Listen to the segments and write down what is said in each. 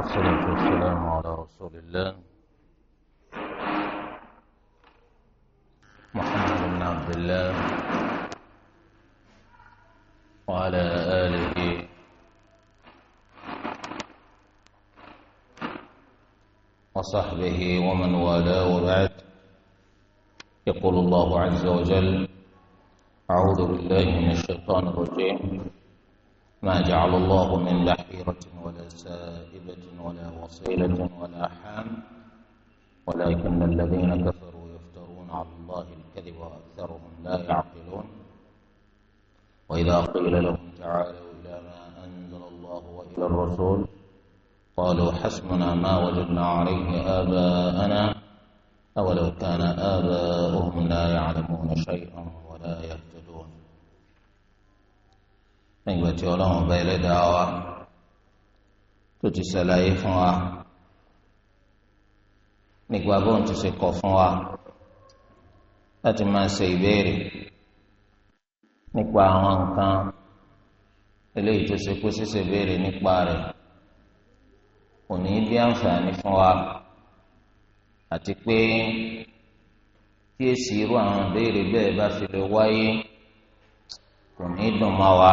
والصلاة والسلام على رسول الله محمد بن عبد الله وعلى آله وصحبه ومن والاه وبعد يقول الله عز وجل أعوذ بالله من الشيطان الرجيم ما جعل الله من لحيرة ولا سائبة ولا وصيلة ولا حام ولكن الذين كفروا يفترون على الله الكذب وأكثرهم لا يعقلون وإذا قيل لهم تعالوا إلى ما أنزل الله وإلى الرسول قالوا حسبنا ما وجدنا عليه آباءنا أولو كان آباؤهم لا يعلمون شيئا ولا يهتدون nígbà tí ọlọ́run ọba ẹlẹ́dàá wa tó ti ṣàlàyé fún wa nígbà bóun ti ṣe kọ̀ fún wa láti máa ṣe ìbéèrè nípa àwọn nǹkan eléyìí tó ṣe pé ṣíṣe béèrè nípa rẹ̀ kò ní bí àǹfààní fún wa àti pé kí èsì irú àwọn béèrè bẹ́ẹ̀ bá fi lè wáyé kò ní dùn mọ́ wa.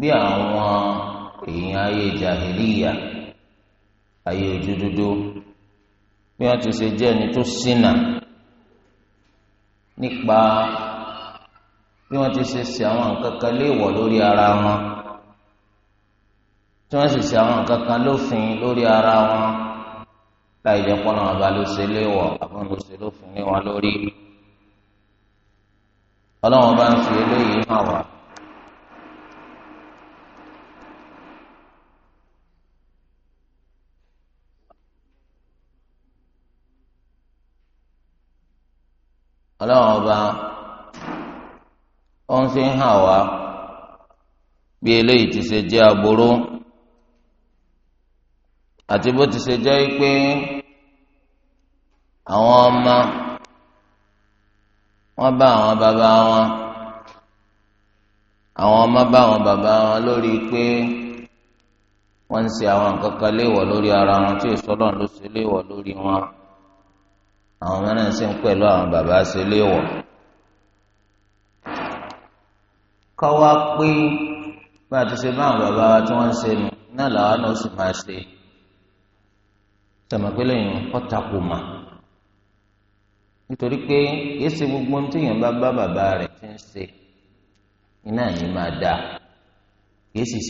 bí àwọn èèyàn ayé jahiliya ayé ojú dúdú bí wọn ti ṣe jẹ́ ẹni tó ṣìnà nípa bí wọn ti ṣe ṣe àwọn nǹkan kan léèwọ̀ lórí ara wọn tí wọn sì ṣe àwọn nǹkan kan lófin lórí ara wọn láì jẹ́ pọnà ọba ló ṣe léèwọ̀ àbọn ló ṣe lófin lé wọn lórí Ọlọ́run bá ń fi eléyìí hàn wá. ọlọ́run ọba ó ń fi hàn wá bí eléyìí ti ṣe jẹ́ aburú àti bó ti ṣe jẹ́ pé àwọn ọmọ wọn bá àwọn bàbá wọn àwọn ọmọ bá àwọn bàbá wọn lórí pé wọ́n ń ṣe àwọn nǹkan kan léèwọ̀ lórí ara wọn tí èso ló ṣe léèwọ̀ lórí wọn. àwọn ọmọ náà sì ń pẹ̀lú àwọn bàbá ṣe léwọ̀ kọ́wá pé bá a ti ṣe bá àwọn bàbá wa tí wọ́n ń ṣe nu náà làwa náà sì ṣe tẹ̀mọ̀pẹ́lẹ́ yìí kọ́ mà pé yìí ṣe gbogbo ohun tí èèyàn bá bá bàbá rẹ̀ ti ń ṣe iná yìí máa dà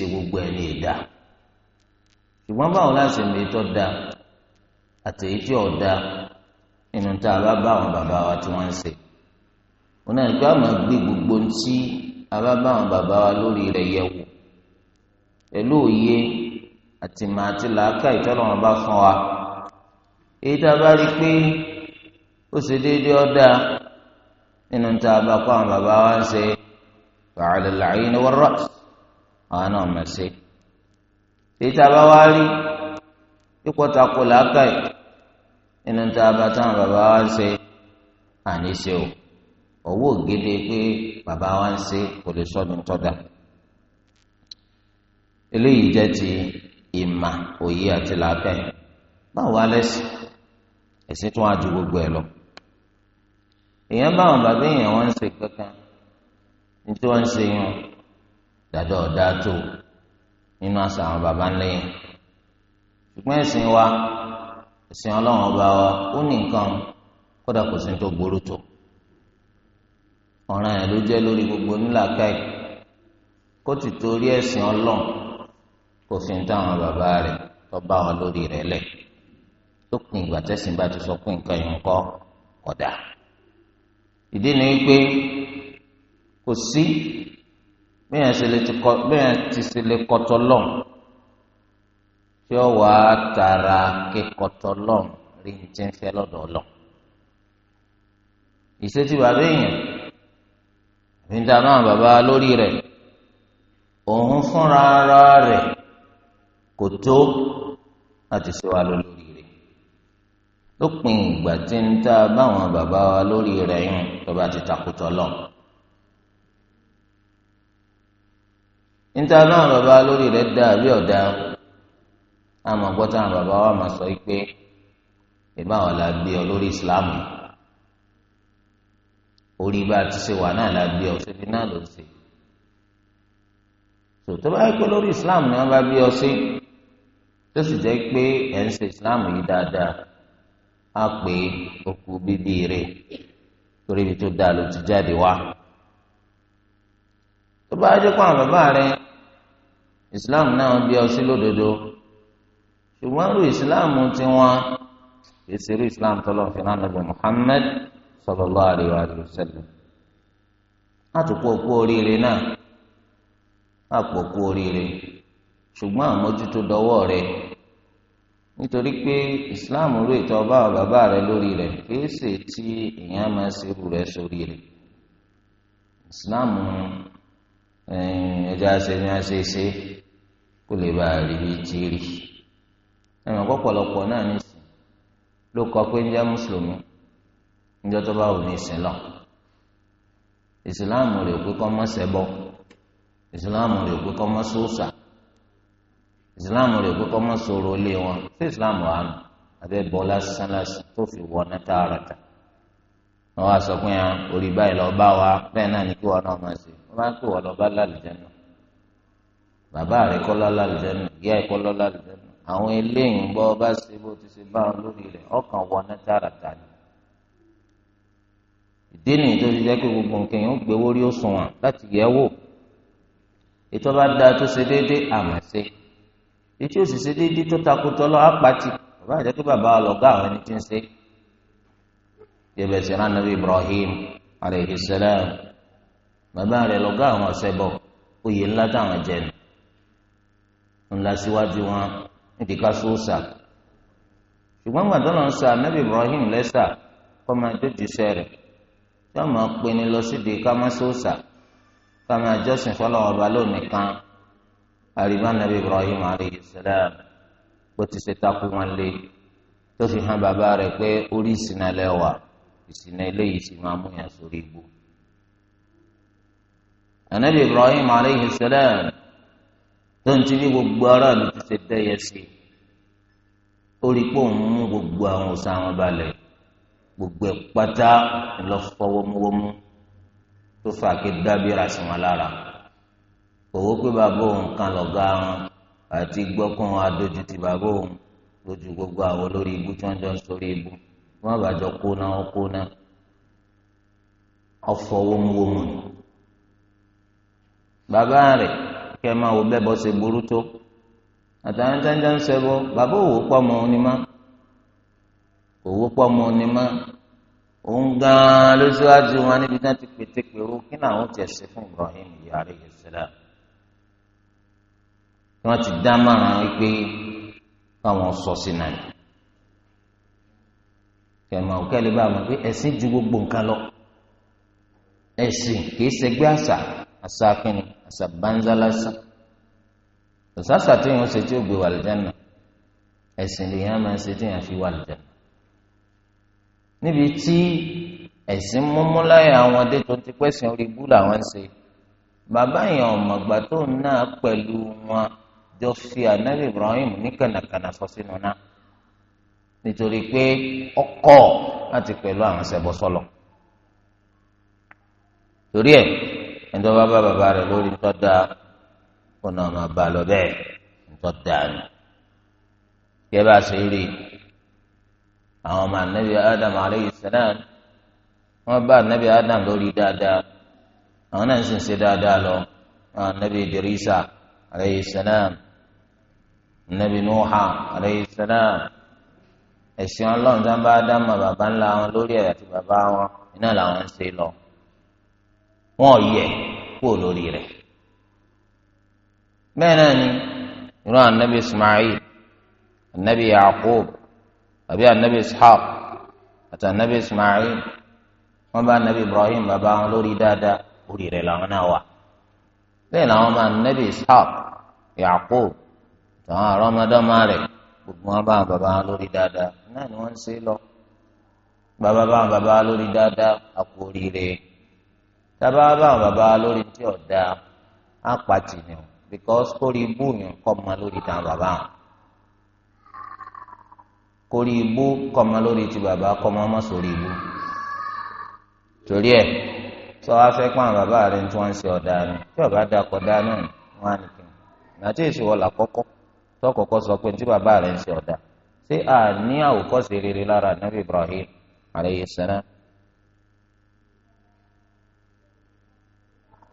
gbogbo ẹ̀ ní ìdá ṣùgbọ́n báwo láti ṣe mi tọ́ da tí inú tá a bá bá àwọn bàbá wa tí wọ́n ń ṣe wọn náà gbé àwọn gbé gbogbo ntí a bá bá àwọn bàbá wa lórí rẹ̀ yẹ̀ wò pẹ̀lú òye àti màá ti làákà bá fún wa èyí tá a bá rí i pé ó ṣe déédéé ọ̀dà nínú tá a bá kó àwọn bàbá wa ń ṣe fàálẹ̀ làáyé ni wọ́n rọ̀ àwọn náà mọ̀ ṣe èyí tá a bá wá rí ipò tako làákà yìí nínú tá a bá táwọn bàbá wa ń ṣe àní ṣe o owó ògede pé bàbá wa ń ṣe kò lè sọ ní tọ́da eléyìí jẹ́ ti ìmà òye àti làákẹ́ báwo wá lẹ́sìn ẹ̀sìn tún á ju gbogbo ẹ̀ lọ èèyàn báwọn bàbá èèyàn wọn ń ṣe kankan ní tí wọ́n ń ṣe yàn dàdá ọ̀dá tó nínú àṣà àwọn bàbá ńlẹ́yìn ṣùgbọ́n ẹ̀sìn wa ẹ̀sìn ọlọ́run ọba wa ó ní nǹkan kódà kò sí ní tó burú tó ọ̀ràn yẹn ló jẹ́ lórí gbogbo onílàákàyè kó ti torí ẹ̀sìn ọlọ́run kò fi ń táwọn bàbá rẹ̀ tó bá wọn lórí rẹ̀ lẹ̀ tó pin ìgbà tẹ́sìn bá ti sọ pé nǹkan yìí ń kọ́ ọ̀dà ìdí ni pé kò sí bẹ́ẹ̀ ti ṣe lè kọ́tọ́ lọ́hùn tí ó wà á tara kíkọtọ lọ́n rí ní tí ń fẹ́ lọ́dọ̀ lọ. ìṣètì bàbá èèyàn níta náà bàbá lórí rẹ̀ òun fúnra ara rẹ̀ kò tó láti ṣe wa lórí rẹ̀ lópin ìgbà tí ń tá a báwọn bàbá wa lórí rẹ̀ yún tó bá ti takùtọ lọ. níta náà bàbá lórí rẹ̀ dá àbí àmọ́ gbọ́tà àwọn bàbá wa máa sọ pé ìbá wọn la gbé ọ lórí ìsìláàmù orí bá a ti ṣe wà náà la gbé ọ síbi náà ló ṣe tó bá yẹ pé lórí ìsìláàmù ni wọn bá gbé ọ sí tó sì jẹ́ pé ẹ̀ ń ṣe ìsìláàmù yìí dáadáa á pé okùn bíbí rẹ̀ torí ibi tó dáa ló ti jáde wá tó bá yẹ kó àwọn bàbá rẹ̀ ìsìláàmù náà bí ọ sí lódodo. ṣùgbọ́n lu ìsìláàmù tiwọn ìṣèlú ìsìláàmù tọ́lọ̀ nàbẹ̀ Muhammad sallallahu alaihi wa sallam àtòkù òkú oríire náà àpò òkú oríire ṣùgbọ́n àmójútó dọwọ́ rẹ nítorí pé islam rú ètò ọba bàbá rẹ lórí rẹ kìí ṣe tí èèyàn máa ṣe irú rẹ sórí rẹ islam eh, ẹjọ àṣẹ ni a ṣe ṣe ẹnu ọ̀pọ̀lọpọ̀ náà ní ìsìn ló kọ pé ń jẹ́ mùsùlùmí níjọ́ tó bá wù ní ìsìn lọ ìsìláàmù rẹ̀ pé kọ́ mọ́ ṣẹbọ ìsìláàmù rẹ̀ pé kọ́ mọ́ ìsìláàmù pé kọ́ mọ́ ilé wọn sí ìsìláàmù àánú abẹ́ bọ́ lásán tó fi wọ ná tààràtà wọn wá sọ pé orí báyìí lọ bá wa bẹ́ẹ̀ náà ní kí wọn náà máa ṣe àwọn eléyìí gbọ́ bá ṣe bó ti ṣe bá wọn lórí rẹ̀ ọkàn wọ ní tààràtà ni. ìdí nìyí tó ti jẹ́ pé gbogbo nǹkan yẹn ó gbé wórí òṣùwọ̀n láti yẹ̀ wò ètò bá dáa tó ṣe déédéé àmọ̀ ṣe ètò déédéé tó lọ apàtì bàbá àjẹ́ pé bàbá ọlọ́gá àwọn ẹni ń ṣe. rán nàbí bàbá àwọn ọ̀sẹ̀ bọ̀ ńlá níbi ká sóòsà ṣùgbọ́n gbàdọ́ lọ́n sa anábì Ibrahim lẹ́sà kọ́ máa dójú iṣẹ́ rẹ̀ tí wọ́n máa pinni lọ síbi ká má sóòsà ká máa jọ́sìn fọlọ́wọ́ ọba lónìí kan àríwá anábì Ibrahim alayhi salam bó ti ṣe takú wọn lé tó fi hàn bàbá rẹ̀ pé orí ìsìn alẹ́ wà eléyìí sì máa mú yàn sórí igbó. anábì Ibrahim alayhi salam tó ń ti bí gbogbo aráàlú ti ṣe dẹ́yẹ sí i ó rí i pé òun mú gbogbo àwọn òòṣà wọn balẹ̀ gbogbo ẹ̀ pátá lọ́fọwọ́múwọ́mú tó fà ké dábìrà sí wọn lára òwò pé bàbá òun kan lọ̀gá wọn àti gbọ́kàn adójú ti bàbá òun lójú gbogbo àwọn olórí ibú tí wọ́n jọ ń sórí ibú wọ́n bàjọ́ kóná wọn kóná ọ̀fọ̀wọ́múwọ́mú ni bàbá rẹ̀ kẹ́ máa wò bẹ́ẹ̀ bọ́ ṣe burú tó àtàwọn jẹ́njẹ́ ń ṣẹbọ bàbá òwò pọ̀ mọ́ ni má òwò pọ̀ mọ́ ni má òun gan-an ló síwájú wọn níbi tí wọ́n ti pété pèrò kí làwọn tiẹ̀ ṣe fún Ibrahim yàrá ìṣẹ̀lá wọ́n ti dá márùn wípé káwọn sọ sí náà kẹmọ òkèlè bá wọn pé ẹ̀sìn ju gbogbo nǹkan lọ ẹ̀sìn kìí ṣẹgbẹ́ àṣà asákìnì àṣàbánzá lásán òṣàṣà tí wọn ṣe tí ó gbé wà lìjánà ẹ̀sìn lèyàn máa ṣe tí wọn fi wà lìjánà níbi tí ẹ̀sìn múmú láyà àwọn ọdẹ tó ti pẹ́sìn orí ibú làwọn ń ṣe bàbá yẹn ọ̀mọ̀gbà tó náà pẹ̀lú wọn jọ fi ànábì Ibrahim ní kànàkànà fọ sínú náà nítorí pé ọkọ láti pẹ̀lú àwọn ṣẹbọ sọlọ torí ẹ̀. ẹnitọ́ bá bá bàbá rẹ̀ lórí tọ́da kó náà máa bá a lọ bẹ́ẹ̀ ntọ́da ni kí ẹ bá ṣe rí àwọn ọmọ anabi adam aleyhi salam bá anabi adam lórí dáadáa àwọn náà ń sìn ṣe dáadáa lọ àwọn anabi aleyhi salam anabi aleyhi salam ẹ̀sìn ọlọ́run tí wọ́n bá dá bàbá ńlá wọn lórí ẹ̀ àti bàbá wọn iná làwọn ń ṣe lọ. wọn yẹ kúrò lórí rẹ̀ bẹ́ẹ̀ náà ni ìran anabi ismail anabi yaqub àbí anabi ishaq àti anabi ismail wọn bá anabi ibrahim bàbá wọn lórí dáadáa orí rẹ̀ làwọn náà wà bẹ́ẹ̀ làwọn máa anabi ishaq yaqub àwọn àrọmọdọ́mọ rẹ̀ gbogbo wọn bá wọn bàbá wọn lórí dáadáa náà ni wọn ń ṣe lọ bàbá wọn bàbá wọn lórí dáadáa àpò oríire. tábà bá àwọn bàbá lórí tí ọ̀dà á ni o because kórì ibú yẹn kọ́ ma lórí bàbá wọn kórì ibú kọ́ ma lórí ti bàbá kọ́ ma sórí ibú torí ẹ sọ wá fẹ́ àwọn bàbá rẹ tí wọ́n ń ṣe ọ̀dà ni tí ọ̀bá dà náà á èsì là kọ́kọ́ sọ pé tí bàbá rẹ ń ṣe ọ̀dà ṣé rere lára nàbí Ibrahim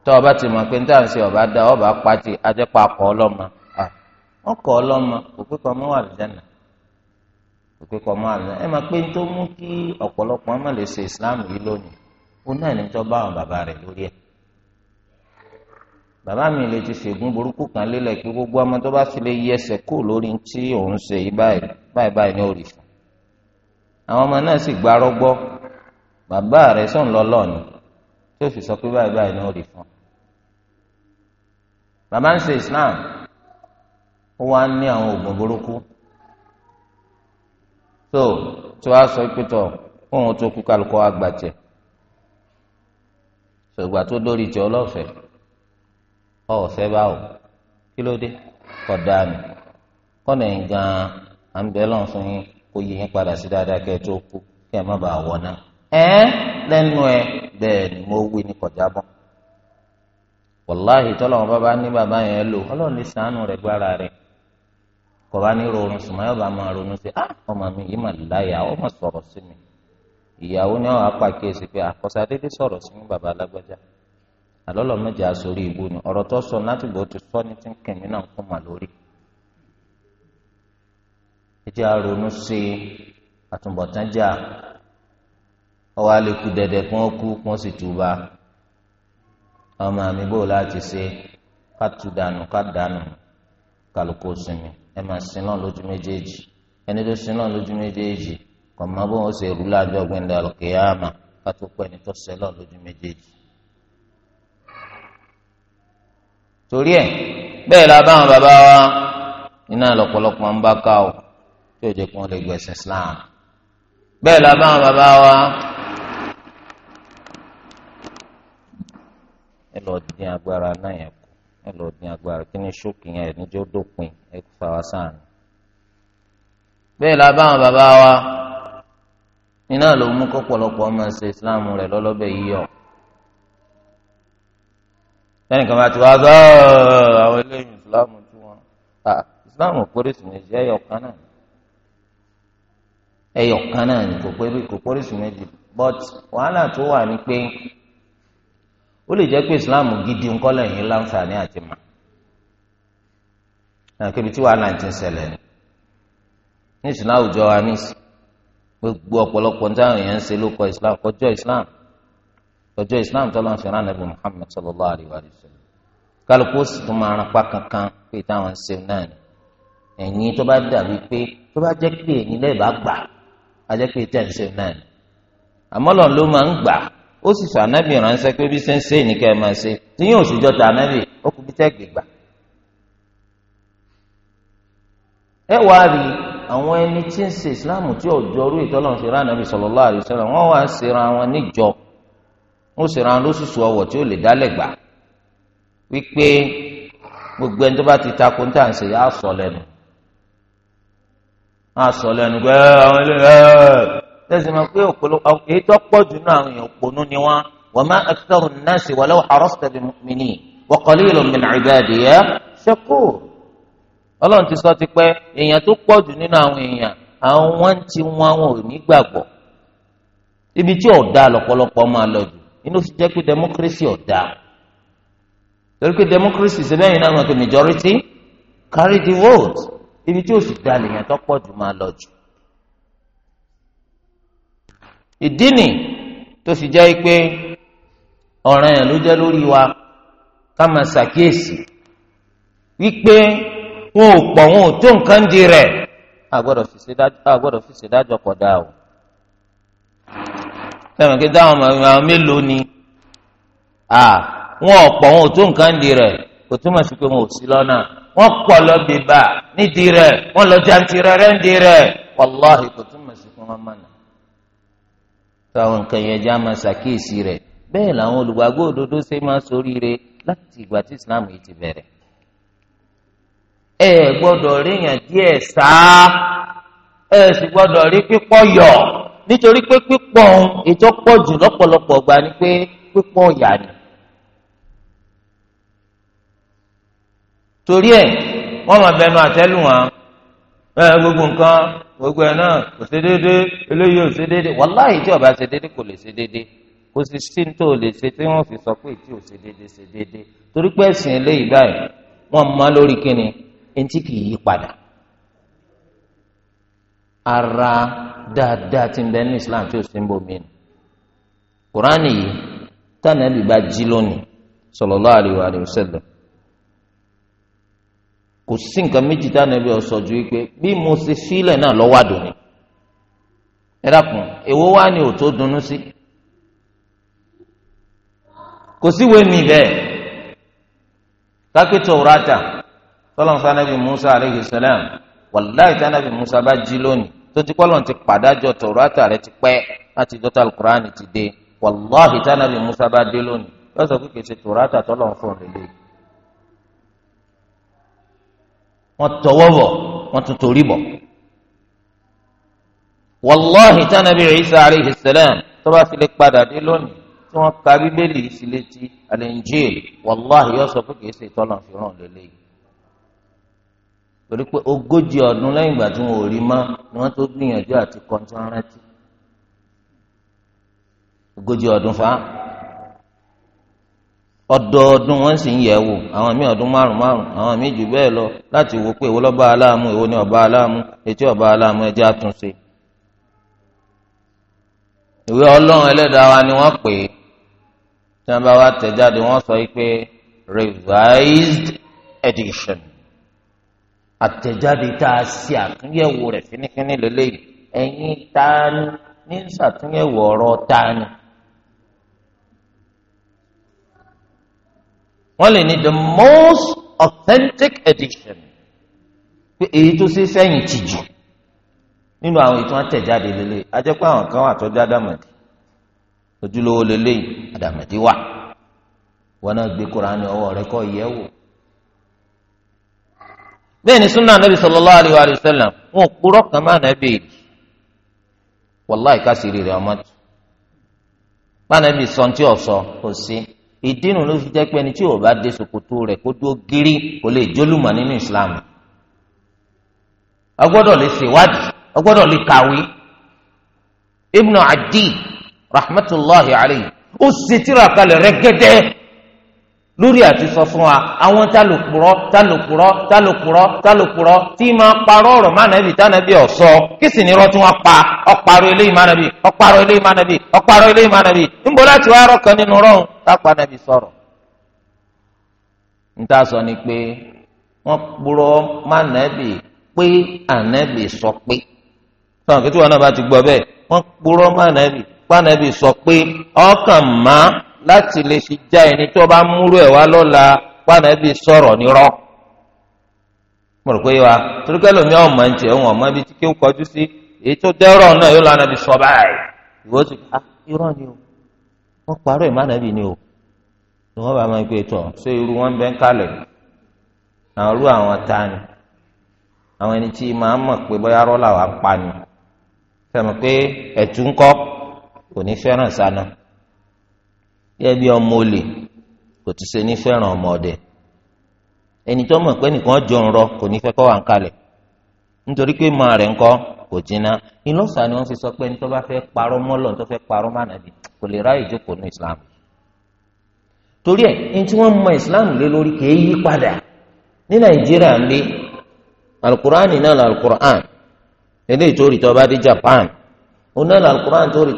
tó ọba ti mọ̀ pé níta ṣe ọba da ọba pati ajẹ́pọ̀ akọ ọlọ́mọ wọn kọ ọlọ́mọ òpè kan mọ́ àlùjáná òpè kan mọ́ àlùjáná ẹ máa pé tó mú kí ọ̀pọ̀lọpọ̀ ọmọ lè ṣe Islam yìí lónìí ó náà ní tó bá àwọn bàbá rẹ̀ lórí ẹ̀ bàbá mi lè ti fègún burúkú kan lélẹ̀ pé gbogbo ọmọ tó bá fi lè yí ẹsẹ̀ kú lórí tí òun ṣe yí báyìí báyìí báyìí báyìí báyìí ní orí fún bàbá ń ṣe islam ó wá ní àwọn oògùn burúkú tó tó a sọ pé tọ fóun tó kú kálukọ àgbàjẹ ṣògbà tó dórí jẹ ọlọ́fẹ̀ẹ́ ọ̀fẹ́ báwò kí ló dé kọ̀dà mi kọ́nà yín gan-an à ń bẹ lọ́n fún yín kó yí yín padà sí dáadáa kẹ́ tó kú kẹ́ má bàa wọ̀ náà ẹ lẹ́nu ẹ bẹ́ẹ̀ ni mo wí ní kọjá bọ́n. wàláhì tọ́lọ́wọ́n bá bá ní bàbá yẹn lò ọlọ́run lè sànù rẹ̀ gbára rẹ̀ kò bá ní rọrùn sùnmọ́ yóò bá máa ronú sí ah, ọmọ mi yìí mà láyà ó sọ̀rọ̀ sí mi ìyàwó ni àwọn apàkíyèsí pé àkọsá ah, dédé sọ̀rọ̀ sí mi bàbá alágbájá àlọ́lọ́ àsorí ìbú ni sọ láti bò ti sọ ní ti ń kẹ̀mí náà kún mà lórí àtúbọ̀tán dẹ̀dẹ̀ kún ọmọ mi bò láti ṣe ká tu dànù ká dànù kálukú sinmi ẹ máa sin náà lójú méjèèjì ẹni tó sin náà lójú méjèèjì kò má bó wọn ṣe rú lájọ gbẹndà lọkẹyàmà ká tó pẹ ẹni tó sẹ náà lójú méjèèjì. torí ẹ bẹ́ẹ̀ la báwọn bàbá wa iná lọ́pọ̀lọpọ̀ ń bá ká o tí ò jẹ́ kí wọ́n lè gbẹ̀sìn Islam bẹ́ẹ̀ la báwọn bàbá wa. ẹlọ lọ dín agbára náà yẹn kù ẹ lọ dín agbára kí ni ṣókì yẹn dópin ẹ fà wá bẹ́ẹ̀ la báwọn bàbá wa iná ló mú kọ́pọ̀lọpọ̀ ọmọ ṣe Islam rẹ̀ lọ́lọ́bẹ̀ yíyọ. sẹ́nìkan bá ti wá sọ àwọn eléyìí tí wọ́n ẹ̀yọ̀kan náà ẹ̀yọ̀kan náà kò méjì but wàhálà tó wà ní pé. ó lè jẹ́ pé islam gidi ńkọ́ lẹ́yìn láǹfààní àti mà nàkébi tí wàhálà ti ń ṣẹlẹ̀ ní ìsìn láwùjọ wa ní gbogbo ọ̀pọ̀lọpọ̀ táwọn èèyàn ń ṣe ló kọ islam kọjọ́ islam kọjọ́ islam tó lọ́n fi rán nàbì muhammed sallallahu alayhi wa sallam kálukú sì tún máa rán pa kankan pé táwọn ń ṣe náà ni ẹ̀yin tó bá dàbí pé tó bá jẹ́ pé ẹ̀yin lẹ́ẹ̀bá gbà á jẹ́ pé tẹ̀ ń ṣe náà ni àmọ́ lọ́n ló máa ń gbà á ó sì sọ ànábì ránṣẹ́ pé bí sẹ́ńsẹ́ nìkẹ́ ẹ̀ máa ṣe tí yóò sì jọ ta ànábì ó kú bí gbà. ẹ wàá rí àwọn ẹni tí ń ṣe ìsìláàmù tí ọjọ́rú ìtọ́lọ́run ṣe rán ànábì sallallahu alaihi wọ́n wá ṣera wọn níjọ wọ́n ṣera wọn lóṣùṣù ọwọ̀ tí ó lè dálẹ̀ gbogbo ẹni tó bá ti takò ń ń ṣe á sọ lẹnu á sọ àwọn ilé tẹ̀sí ma pé ọ̀pọ̀lọpọ̀ èyí tó pọ̀ jù náà àwọn èèyàn òpònú ni wọ́n wa ma aktharu an-nasi walau harasta bi mu'minin wa qalilun min ibadiya shakur ọlọ́run ti sọ ti pẹ́ èèyàn tó pọ̀ jù nínú àwọn èèyàn àwọn wọn ti wọn àwọn ò ní gbàgbọ́ ibi tí ọ̀dà lọ́pọ̀lọpọ̀ máa lọ jù inú fi jẹ́ pé democracy ọ̀dà torí pé democracy ṣe bẹ́ẹ̀ náà wọn kò majority carry the vote ibi tí òsì dalẹ̀ yẹn tó pọ̀ máa lọ jù ìdí nì tó fi jẹ́ pé ọ̀ràn yẹn ló jẹ́ lórí wa ká máa ṣàkíyèsí wípé wọn ò pọ̀ wọn ò tó nǹkan di rẹ̀ àgbọ̀dọ̀ fi pọ̀ dáa o sẹ́wọ̀n kí àwọn mélòó ni wọn ò pọ̀ wọn ò tó nǹkan di lọ bèbà nídìí rẹ̀ wọn lọ ń di rẹ̀ tó àwọn nǹkan yẹn já máa ṣàkíyèsí rẹ̀ bẹ́ẹ̀ làwọn olùgbàgbọ́ òdodo ṣe máa ṣoríire láti ìgbà tí islam yìí ti bẹ̀rẹ̀ ẹ gbọ́dọ̀ ríyàn díẹ̀ sáá ẹ sì gbọ́dọ̀ rí pípọ̀ yọ nítorí pé pípọ̀ ohun ètò pọ̀ jù lọ́pọ̀lọpọ̀ gbà ni pé pípọ̀ yà ni. torí ẹ wọ́n máa bẹnu àtẹ́lù wọn ẹ gbogbo nǹkan gbogbo ẹ náà kò ṣe déédéé eléyìí ò ṣe déédéé wàláhì tí ọba ṣe déédéé kò lè ṣe déédéé kò sì sí tó lè ṣe tí wọn fi sọ pé tí ò ṣe déédéé ṣe déédéé torí pé ẹ̀sìn eléyìí báyìí wọn mọ lórí kíni ẹni tí kì í yí padà ara dáadáa ti ń bẹ ní Islam tí ò sí ń bomi ni Kùránì yìí tànàbí bá jí lónìí sallallahu alaihi kò sí nǹkan méjì tá ànábì ọ̀sọ̀ ju wípé bí mo ṣe sílẹ̀ náà lọ́wọ́ àdùnní ẹ dákun èwo wá ní òtó dunnú sí kò síwèé mi bẹ́ẹ̀ kápẹ́ Taurata tọ́lọ́nsá ànábì Musa aleyhi salam wàláì tí ànábì Musa bá jí lónìí tó ti kọ́ lọ́n ti pàdájọ Taurata rẹ ti pẹ́ láti dọ́tà Al-Qur'ani ti dé wàláì tí ànábì Musa bá dé lónìí lọ́sọ̀ pé kìí ṣe Taurata tọ́lọ́n fún un lélẹ́yìí. wọ́n tọwọ́ bọ̀ wọ́n tún torí bọ̀. wàláhì tánàbí Ìsá alayhi salam tó bá fi lè padà dé lónìí tí wọ́n ka bíbélì yìí sí létí al-Injil wàláhì yóò sọ pé kìí ṣe ìtọ́nà fi ràn lélẹ́yìí. torí pé ogójì ọdún lẹ́yìn ìgbà tí wọn ò rí mọ́ ni wọ́n tó gbìyànjú àti kọ́ńtà rántí ogójì ọdún fa ọdọọdún wọn sì ń yẹ̀ wò àwọn míì ọdún márùn márùn àwọn míì jù bẹ́ẹ̀ lọ láti wò pé èwo lọba aláàmú èwo ni ọba aláàmú etí ọba aláàmú ẹjẹ àtúnṣe. ìwé ọlọ́run ẹlẹ́dàá wa ni wọ́n pè é tí wọ́n bá wá tẹ̀jáde wọ́n sọ pé revised edition àtẹ̀jáde tá a ṣe àtúnyẹ̀wò rẹ̀ fínífíní lélẹ́yìí ẹ̀yin ta ni ní ṣàtúnyẹ̀wò ọ̀rọ̀ ta ni. wọ́n lè ní the most authentic edition pé èyí tó ṣe fẹ́yìn tì jù nínú àwọn ìtàn àtẹ̀jáde lélẹ̀ ajẹ́pọ̀ àwọn kan wà tọ́jú àdàmọ̀dì ojúlówó lélẹ̀ àdàmọ̀dì wà wọn náà gbé Kùránì ọwọ́ rẹ kọ́ ìyẹ́ wò bẹ́ẹ̀ ni súnà Nabi sallallahu alaihi wa sallam wọn ò kúrọ́ kàn má nàbì wàláì ká sì rí rẹ̀ sọ ní tí ò sọ kò sí. ìdínú ló fi jẹ́ pé ẹni tí ò bá dé ṣòkòtò rẹ̀ kó dúró gírí kò lè jólùmọ̀ nínú islam ọgbọ́dọ̀ lè ṣèwádìí ọgbọ́dọ̀ lè kàwé ibnu adi rahmatulahi alayhi ó ṣe tíra lórí àti sọ fún wa àwọn tálòpùrọ tálòpùrọ tálòpùrọ tálòpùrọ tí máa parọ́ ọ̀rọ̀ mánàbí tánàbí ọsọ kí sì ní irọ́ tí wọ́n pa ọparọ eléyìí mánàbí ọparọ eléyìí mánàbí ọparọ níbo láti wá kan nínú rọrùn tápá nàbí sọ̀rọ̀. níta sọ ni pé wọ́n purọ́ mánàbí pé ànábì sọ pé sọ̀rọ̀ kí tí wọn náà bá ti gbọ́ bẹ́ẹ̀ wọ́n purọ́ mánàbí pánàbí sọ pé ọkàn máa láti lè fi já ẹni tó bá múrú ẹ̀ wá lọ́la pàánà bí sọ̀rọ̀ nírọ́ mo rò pé wa torókẹ́ lómi ọmọ ẹ̀ ń ọmọ ibi tí kí ó kọjú sí èyí tó dẹ́rọ̀ náà yóò lọ́nà bí sọ ìwọ ti ká irọ́ ni o wọ́n parọ́ bá máa gẹ́gẹ́ bí ọmọ olè kò ti ṣe ní fẹ́ràn ọmọ ọdẹ ẹni tó pé nìkan jọ ń rọ kò ní fẹ́ kọ́ wà ń kalẹ̀ nítorí pé màá rẹ̀ kò jiná ni wọn fi sọ pé ẹni tó bá tó mánàbí kò lè jókòó ní Islam torí ẹ ní tí wọ́n mọ Islam lé lórí kì í ní Nàìjíríà ń lé náà eléyìí tó rí bá Japan onáà lalukur'an tó rí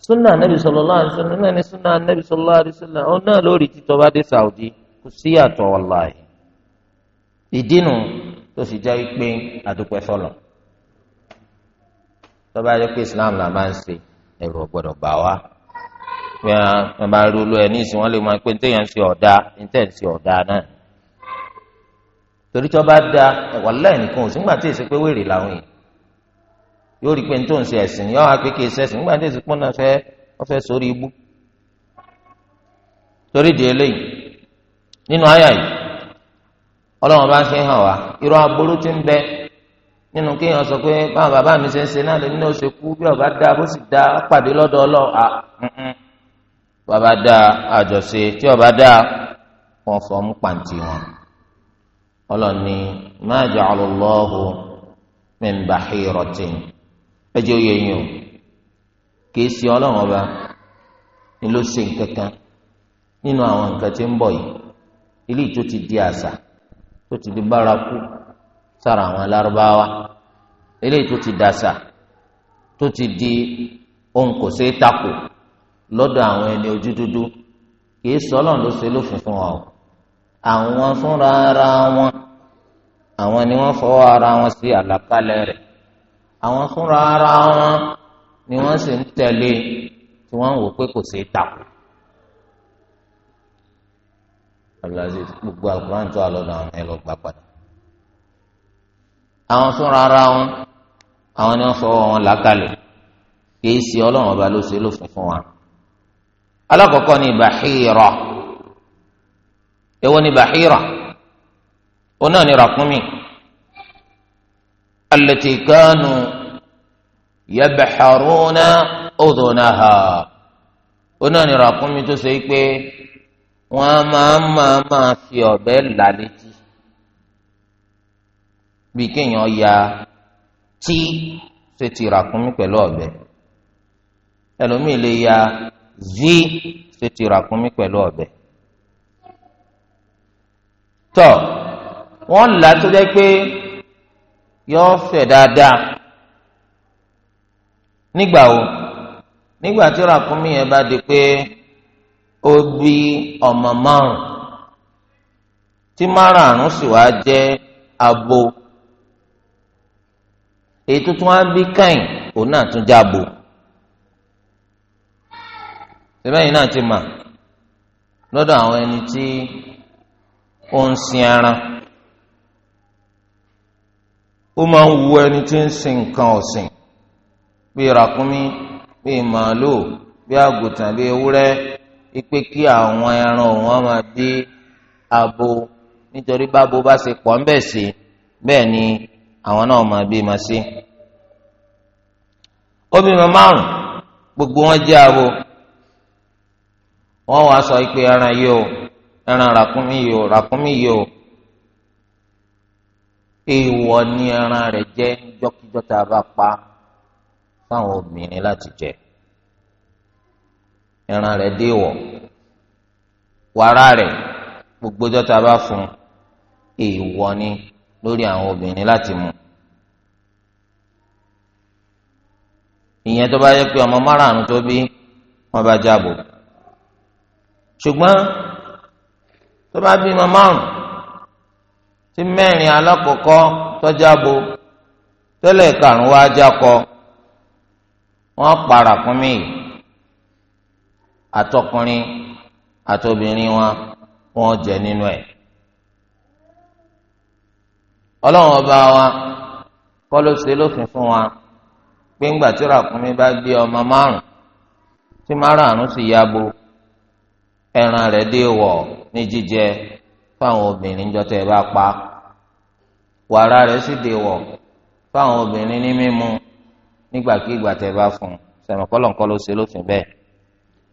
sunna anabi sallallahu alaihi wasallam náà ni sunna anabi sallallahu alaihi wasallam òun náà lórí títọ́ bá dé saudi kò sí yàtọ̀ wàláhì ìdínú tó sì jẹ́ pé àdúpẹ́ sọ̀lọ̀ tó bá jẹ́ islam là máa ń ṣe ẹ̀rọ gbọ́dọ̀ bà wá pé wọn bá rí olú ẹ ní ìsìn wọn lè máa pé ní tẹ̀yàn ń ṣe ọ̀dà ní ń ṣe ọ̀dà náà torí tí wọn bá da nìkan ò sí nígbà tí èsì pé wèrè làwọn yìí yóò rí pé n tó ń ṣe ẹ̀sìn yọ akéèké sẹ́sìn nígbà tí ìsìnkú náà fẹ́ wọ́n fẹ́ sórí ibú torí di eléyìí nínú àyà yìí ọlọ́run bá fi hàn wá irọ́ aburú ti ń bẹ nínú kéèyàn sọ pé báwọn bàbá mi ṣe ń ṣe náà lèmi ọba dáa bó sì dáa pàdé lọ́dọ̀ à bàbá àjọṣe ọba wọn fọ mú pàǹtí wọn ọlọ́ni má ẹjẹ oyè yìí o kìí ṣe ọlọ́run ọba ni ló ṣe nǹkan kan nínú àwọn nǹkan tí ń bọ̀ yìí ilé ìtò ti di àṣà tó ti di bárakú sára àwọn alárúbáwá ilé ìtò ti dàṣà tó ti di ohun kò ṣeé takò lọ́dọ̀ àwọn ẹni ojú dúdú kìí ṣe ọlọ́run ló ṣe lófin fún wa o àwọn fúnra ara wọn àwọn ni wọ́n fọwọ́ ara wọn sí àlàkalẹ̀ rẹ̀ àwọn fúnra ara wọn ni wọ́n sì ń tẹ̀lé tí wọ́n ń wò pé kò sí takò. Abdulaziz gbogbo alukuran tó alọ́ náà ẹ lọ gbà padà. àwọn fúnra ara wọn àwọn ni wọ́n fọwọ́ wọn làákàlẹ̀ kìí ṣe ọlọ́run ọba ló ṣe lófin fún wa. alákọ̀ọ́kọ́ ni bàhírà èwo ni bàhírà ó ni ràkúnmí. التي كانوا yẹbẹ̀xarúnà ọ̀dọ̀nàhà onáni ràkúnmi tó ṣe pé wọ́n á máa máa máa fi ọ̀bẹ là létí bí kéèyàn ya tí ṣe ti ràkúnmi pẹ̀lú ọ̀bẹ ẹlòmíì lè ya zí ṣe ti ràkúnmi pẹ̀lú ọ̀bẹ tọ́ wọ́n là tó jẹ́ pé yọ fẹ̀ dáadáa. nígbà wo nígbà tí ràkúnmí yẹn bá di pé ó bí ọmọ márùn tí márùn sì wá jẹ́ abo èyí tuntun á bí kẹ́yìn òun náà tún jẹ́ abo náà ti mà lọ́dọ̀ àwọn ẹni tí ó ń sin ara ó máa ń wu ẹni tí ń sin nǹkan ọ̀sìn bíi ràkúnmí bíi màálùú bíi àgùntàn bíi ewúrẹ́ ipe kí àwọn ẹran òun máa bí abo nítorí bábo bá ṣe pọ̀ ńbẹ̀ sí bẹ́ẹ̀ ni àwọn náà máa bí ma sí. obìnrin márùn gbogbo wọn jẹ́ abo wọ́n wàá sọ pé ẹran yìí o ẹran ràkúnmí yìí o ràkúnmí yìí o èèwọ̀ ni ẹran rẹ̀ jẹ́ jọ́kíjọ́ tá a bá pa á fáwọn obìnrin láti jẹ ẹran rẹ̀ déèwọ̀ wàrà rẹ̀ gbogbo jọta bá fún èèwọ̀ ni lórí àwọn obìnrin láti mu ìyẹn tó bá yẹ pé ọmọ márààrún tó bí wọn bá jábọ̀ ṣùgbọ́n tó bá bí ọmọ márùn tí mẹ́rin alákọ̀ọ́kọ́ tó jábọ̀ tẹ́lẹ̀ karùnún wá jákọ. wọ́n para kún mí àtọkùnrin àtobìnrin wọn wọ́n jẹ nínú ẹ̀ ọlọ́run ọba wa kọ́ ló ṣe lófin fún wa pé ńgbà tí ràkúnmí bá gbé ọmọ márùn tí márùn sì yabo ẹran rẹ̀ dé wọ̀ ní jíjẹ fáwọn obìnrin jọtẹ bá pa wàrà rẹ̀ sì dé wọ̀ fáwọn obìnrin ní mímu. nígbàkigbà tẹ́ bá fún un sẹmọkọlọ nǹkan ló ṣe lófin bẹ́ẹ̀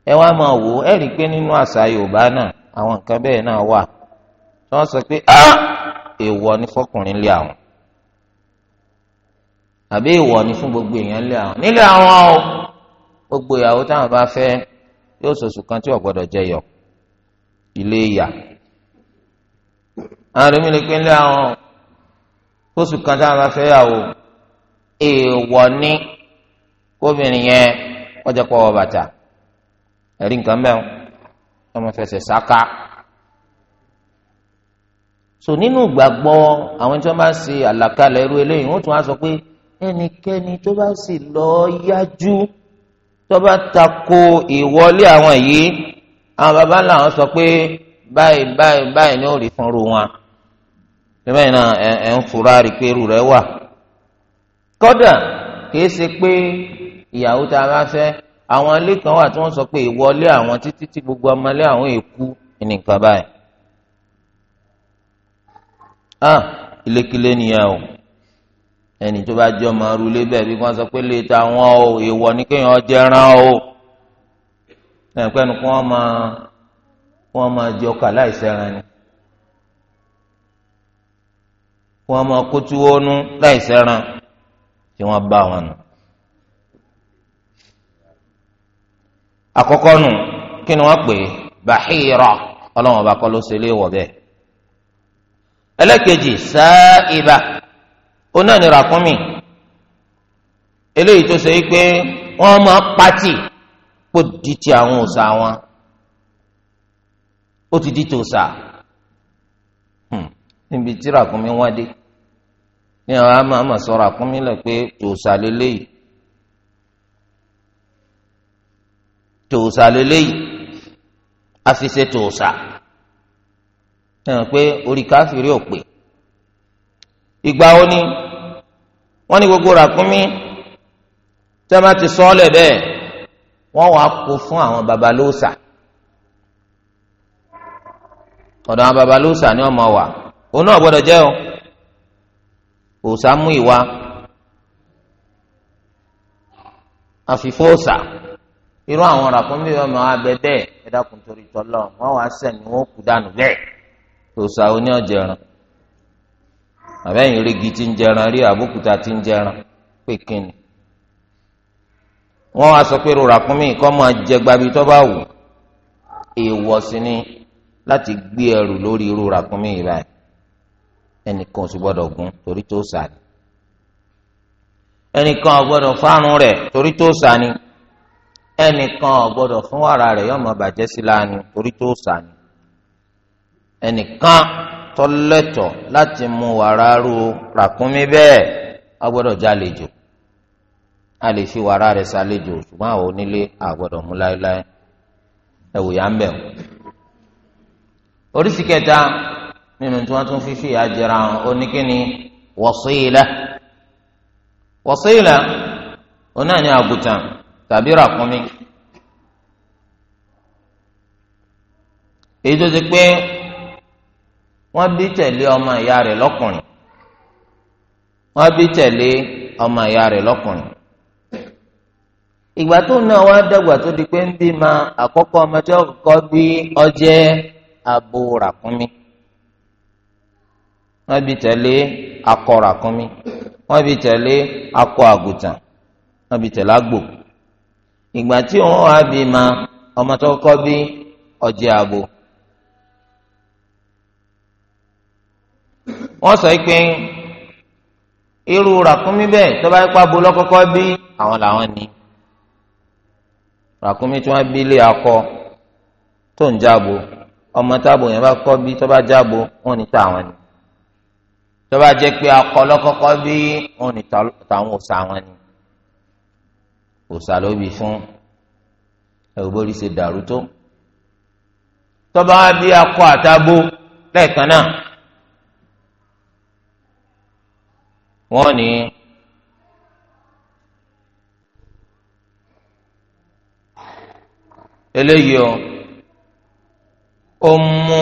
ẹ wá máa wò ó ẹ rí i pé nínú àṣà Yorùbá náà àwọn nǹkan bẹ́ẹ̀ náà wà tí wọ́n sọ pé á èèwọ̀ ni fọkùnrin lé àwọn àbí èèwọ̀ ni fún gbogbo èèyàn lé àwọn nílé àwọn o gbogbo ìyàwó táwọn bá fẹ́ yóò ṣoṣù kan tí ò gbọ́dọ̀ jẹyọ ilé ìyà àwọn ẹlòmíì lè pé nílé àwọn oṣù kan táwọn bá fẹ́ yàwó èèwọ̀ ni obìnrin yẹn wọ́n jẹ́ pọ̀ wọ bàtà ẹ̀rí nǹkan mẹ́wọ́n wọ́n máa fẹsẹ̀ sáká so nínú ìgbàgbọ́ àwọn tí wọ́n bá ń ṣe àlàkalẹ̀ irú eléyìí wọ́n tún á sọ pé ẹnikẹ́ni tó bá sì lọ yájú tó bá tako ìwọlé àwọn yìí àwọn baba làwọn sọ pé báyìí báyìí báyìí ni ó rí fúnru wọn bẹ́ẹ̀ náà ẹ̀ ń fura rí pé irú rẹ̀ wà kódà kìí ṣe pé ìyàwó tá a bá fẹ́ àwọn ilé kan wà tí wọ́n sọ pé ìwọlé àwọn títí tí gbogbo ọmọlé àwọn èkú ní nǹkan báyìí. ah ilékilé nìyẹn o ẹni tó bá jẹ́ ọmọ arúlé bẹ́ẹ̀ bí wọ́n sọ pé lè ta wọn o ìwọ ní kéèyàn jẹran o ẹnìpẹ́nu kí wọ́n máa wọ́n máa jẹ ọkà láìsẹ̀ran ni wọ́n máa kó tuwó nú láìsẹ̀ran tí wọ́n bá wọn nù. àkọ́kọ́ nù kí ni wọ́n pè é bàhírà ọlọ́run ọba kọ́ ló ṣe lé wọ̀ bẹ́ẹ̀ ẹlẹ́kejì ni ràkúnmí eléyìí tó ṣe é pé wọn máa pati kó di àwọn òòṣà wọn ó ti di tòòṣà hmm. níbi tí ràkúnmí wọ́n dé ní àwọn àmọ́ àmọ́ sọ ràkúnmí lẹ pé tòòṣà lélẹ́yìí tòòsà lélẹ́yìí àfisẹ́ tòòsà ẹ̀hàn pé orí káfíìrì ò pè ìgbà wo ni wọ́n ní gbogbo ràkúnmí tẹ́ bá ti sọ ọ́ lẹ̀ bẹ́ẹ̀ wọ́n wàá kó fún àwọn babalóòsà ọ̀dọ̀ àwọn babalóòsà ni wọ́n máa wà òun náà gbọ́dọ̀ jẹ́ o òòsà mú ìwà àfìfọ́ òòsà irú àwọn ràkúnmí ọmọ abẹ bẹ́ẹ̀ ẹ dákun torí tọlọ wọn wàá sẹmí wọn kú dànù bẹ́ẹ̀ òòsà oní ọjẹran àbẹ́yìn rígi ti ń jẹran rí àbókúta ti ń jẹran pé kíni wọn wàá sọ pé irú ràkúnmí kọ́ máa jẹ gbabi tó bá wù èèwọ̀ sí ni láti gbé ẹrù lórí irú ràkúnmí yìí báyìí ẹnìkan ò sì gbọdọ̀ gún torí tó sà ni ẹnìkan ò gbọdọ̀ fárun rẹ̀ torí tó sà ni ẹnìkan ò gbọ́dọ̀ fún wàrà rẹ̀ yọmọ bàjẹ́ sí lánàá torí tó sàní ẹnìkan tọ́lẹ̀tọ̀ láti mu wàrà ru ràkúnmí bẹ́ẹ̀ a gbọ́dọ̀ jálejò a lè fi wàrà rẹ̀ sálejò ṣùgbọ́n àwọn onílé a gbọ́dọ̀ mú láéláé ẹ̀wù yà ń bẹ̀ o oríṣi kẹta nínú tí wọ́n tún fi fìyà hàn oníkíni wọ́sílẹ̀ wọ́sílẹ̀ onáà ní àgùtàn. tàbí ràkúnmí èyí tó ti pé wọ́n bí tẹ̀lé ọmọ ìyá rẹ̀ lọ́kùnrin wọ́n bí tẹ̀lé ọmọ ìyá rẹ̀ lọ́kùnrin ìgbà tó náà wá dàgbà tó di pé ń bí ma àkọ́kọ́ ọmọ tí ọkọ bí ọjẹ́ abo ràkúnmí wọ́n bí tẹ̀lé akọ wọ́n bí tẹ̀lé akọ àgùtàn wọ́n bí tẹ̀lé ìgbà tí òun wà bí ma ọmọ tó kọ́ bí ọjẹ́ ààbò. wọ́n sọ pé irú ràkúnmí bẹ́ẹ̀ tó bá pa bo lọ́kọ́kọ́ bí àwọn làwọn ní ràkúnmí tí wọ́n bí lé akọ tó ń jáàbò ọmọ táàbò yẹn bá kọ́ bí tó bá jáàbò wọ́n ní tàwọn ni tó bá jẹ́ pé akọ lọ́kọ́kọ́ bí wọ́n ní tàwọn òòsà wọn ni òòsà ló bí fún ẹ̀rù bórí ṣe dàrú tó tọ́ba wá bí akọ àtàbó lẹ́ẹ̀kan náà wọ́n ní eléyìí o ó mú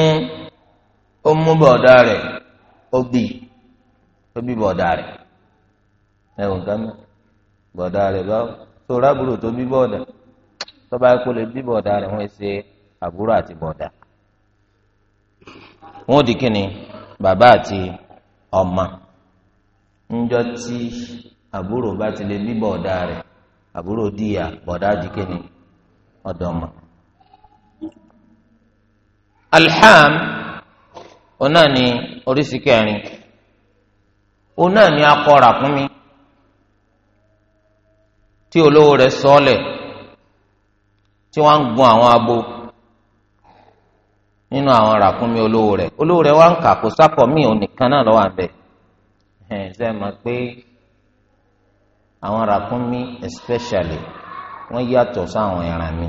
ó mú bọ̀dá rẹ̀ ó bì ó bí bọ̀dá rẹ̀ ẹ̀wọ̀n kan bọ̀dá rẹ̀ báwo. tó rábùrò tó bí bọ̀dà tó kó lè bí bọ̀dà rẹ̀ wọ́n ṣe àbúrò àti bọ̀dà. wọ́n di kíni bàbá àti ọmọ tí àbúrò bá ti lè bí bọ̀dà rẹ̀ àbúrò díyà bọ̀dà di kíni tí olówó rẹ̀ sọ́ọ̀lẹ̀ tí wọ́n ń gun àwọn abo nínú àwọn ràkúnmí olówó rẹ̀ olówó rẹ̀ wá ń kà kó sápọ̀ míì ò nìkan náà lọ́wọ́ àbẹ̀ ẹ̀ ṣe é pé àwọn ràkúnmí especially wọ́n yàtọ̀ sáwọn ẹran mi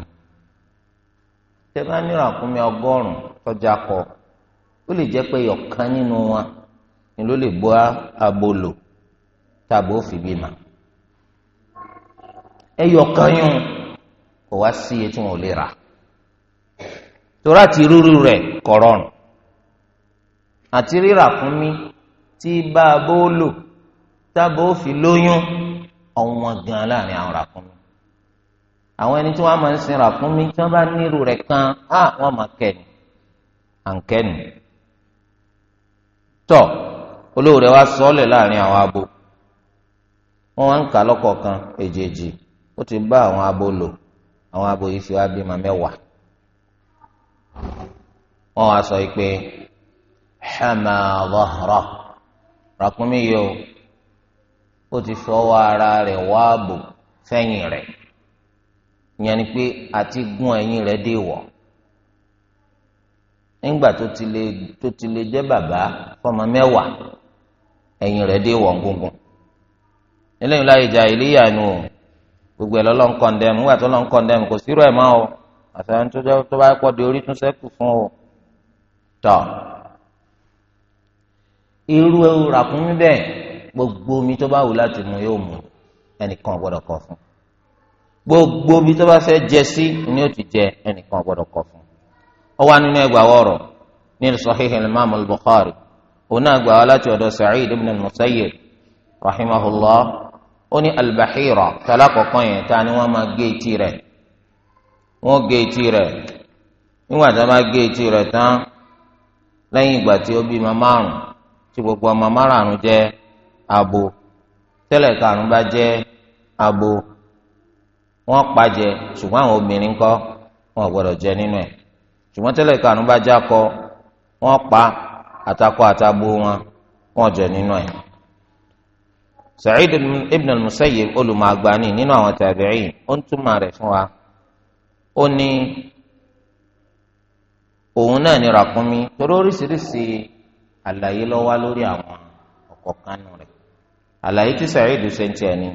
tẹ́ bá ní ràkúnmí ọgọ́rùn-ún tọ́jà kọ ó lè jẹ́ pé ọ̀kan nínú wọn ni ló lè gbọ́ abolo tàbí ó fi bímọ ẹyọ kan yún kò wá sí iye tí wọn ò lè rà torí àti rúru rẹ̀ kọrọrùn àti rírà fún mi tí bá a bó lò tábà ó fi lóyún ọ̀wọ́n gan láàrin àwọn rà fún mi àwọn ẹni tí wọn máa ń sin rà fún mi tí wọn bá nírú rẹ̀ kan á wọn máa kẹni à ń kẹni tọ olówó rẹ̀ wá sọọlẹ láàrin àwọn abo wọn wá ń kà lọ́kọ̀ọ̀kan èjèèjì. ó ti bá àwọn abo lò àwọn abo yìí fi wá bímọ mẹ́wàá wá sọ hama yìí o ó ti fọwọ́ ara rẹ̀ wá bò sẹ́yìn rẹ̀ ìyẹn ni pé àti gún ẹ̀yìn rẹ̀ dé wọ̀ nígbà tó ti lè tó bàbá fọmọ mẹ́wàá ẹ̀yìn dé gungun eléyìí láyé jà gbogbo ẹ̀ lọ́lọ́ ń kọ́ndẹ́mù nígbà tó lọ́ ń kọ́ndẹ́mù kò sírò ẹ̀ mọ́ o àfẹ́rẹ́ tó jẹ́ tó bá pọ̀ di orí tún sẹ́kù fún o tọ̀ irú ràkúnmí bẹ́ẹ̀ gbogbo omi tó bá wù láti mu yóò mu ẹnìkan gbọ́dọ̀ kọ̀ fún gbogbo omi tó bá fẹ́ jẹ sí ni ó ti jẹ ẹnìkan gbọ́dọ̀ kọ̀ fún ọ wá nínú ẹgbàá wọ̀rọ̀ nínú Sahih al-Imam al-Bukhari òun náà gbà wá láti ọ̀dọ̀ Sa'id ibn al-Musayyib rahimahullah. ó albahira yẹn ta ni wọ́n máa gé etí rẹ̀ wọ́n gé etí rẹ̀ nígbà tí wọ́n bá gé etí rẹ̀ tán lẹ́yìn ìgbà tí ó bí ma márùn tí gbogbo ọmọ márùn jẹ́ abo tẹ́lẹ̀ karùn bá jẹ́ abo wọ́n pàjẹ́ ṣùgbọ́n àwọn obìnrin wọn jẹ nínú pa àtakọ àtabo wọn jẹ Sa'id ibn al-Musayyib olùmọ̀gbani nínú àwọn tabi'in ó ń túmọ̀ rẹ̀ fún wa ó ní òun náà ní ràkúnmí torí oríṣiríṣi àlàyé ló wà lórí àwọn ọ̀kọ̀ọ̀kanu rẹ̀ àlàyé tí Sa'id ṣe ń tiẹ̀ ni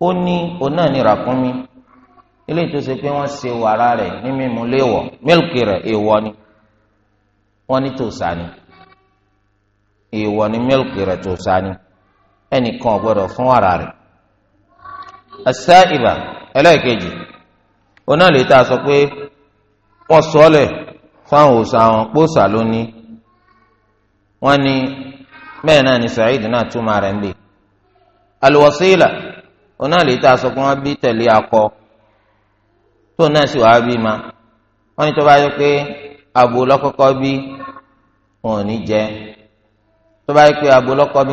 ó ní òun náà ní ràkúnmí ilé tó ṣe pé wọ́n ṣe wàrà rẹ̀ ní mímu léèwọ̀ mílìkì rẹ̀ èèwọ̀ ni wọ́n ní tòṣà ni èèwọ̀ ni mílìkì rẹ̀ tòṣà ni. ẹnìkan ọgbọdọ fún rị rẹ̀ asáìbà ẹlẹ́ẹ̀kejì oná lè ta sọ pé wọn sọ́ọ̀lẹ̀ fáwọn òòsà pósà lónìí wọ́n ní náà ni Sa'id náà túmọ̀ rẹ̀ ń bè alùwọ̀síìlà oná lè ta sọ pé akọ tó náà sì wàá bí ma tó bá yẹ wọn ò ní jẹ tó bá yẹ pé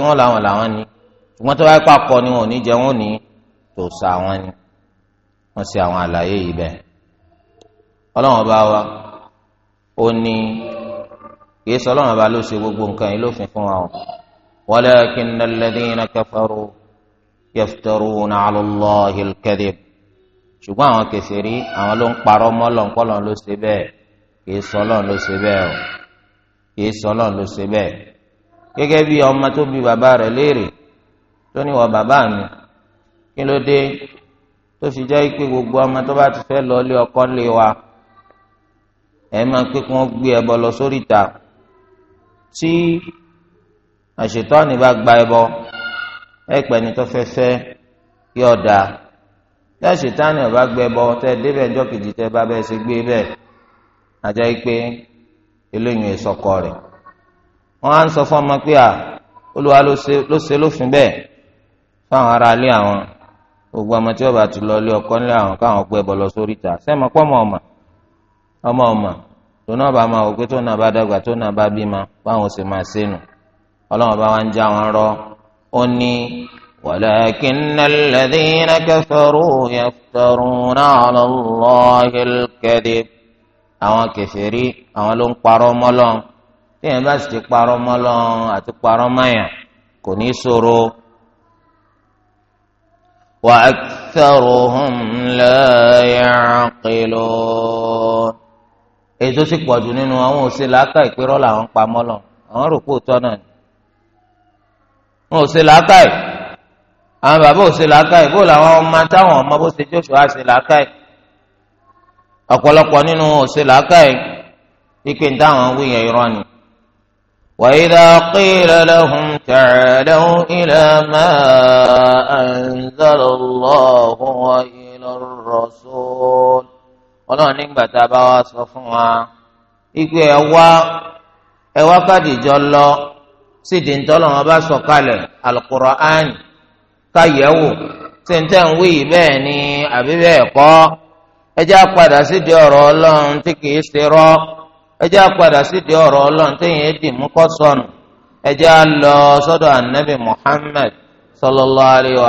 làwọn làwọn ni ṣùgbọ́n tó bá yẹ pàkọ ni wọn ò ní jẹ wọn ò ní tò sa àwọn ni wọ́n ṣe àwọn àlàyé yìí bẹ́ẹ̀ ọlọ́wọ́n bá wa ó ní kì í sọ ọlọ́wọ́n bá ló ṣe gbogbo nǹkan yìí lófin fún wa o walakinna alladhina kafaru yaftaruna ala Allahi al-kadhib ṣùgbọ́n àwọn kèfèrí àwọn ló ń parọ́ mọ́lọ̀ ńkọ́lọ̀ ló ṣe bẹ́ẹ̀ kì í sọ ọlọ́run ló ṣe bẹ́ẹ̀ o kì í sọ ọlọ́run ló ṣe bẹ́ẹ̀ gẹ́gẹ́ bí ọmọ tó bí bàbá rẹ̀ léèrè tó ní wọ bàbá mi kí ló dé tó fi jẹ́ pé gbogbo ọmọ tó bá ti fẹ́ lọ lé ọkọ lé wa ẹ máa pé kí wọ́n gbé ẹbọ lọ sórí ìta tí àṣetọ́ni bá gba ẹbọ ẹ pẹ́ ni tó fẹ́ fẹ́ kí ọ̀dà tí àṣetọ́ni ọba gba ẹbọ tẹ débẹ̀ ẹjọ́ kejì tẹ bá bẹ́ẹ̀ ṣe gbé bẹ́ẹ̀ àjẹ́ pé eléyìí ìsọkọ rẹ̀ wọ́n á ń sọ fún ọmọ pé à olúwa ló ṣe lófin bẹ́ẹ̀ fáwọn ará ilé àwọn gbogbo ọmọ tí ọba ti lọ ilé ọkọ nílé àwọn káwọn gbé ẹbọ lọ sórí ìta sẹ́mi ọ̀pọ̀ ọmọ ọmọ ọmọ ọmọ tó náà bá máa wò pé tó náà bá dàgbà tó náà bá ma, báwọn sì máa sínú ọlọ́wọ́n bá wá ń já wọn rọ ó ní ولكن الذين كفروا يفترون على الله àwọn kèfèrí àwọn ló ń parọ́ mọ́lọ́n tí bá sì ti parọ́ mọ́lọ́n àti parọ́ kò ní ṣòro وأكثرهم لا يعقلون èyí tó sì pọ̀ jù nínú àwọn òsè làákà ìpérọ́ làwọn ń pamọ́ lọ àwọn rò pé òótọ́ náà ni wọn òsè làákà ì àwọn bàbá òsè làákà ì bó làwọn ọmọ táwọn ọmọ bó ṣe Joshua àṣẹ làákà ì ọ̀pọ̀lọpọ̀ nínú òsè làákà ì pípé táwọn wíyẹn irọ́ ni وَإِذَا قِيلَ لَهُمْ تعالوا إلى مَا أنزل اللَّهُ وَإِلَى الرَّسُولِ Ọlọ́run nígbà tá a bá wá sọ fún wa igbe ẹwà ẹwà kàdìjọ lọ sídìí ntọ́lọ́wọ́n bá sọ kalẹ̀ Al-Qur'an káyẹ̀wò tẹ̀ǹtẹ̀ ń wíyì bẹ́ẹ̀ ni àbí bẹ́ẹ̀ kọ́ ẹ padà sídìí ọ̀rọ̀ Ọlọ́run tí kìí ṣe rọ́. ẹjẹ́ àpadà sídìí ọ̀rọ̀ ọlọ́run téèyàn é dì mú kọ́ sọnù ẹjẹ́ lọ sọ́dọ̀ ànábì Muhammad sallallahu alayhi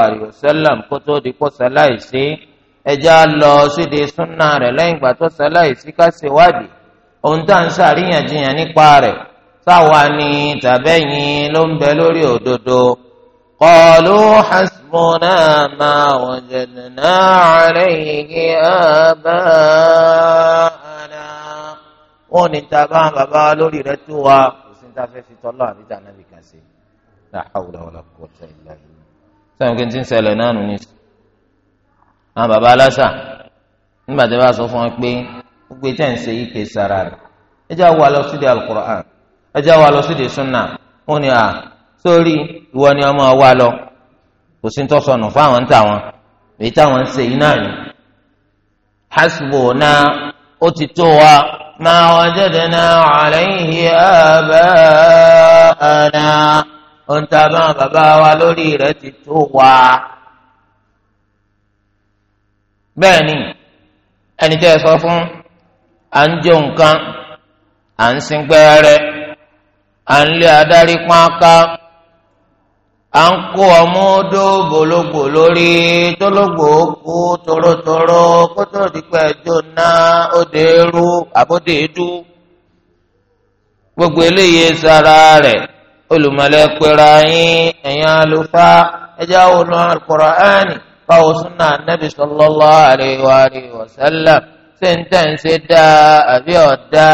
wa kó tó di kó ẹjẹ́ á lọ sídìí súnà rẹ̀ lẹ́yìn ìgbà tó ká ohun tá à ń nípa sáwa ni tàbẹ́yìn ló ń bẹ lórí òdodo Kọlu hasbuna ma wajadna aba'ana. wọn ni ta bá wọn bàbá lórí rẹ tó wa kò sí ní ta fẹ́ fi tọ́lọ́ àbí ta nàbì kan sí la hawla wala sẹ́yìn kí n ti fún pé gbogbo ń ṣe ike sara rẹ̀ ẹ jẹ́ àwọn alọ́ sídìí alukur'an ẹ jẹ́ àwọn alọ́ sunna à sórí ìwọ ni ọmọ wa lọ kò sí ما وجدنا عليه آباءنا أنت ما a bá wọn bàbá wa lórí rẹ̀ ti tó wa. bẹ́ẹ̀ ni ẹni tẹ́ ẹ sọ fún à ń jó nǹkan à ń sin gbẹ́rẹ́ à ń lé adarí pọ́n ká à ń kó ọmọ dó bòlógbò lórí tólógbò kú torótoró kó tó di pé ẹjọ́ náà ó dé rú àbódé dú gbogbo eléyìí sára rẹ̀ olùmọ̀lẹ́pẹ̀rẹ̀ yín ẹ̀yin àlùfáà ẹjẹ́ àwọn olùwọ̀n Al-Qur'ani báwo súnà nàbì sallallahu alaihi wa alihi wa sallam ṣé ń tẹ̀ ń ṣe dáa àbí ọ̀dá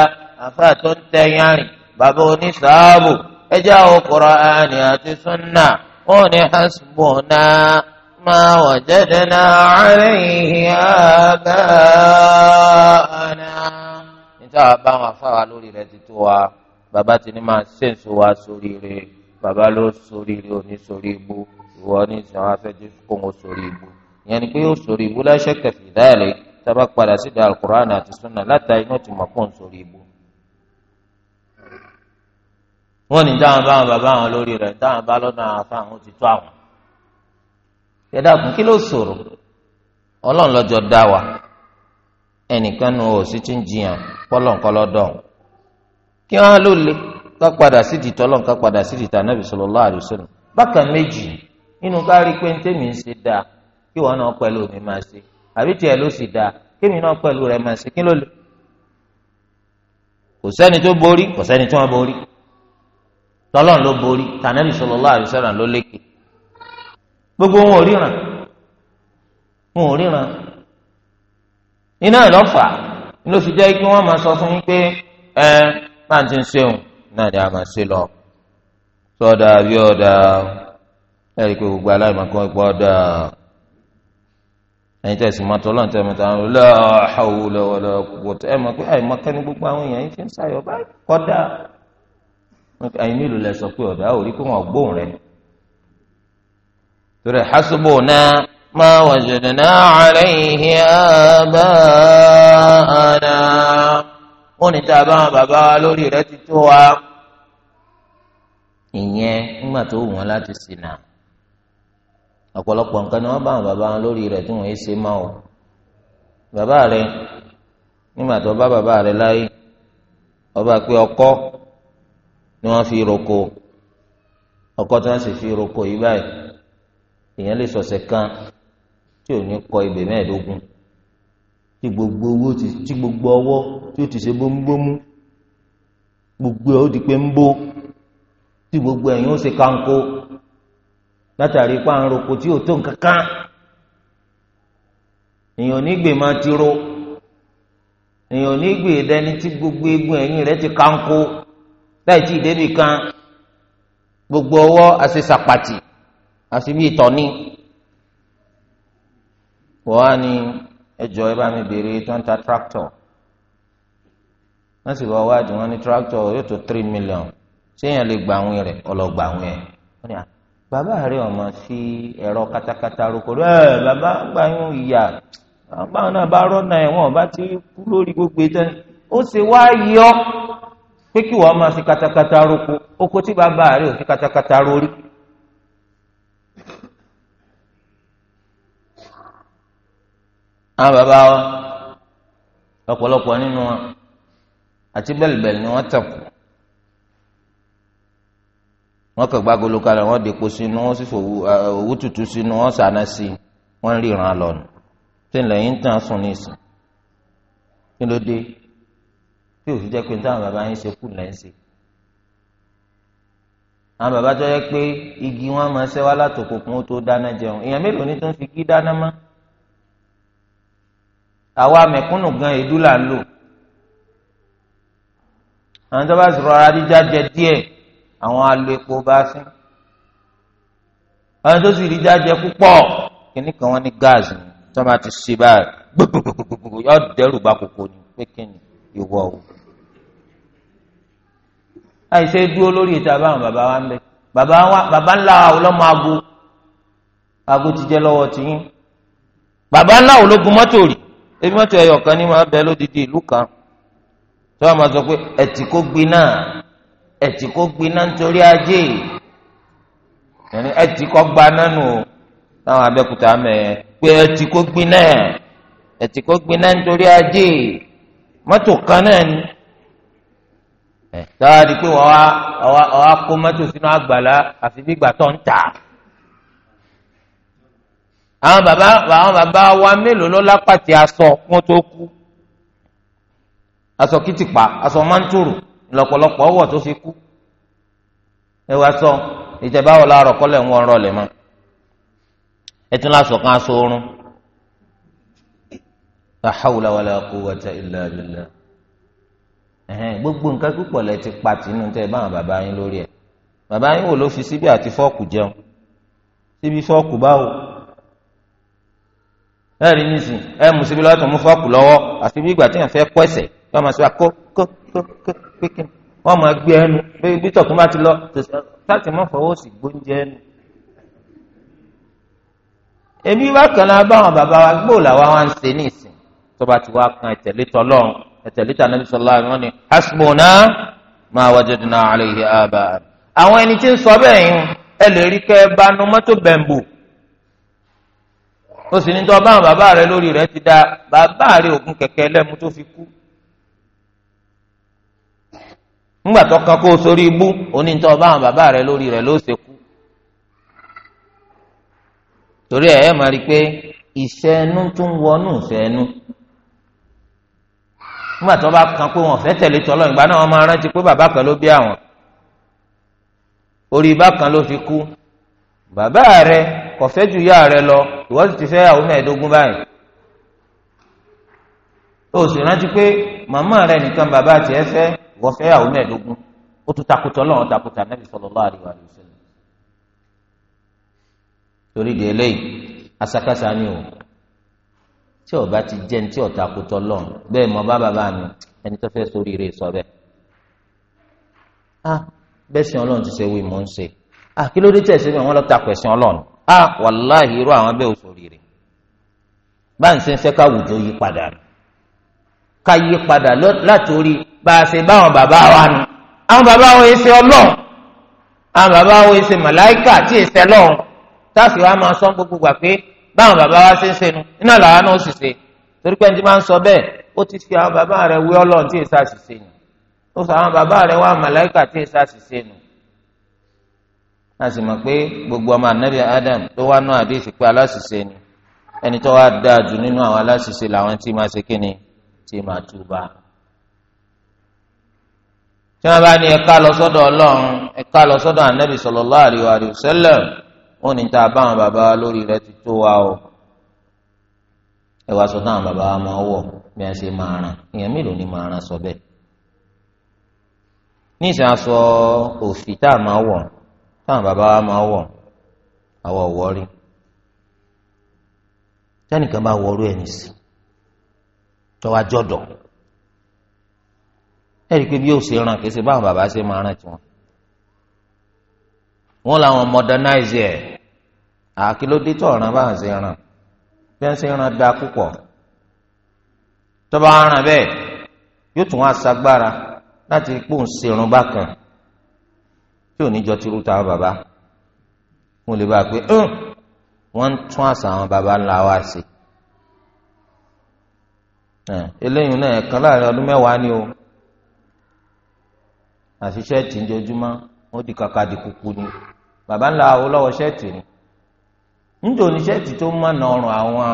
àfáà tó ń tẹ̀yàn rìn bàbá oníṣàábù ẹjẹ́ àwọn Qur'ani àti súnà wọ́n ní hasbuna ma wajadna alayhi aba'ana. níta bá wọn afáwa lórí rẹ̀ ti tó wa bàbá ti ní máa ṣèǹsọ wa sórí rẹ̀ bàbá ló sórí rẹ̀ ò ní sórí ibú ìwọ ní ìsìn àwọn afẹ́jú kóńgó sórí ibú ìyẹn ni pé ó sórí ibú la shakka fi tábà padà sídìí alukur'an àti sunna látà inú ti mọ̀ kó ń sórí ibú. wọ́n ní táwọn bá wọn bàbá wọn lórí rẹ̀ táwọn bá lọ́dọ̀ àwọn afá ti tó àwọn. kí ló ṣòro ọlọ́run lọ́jọ́ dá wa ẹnìkan nu òsì tí ń jiyàn kí wọ́n ló le ká padà sídìí tọ́lọ́n ká padà sídìí tà bákan méjì nínú ká rí pé ntẹ́mi ń ṣe kí wọ́n náà pẹ̀lú mi máa ṣe àbí tiẹ̀ ló sì kémi tọ́lọ́n ló borí tànàbì sallallahu alaihi ló lékè gbogbo wọn ò ríran wọn ò ríran iná ìlọ́fà ló fi jẹ́ kí wọ́n máa sọ fún yín pé ẹ máa ti ń ṣeun náà ni a máa ṣe lọ sọdà bí ọdà ẹ̀rí pé gbogbo aláìmọ̀kan ìpọ̀ ọdà tẹ̀sí gbogbo àwọn èèyàn yìí ń báyìí ẹ̀yin mélòó lẹ sọ pé ọ̀dà gbóhùn ma a bá wọn bàbá wa lórí rẹ̀ ti tó wa ìyẹn nígbà tó wù láti nǹkan ni bá o bàbá nígbà tó bá bàbá láyé ni fi roko ọkọ́ tí sì fi roko yìí báyìí èèyàn lè sọ̀sẹ̀ kan tí ò ní kọ ibè mẹ́ẹ̀ẹ́dógún tí gbogbo owó tí gbogbo tí ti ṣe bómúbómú gbogbo ẹ̀ ó di pé tí gbogbo ẹ̀yìn ó ṣe kanko látàrí ipá roko tí ò tó nǹkan kan èèyàn onígbè máa ti ro èèyàn onígbè gbogbo egun ti kanko. láì tí ìdébì kan gbogbo ọwọ́ àṣesàpàtì àfi bíi tọ́ni wọ́n á ní ẹjọ́ ẹ bá mi béèrè tó ń ta tractor wọ́n sì bá wájú wọn ní tractor yóò tó three million ṣé èèyàn lè gbà àwọn rẹ̀ ọlọ́gbà àwọn ẹ̀ wọ́n ní à bàbá rẹ̀ ọmọ sí ẹ̀rọ katakata roko ẹ̀ bàbá gbà yín ìyá báwọn náà bá rọ́nà ẹ̀wọ̀n bá ti kú lórí gbogbo ìtẹ́ni ó sì wá yọ pé kí wọ́n máa fi katakata roko oko tí bàbá rẹ̀ ò fi katakata rori. àwọn bàbá wa ọ̀pọ̀lọpọ̀ nínú wọn àti bẹ́lìbẹ́lì ni wọ́n tẹ̀kù wọ́n kàn gbàgolo kalẹ̀ wọ́n dèpo sínú wọ́n sì fò owó tutù sínú wọ́n sànà sí wọ́n ríran lọ́nà tí ń lẹ́yìn tán sùn ní ìsìn kí ló dé tí òfin jẹ́ pé táwọn bàbá yín ṣe kù lẹ́sìn àwọn bàbá tó yẹ pé igi wọn máa ṣẹ́wá látòkò kún ó tó dáná jẹun èèyàn mélòó ni tó ń fi igi dáná mọ́ àwa mẹ̀kúnnù gan èédú là ń lò àwọn tó bá sọ̀rọ̀ ara jíjá jẹ díẹ̀ àwọn alo epo bá sí àwọn tó sì rí jájẹ púpọ̀ kìnnì kan wọn ní gáàsì tó ti ṣe báyìí gbogbogbò yóò dẹ́rù bá koko ni pé kí ìwọ òun àìsè dúró lórí ìta báwọn bàbá wa ń bẹ bàbá wa bàbá ńlá ọlọ́mọ ago ago ti jẹ́ lọ́wọ́ tiyín bàbá ńlá ológun mọ́tò rí ebi mọ́tò ẹyọ kan ní máa bẹ lódìdí ìlú kan tí wọ́n máa sọ pé ẹ̀tì kó gbiná ẹ̀tì kó gbiná nítorí ajé ẹ̀tì kó gbaná nù táwọn abẹ́kúta mẹ́ẹ̀ pé ẹ̀tì kó gbiná ẹ̀tì kó gbiná nítorí ajé mọ́tò kan náà ni ẹ tọ́wá di pé wọ́n wá ọ̀wá kó mọ́tò sínú àgbàlá àfi gbígbà tó ń tà. àwọn bàbá àwọn bàbá wa mélòó ló lápàtì aṣọ wọn tó kú aṣọ kìtìpá aṣọ mántòrò lọ́pọ̀lọpọ̀ ọwọ́ tó fi kú. ẹ wá sọ ìjẹba wo la rọ̀kọ́lẹ̀ ń wọ́n rọlẹ̀ mọ́ ẹ tún láṣọ kan aṣọ oorun. la hawla wala quwwata illa gbogbo nǹkan púpọ̀ lẹ ti pa tìǹbù tẹ báwọn bàbá yín lórí ẹ̀ bàbá yín wò ló fi síbí àti fọ́ọ̀kù jẹun síbi fọ́ọ̀kù báwo ẹ rí nísìn ẹ mú síbi lọ́tọ̀ mú fọ́ọ̀kù lọ́wọ́ àti bí ìgbà tí yàn fẹ́ kọ́ ẹ̀sẹ̀ tí wọ́n máa sọ àkó kó kó kó pékin wọ́n máa gbé ẹnu bí tọ̀tún bá ti lọ láti má fọwọ́ sí gbóúnjẹ ẹnu. èmi bákan náà báwọn bàbá wa gbóòlà wa wá ń ṣe ní ìsìn tó bá ti wá kan ìtẹ̀lé tọ́lọ́run ẹtẹlẹta anabi sọlá wọn ni ma wajadna alayhi aba àwọn ẹni tí ń sọ bẹ́ẹ̀ yín ẹ lè rí banu mọ́tò bẹ̀ǹbù o sì ní tí wọn re bàbá ti da bàbá rẹ ògùn kẹ̀kẹ́ lẹ́mu tó fi kú ńgbà tó kan kó sórí ibú oní tó bá àwọn bàbá rẹ lórí rẹ ló ṣe kú torí ẹ ẹ máa rí i nígbà tí wọn bá kan pé wọn fẹ́ tẹ̀lé tọlọ ìgbà náà wọn máa rántí pé bàbá kan ló bí àwọn orí ibà kan ló fi kú bàbá rẹ kò fẹ́ ju ìyá rẹ lọ ìwọ sì ti fẹ́ àwọn mẹ́ẹ̀ẹ́dógún báyìí o sì rántí pé màmá rẹ nìkan bàbá tiẹ̀ fẹ́ ìwọ fẹ́ àwọn mẹ́ẹ̀ẹ́dógún ó tún takùtọ lọrùn takùtà nàbì sallallahu alaihi wasallam torí di eléyìí asakasa ni o tí ọba ti jẹ́ ní tí ọ̀tá kò tọ́ lọ́n bẹ́ẹ̀ mọ bá bàbá mi ẹni tó fẹ́ sórí rẹ̀ sọ bẹ́ẹ̀. ah bẹ́ẹ̀ sìn ọlọ́run ti ṣe wí mò ń ṣe ah kí ló dé tẹ̀sí mi àwọn lọ́ọ́ ta pẹ̀sìn ọlọ́run ah wàláhì irú àwọn bẹ́ẹ̀ ò sórí rẹ̀ bá ń sẹ́nsẹ́ káwùjọ yí padà rẹ̀ ká yí padà látòrí bá a ṣe báwọn bàbá wa nu àwọn bàbá wa ṣe ọlọ́run àwọn bàbá wa ṣe màláìkà tí ì báwọn bàbá wa ṣe ń ṣe nu iná làwa náà sì ṣe torí pé ẹni tí máa ń sọ bẹ́ẹ̀ ó ti fi àwọn bàbá rẹ̀ wí ọlọ́run tí èsà sì ṣe nù ó sọ àwọn bàbá rẹ̀ wá màláìkà tí èsà sì ṣe nù. a sì mọ̀ pé gbogbo ọmọ anabi adam tó wá náà àdéhìí pé aláṣìṣe ni ẹni tó wá dáa jù nínú àwọn aláṣìṣe làwọn tí máa ṣe kíni tí máa túbà tí wọn bá ní ẹka lọ sọ́dọ̀ Ọlọ́run ẹka lọ sọ́dọ̀ sallallahu alaihi wa ó ní tá a bá àwọn bàbá lórí rẹ̀ ti tó wa o ẹ wá sọ táwọn bàbá wa máa wọ̀ bí wọ́n ṣe máa ràn èèyàn mélòó ni máa ràn sọ bẹ́ẹ̀ ní ìsìn aṣọ òfì tá a máa wọ̀ táwọn bàbá wa máa wọ̀ àwọn ọ̀wọ́ rí tẹnìkan bá wọrú ẹ̀ nìsí tọ́wọ́ àjọ̀dọ̀ ẹ̀rí pé bí yóò ṣe ràn kìí ṣe báwọn bàbá ṣe máa ràn tiwọn wọn làwọn modernize ẹ̀ àkìlódé tó ọ̀ràn bá ń ṣe ràn bí wọ́n ṣe ràn da púpọ̀ tọ́ba aràn bẹ́ẹ̀ yóò tún wá sagbára láti pò ń ṣerun bákan tí ò ní jọ tirú ta bàbá mo lè bá a pé wọ́n ń tún àṣà àwọn baba ńlá wa ṣe eléyìí náà ẹ̀kan láàrin ọdún mẹ́wàá ni o àṣìṣe ẹ̀tì ń jojúmọ́ ó di kàkà di kúkú ni baba ńlá wo lọ́wọ́ ṣẹ́ẹ̀tì ni. ndị oníṣẹ́ẹ̀tì tó má na ọrùn àwọn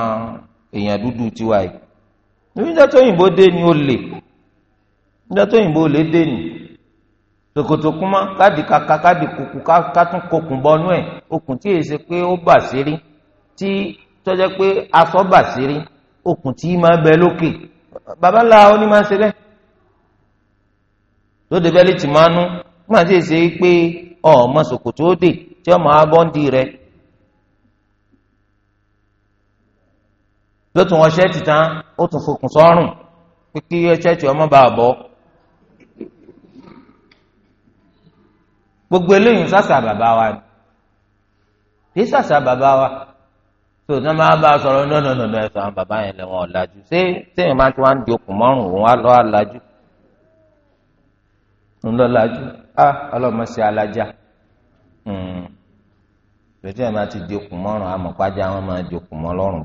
èèyàn dúdú tiwa yìí níjọ tó yìnbó dé ni ó lè níjọ tó yìnbó lè dé ni tòkòtò kúmá káàdì kaka káàdì kòkù kátún kokùn bọnú ẹ okùn tí èsè pé ó bà sírí tí tọ́jẹ́ pé aṣọ bà sírí okùn tí ma bẹ lókè babalá oní ma ṣe bẹ́ẹ̀ lóde bẹ́ẹ̀ lè tì máa nú kúmá tí èsè pé ọ̀ sòkòtò ó dè tí rẹ. ló tún wọ ṣẹ́ẹ̀tì tán ó tún fokùn ṣẹ́ẹ̀tì ọmọ bá bọ́ gbogbo eléyìí sàṣà bàbá wa ni kì sàṣà bàbá wa tó ní máa bá a sọ̀rọ̀ nọ́nọ́nọ́nọ́ ẹ̀sọ́ àwọn bàbá yẹn lẹ́wọ̀n ọ̀làjú ṣé ti di okùn mọ́rùn òun lọ́ àlàjú ń lọ́ làjú ọlọ́mọ alájà máa ti di okùn mọ́rùn máa di okùn mọ́ lọ́rùn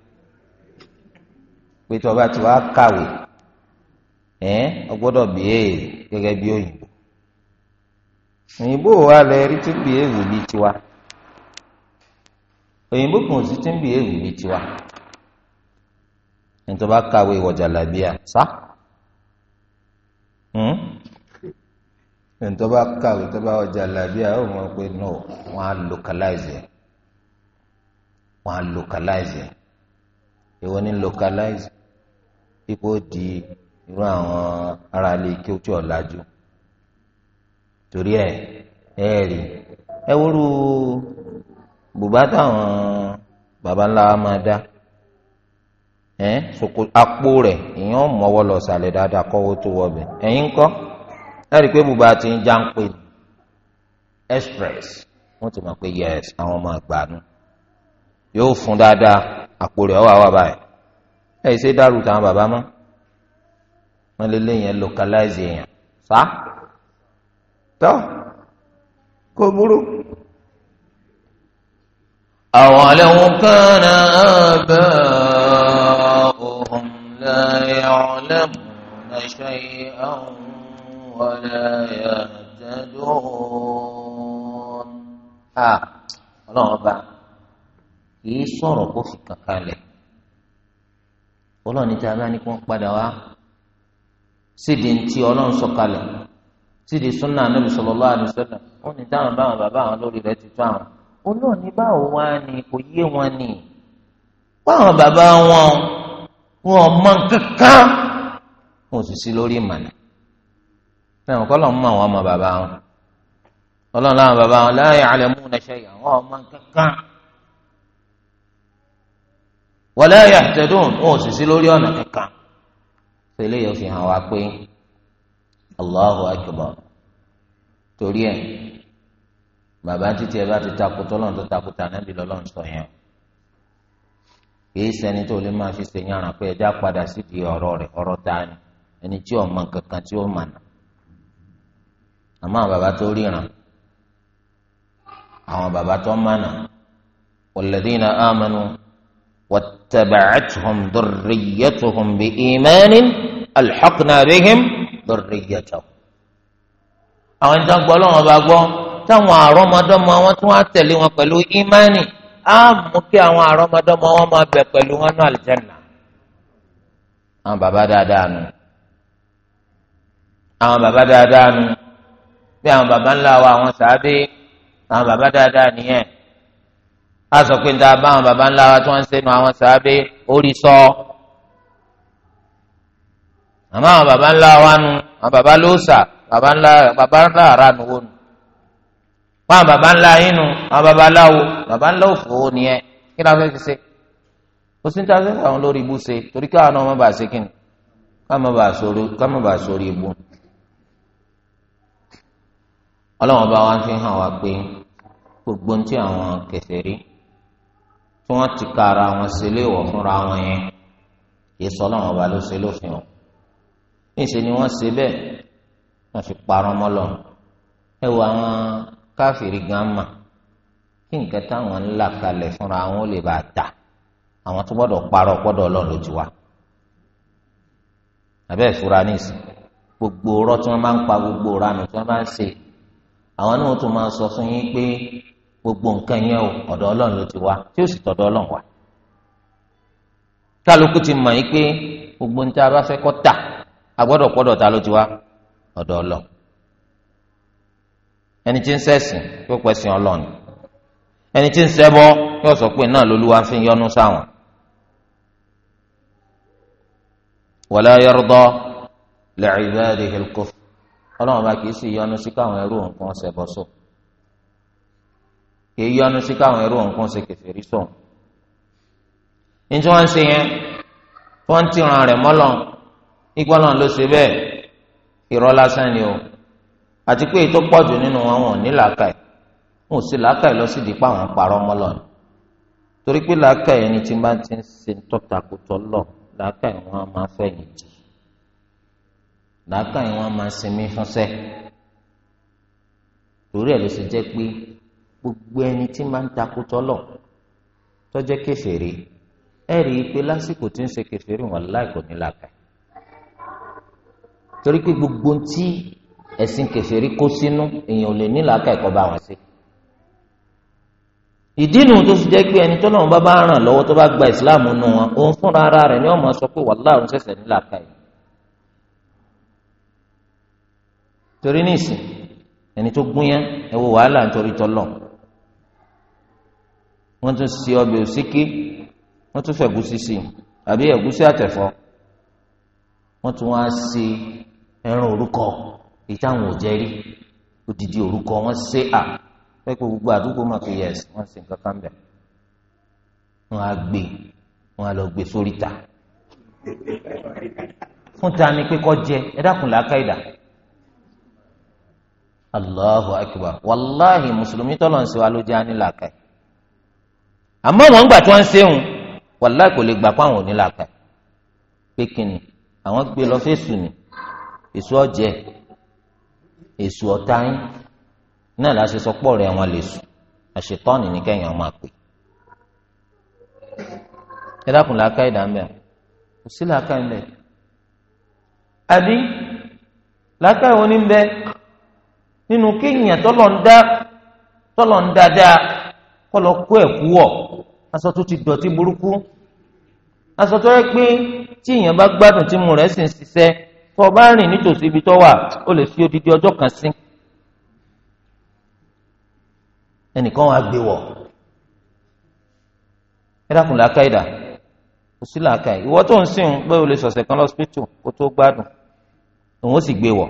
pé tí ọba ti wá kàwé ẹ ọgbọ́dọ̀ bìíye gẹ́gẹ́ bí òyìnbó òyìnbó wa lẹ rí tí ń bìíye wù ní tiwa òyìnbó kan sì ti ń bìíye wù tiwa ẹni tó bá kàwé wọjà làbíà sá hmm? ẹni tó bá kàwé tó bá wọjà làbíà ó mọ̀ pé no wọ́n á localize ẹ̀ á localize ẹ̀ èwo ni localize dípò di irú àwọn ará ilé kí ó tí ò lajú torí ẹ ẹ rí ẹ wúru bùbá táwọn baba ńlá wa máa dá ẹ sòkò àpò rẹ èèyàn mọ́wọ́ lọ sàlẹ̀ dáadáa kọwọ tó wọbẹ ẹ̀yin kọ́ ẹ rí i pé bùbá ti ń já express wọ́n ti mọ̀ pé yes àwọn ọmọ àgbà nù yóò fún dáadáa àpò rẹ ọwọ́ àwa báyìí ẹ ṣe dárú tàwọn bàbá mọ́ wọn lé lẹ́yìn ẹ localize èèyàn fa kó burú. أولو كان آباؤهم لا يعلمون شيئا ولا يهتدون. ọlọ́run ọba kì í sọ̀rọ̀ kó fi kankan lẹ̀ ọlọ́run ní tí a bá ní kí wọ́n padà wá sídìí ntí ọlọ́run sọ̀kalẹ̀ sídìí súnà anábì sallallahu alaihi wasallam ó ní táwọn báwọn bàbá àwọn lórí rẹ̀ ti tó àwọn ọlọ́run ní báwo wá ní kò yé wọn ni báwọn bàbá wọn wọn mọ kankan wọn ò sì sí lórí ìmọ̀nà fẹ́ràn kọ́ lọ́n mọ àwọn ọmọ bàbá wọn ọlọ́run láwọn bàbá wọn la ya'lamuna shay'an wọn mọ kankan. wala yahtadun wọn ò sì sí lórí ọ̀nà kankan tẹ̀lé yóò fi hàn wá pé Allahu akbar torí ẹ bàbá títí ẹ bá ti takò tọ́lọ́n tó takò tà nábì lọ́lọ́n sọ yẹn kì í tó lè máa fi ṣe yàrá pé ẹja padà sídìí ọ̀rọ̀ rẹ̀ ọ̀rọ̀ ta ni ẹni tí ò mọ kankan tí ó àmọ́ àwọn bàbá tó ríran àwọn bàbá tó واتبعتهم ذريتهم بإيمان ألحقنا بهم ذريتهم àwọn ẹni tó ń gbọ́ lọ́wọ́ bá gbọ́ táwọn àrọ́mọdọ́mọ wọn tún wá tẹ̀lé wọn pẹ̀lú ìmánì á mú kí àwọn àrọ́mọdọ́mọ wọn máa bẹ̀ pẹ̀lú wọn náà àlìjẹ́nà. àwọn bàbá dáadáa nu àwọn bàbá dáadáa nu bí àwọn bàbá ńlá wa àwọn sàábé àwọn bàbá dáadáa nìyẹn a sọ pé níta báwọn baba ńlá wa tí wọ́n ń sẹ́nu àwọn sàábé orí sọ. àmọ́ àwọn baba ńlá wa nu àwọn baba lóòsà baba ńlá baba ńlá ara nu wo nu. wọ́n àwọn baba ńlá yín nu àwọn baba láwo baba ńlá òfòwò nìyẹn kí ló fẹ́ fi ṣe. ó sì ń ta sẹ́nu lórí ibú ṣe torí kí àwọn ọmọ bá ṣe kíni ká má bàa sórí ká má bàa sórí ibú. ọlọ́wọ́n bá wa fi hàn wá pé gbogbo ń àwọn kẹsẹ̀ rí kí wọ́n ti ka ara wọn ṣe léèwọ̀ fúnra wọn yẹn kì í sọ Ọlọ́run ọba ló ṣe lófin o níṣẹ́ ni wọ́n ṣe bẹ́ẹ̀ wọ́n fi parọ́ mọ́ lọ ẹ wo àwọn káfíìrì gan mà kí nǹkan táwọn ń là kalẹ̀ fúnra wọn ó lè bá a ta àwọn tó gbọ́dọ̀ parọ́ gbọ́dọ̀ Ọlọ́run ló ti wá abẹ́ ìfura ní ìsìn gbogbo ọ̀rọ̀ tí wọ́n máa ń pa gbogbo ọ̀rọ̀ àná tí wọ́n máa ń ṣe àwọn náà tún máa sọ fún yín pé gbogbo nǹkan yẹn o ọ̀dọ̀ ọlọ́run ló ti wá tí ó sì tọ̀dọ̀ ọlọ́run wá kálukú ti mọ̀ yí pé gbogbo nta bá fẹ́ kọ́ tà agbọ́dọ̀ pọ́dọ̀ ta ló ti wá ọ̀dọ̀ ọlọ́run ẹni tí ń ṣẹ̀sìn yóò pẹ̀sìn ọlọ́run ẹni tí ń ṣẹbọ yóò sọ pé náà lolúwa fi ń yọ́nú sáwọn. wala yarda li'ibadihi al-kufr ọlọ́run bá kì í sì yọ́nú sí káwọn ẹrú nǹkan ṣẹbọ sóò kì í yọnu sí káwọn ẹrú òun kún ṣe kèfèrí sóun ní tí wọ́n ń ṣe yẹn wọ́n ti ràn rẹ̀ mọ́lọ̀ ìgbọ́lọ̀ ló ṣe bẹ́ẹ̀ irọ́ lásán ni o àti pé ètò pọ̀jù nínú wọn wọn ò ní làákàyè wọn ò sí làákàyè lọ sídìí pa àwọn parọ́ mọ́lọ̀ ni torí pé làákàyè ni tí máa ti ń ṣe tọ́takùtọ̀ lọ làákàyè wọn a máa fẹ̀yìn jì làákàyè wọn a máa sinmi fúnṣẹ́ torí ẹ̀ ló ṣe jẹ́ pé gbogbo ẹni tí máa ń takò tọ́lọ̀ tọ́jẹ́ kẹfẹ́rẹ́ ẹ rí i pé lásìkò tí ń ṣe kẹfẹ́rẹ́ wọn láìkò ní làkà torí pé gbogbo tí ẹ̀sìn kẹfẹ́rẹ́ kó sínú èèyàn ò lè ní làkà ẹ̀kọ́ bá wọn ṣe ìdínú tó fi jẹ́ pé ẹni tó náà bá bá ràn lọ́wọ́ tó bá gba ìsìláàmù nù wọn òun fúnra ara rẹ̀ ni ọmọ sọ pé wàhálà òun ṣẹ̀ṣẹ̀ ní làkà torí nísìn ẹni tó gúnyán ẹ wo wàhálà nítorí tọ́lọ̀ wọ́n tún ṣe ọbẹ̀ òsíkí wọ́n tún fẹ̀gúsí sí i àbí ẹ̀gúsí àtẹ̀fọ́ wọ́n tún wá ṣe ẹran orúkọ ìtàwọn òjẹ́rí odidi orúkọ wọ́n ṣe à pẹ́pẹ́ gbogbo àdúgbò máa fi yẹ̀sì wọ́n ṣe nǹkan kan bẹ̀ á gbé wọ́n á lọ gbé sórí ta fún ta ni kíkọ́ jẹ ẹ dákun làákàyèdà Allahu akbar wàláhì mùsùlùmí tọ́lọ̀ ń ṣe wa ló jẹ́ àní làákàyè àmọ́ wọn gbà tí wọ́n ń sẹ́hùn wàlá kò lè gbà pé àwọn ò ní làákà pé kínni àwọn gbé lọ fẹ́sùn ni èso ọ̀jẹ̀ èso ọ̀tá yín náà láti sọ pọ̀ rẹ̀ wọn lè sùn àṣetọ́ọ̀nì ní kẹ́yìn ọmọ àpè ẹ dákun làákà ìdá mẹ́à kò sí làákà ilẹ̀ àbí làákà ìwọ ní bẹ nínú kéèyàn tọ́lọ̀ ń dá tọ́lọ̀ ń dáadáa kọ́ lọ kó ẹ̀kú wọ̀ aṣọ tó ti dọ̀tí burúkú aṣọ tó yẹ pé tí èèyàn bá gbádùn tí mu rẹ̀ sì ń ṣiṣẹ́ tó o bá rìn nítòsí ibi tó wà ó lè fi odidi ọjọ́ kan sí ẹnìkan wàá gbé wọ̀ ẹ dákun làákàyèdà kò sí làákàyè ìwọ tó ń sìn bóyá o lè sọ̀sẹ̀ kan lọ́sítítù kó tó gbádùn òun ó sì gbé wọ̀.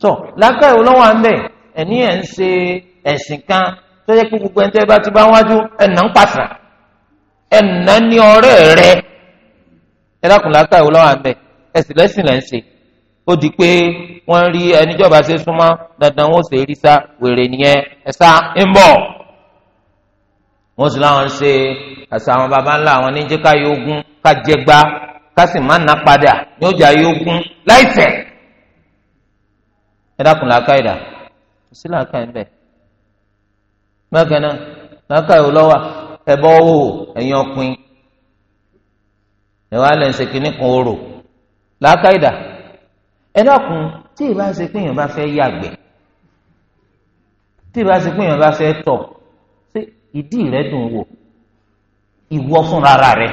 tó lákàá ìwọ lọ́wọ́ à ń bẹ̀ ẹ̀ní ẹ̀ ń ṣe ẹ̀sìn kan tó yẹ kí gbogbo ẹni tẹ́ bá ti bá wájú ẹ̀nà ń pàṣà ẹ̀nà ní ọ̀rẹ́ rẹ ẹ lákùn lákàá ìwọ lọ́wọ́ à ń bẹ̀ ẹ̀sìn lẹ́sìn lẹ́ ń ṣe ó di pé wọ́n rí ẹnìjọba ṣe súnmọ́ dandan wọ́n ṣe rí sá wèrè nìyẹn ẹ̀sà ń bọ̀ wọ́n sì láwọn ń ṣe àṣà àwọn baba ńlá àwọn níjẹ́ ká yóò ká jẹgba ká sì má ná padà ní ọjà yóò gún láìsẹ̀ ẹ dákun làákà ìdá kò sí làákà ń bẹ mẹkànnà làákà ìwò lọwà ẹ bọ wò ẹyin ọpin ẹ wá lẹ ń ṣe kínní kan orò làákà ìdá ẹ dákun tí ì bá ṣe pé èèyàn bá fẹ́ yàgbẹ́ tí ì bá ṣe pé èèyàn bá fẹ́ tọ̀ ṣé ìdí rẹ dùn wò ìwọ fúnra rẹ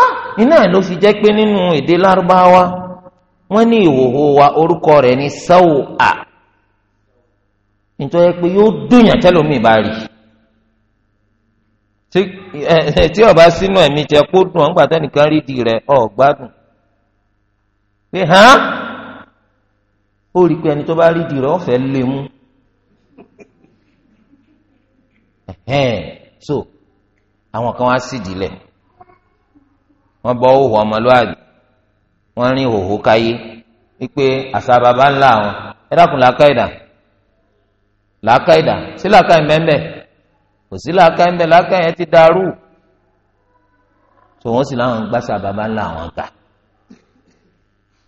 ah iná ló fi jẹ́ pé nínú èdè lárúbáwá wọ́n ní ìhòòhò wa orúkọ rẹ̀ ní sáwò à nítorí pé yóò dùnyàn tẹ́lómi bá rí tí ọba sínú ẹ̀mí jẹ kó dùn ọ̀ngbà tẹ́nìkan rí di rẹ̀ ọ̀ gbádùn pé hàn ó rí pé ẹni tó bá rí di rẹ̀ ọ̀fẹ́ lé mú so àwọn kan wá sídìí lẹ̀ wọ́n bọ́ òhò ọmọlúwàbí wọ́n rin òhò káyé wípé àṣà baba ńlá àwọn ẹ dákun làákàyèdà làákàyèdà sí làákàyè mbẹ́mbẹ́ kò sí làákàyè mbẹ́ làákàyè ti dàrú tó wọ́n sì láwọn gbàṣà baba ńlá àwọn kà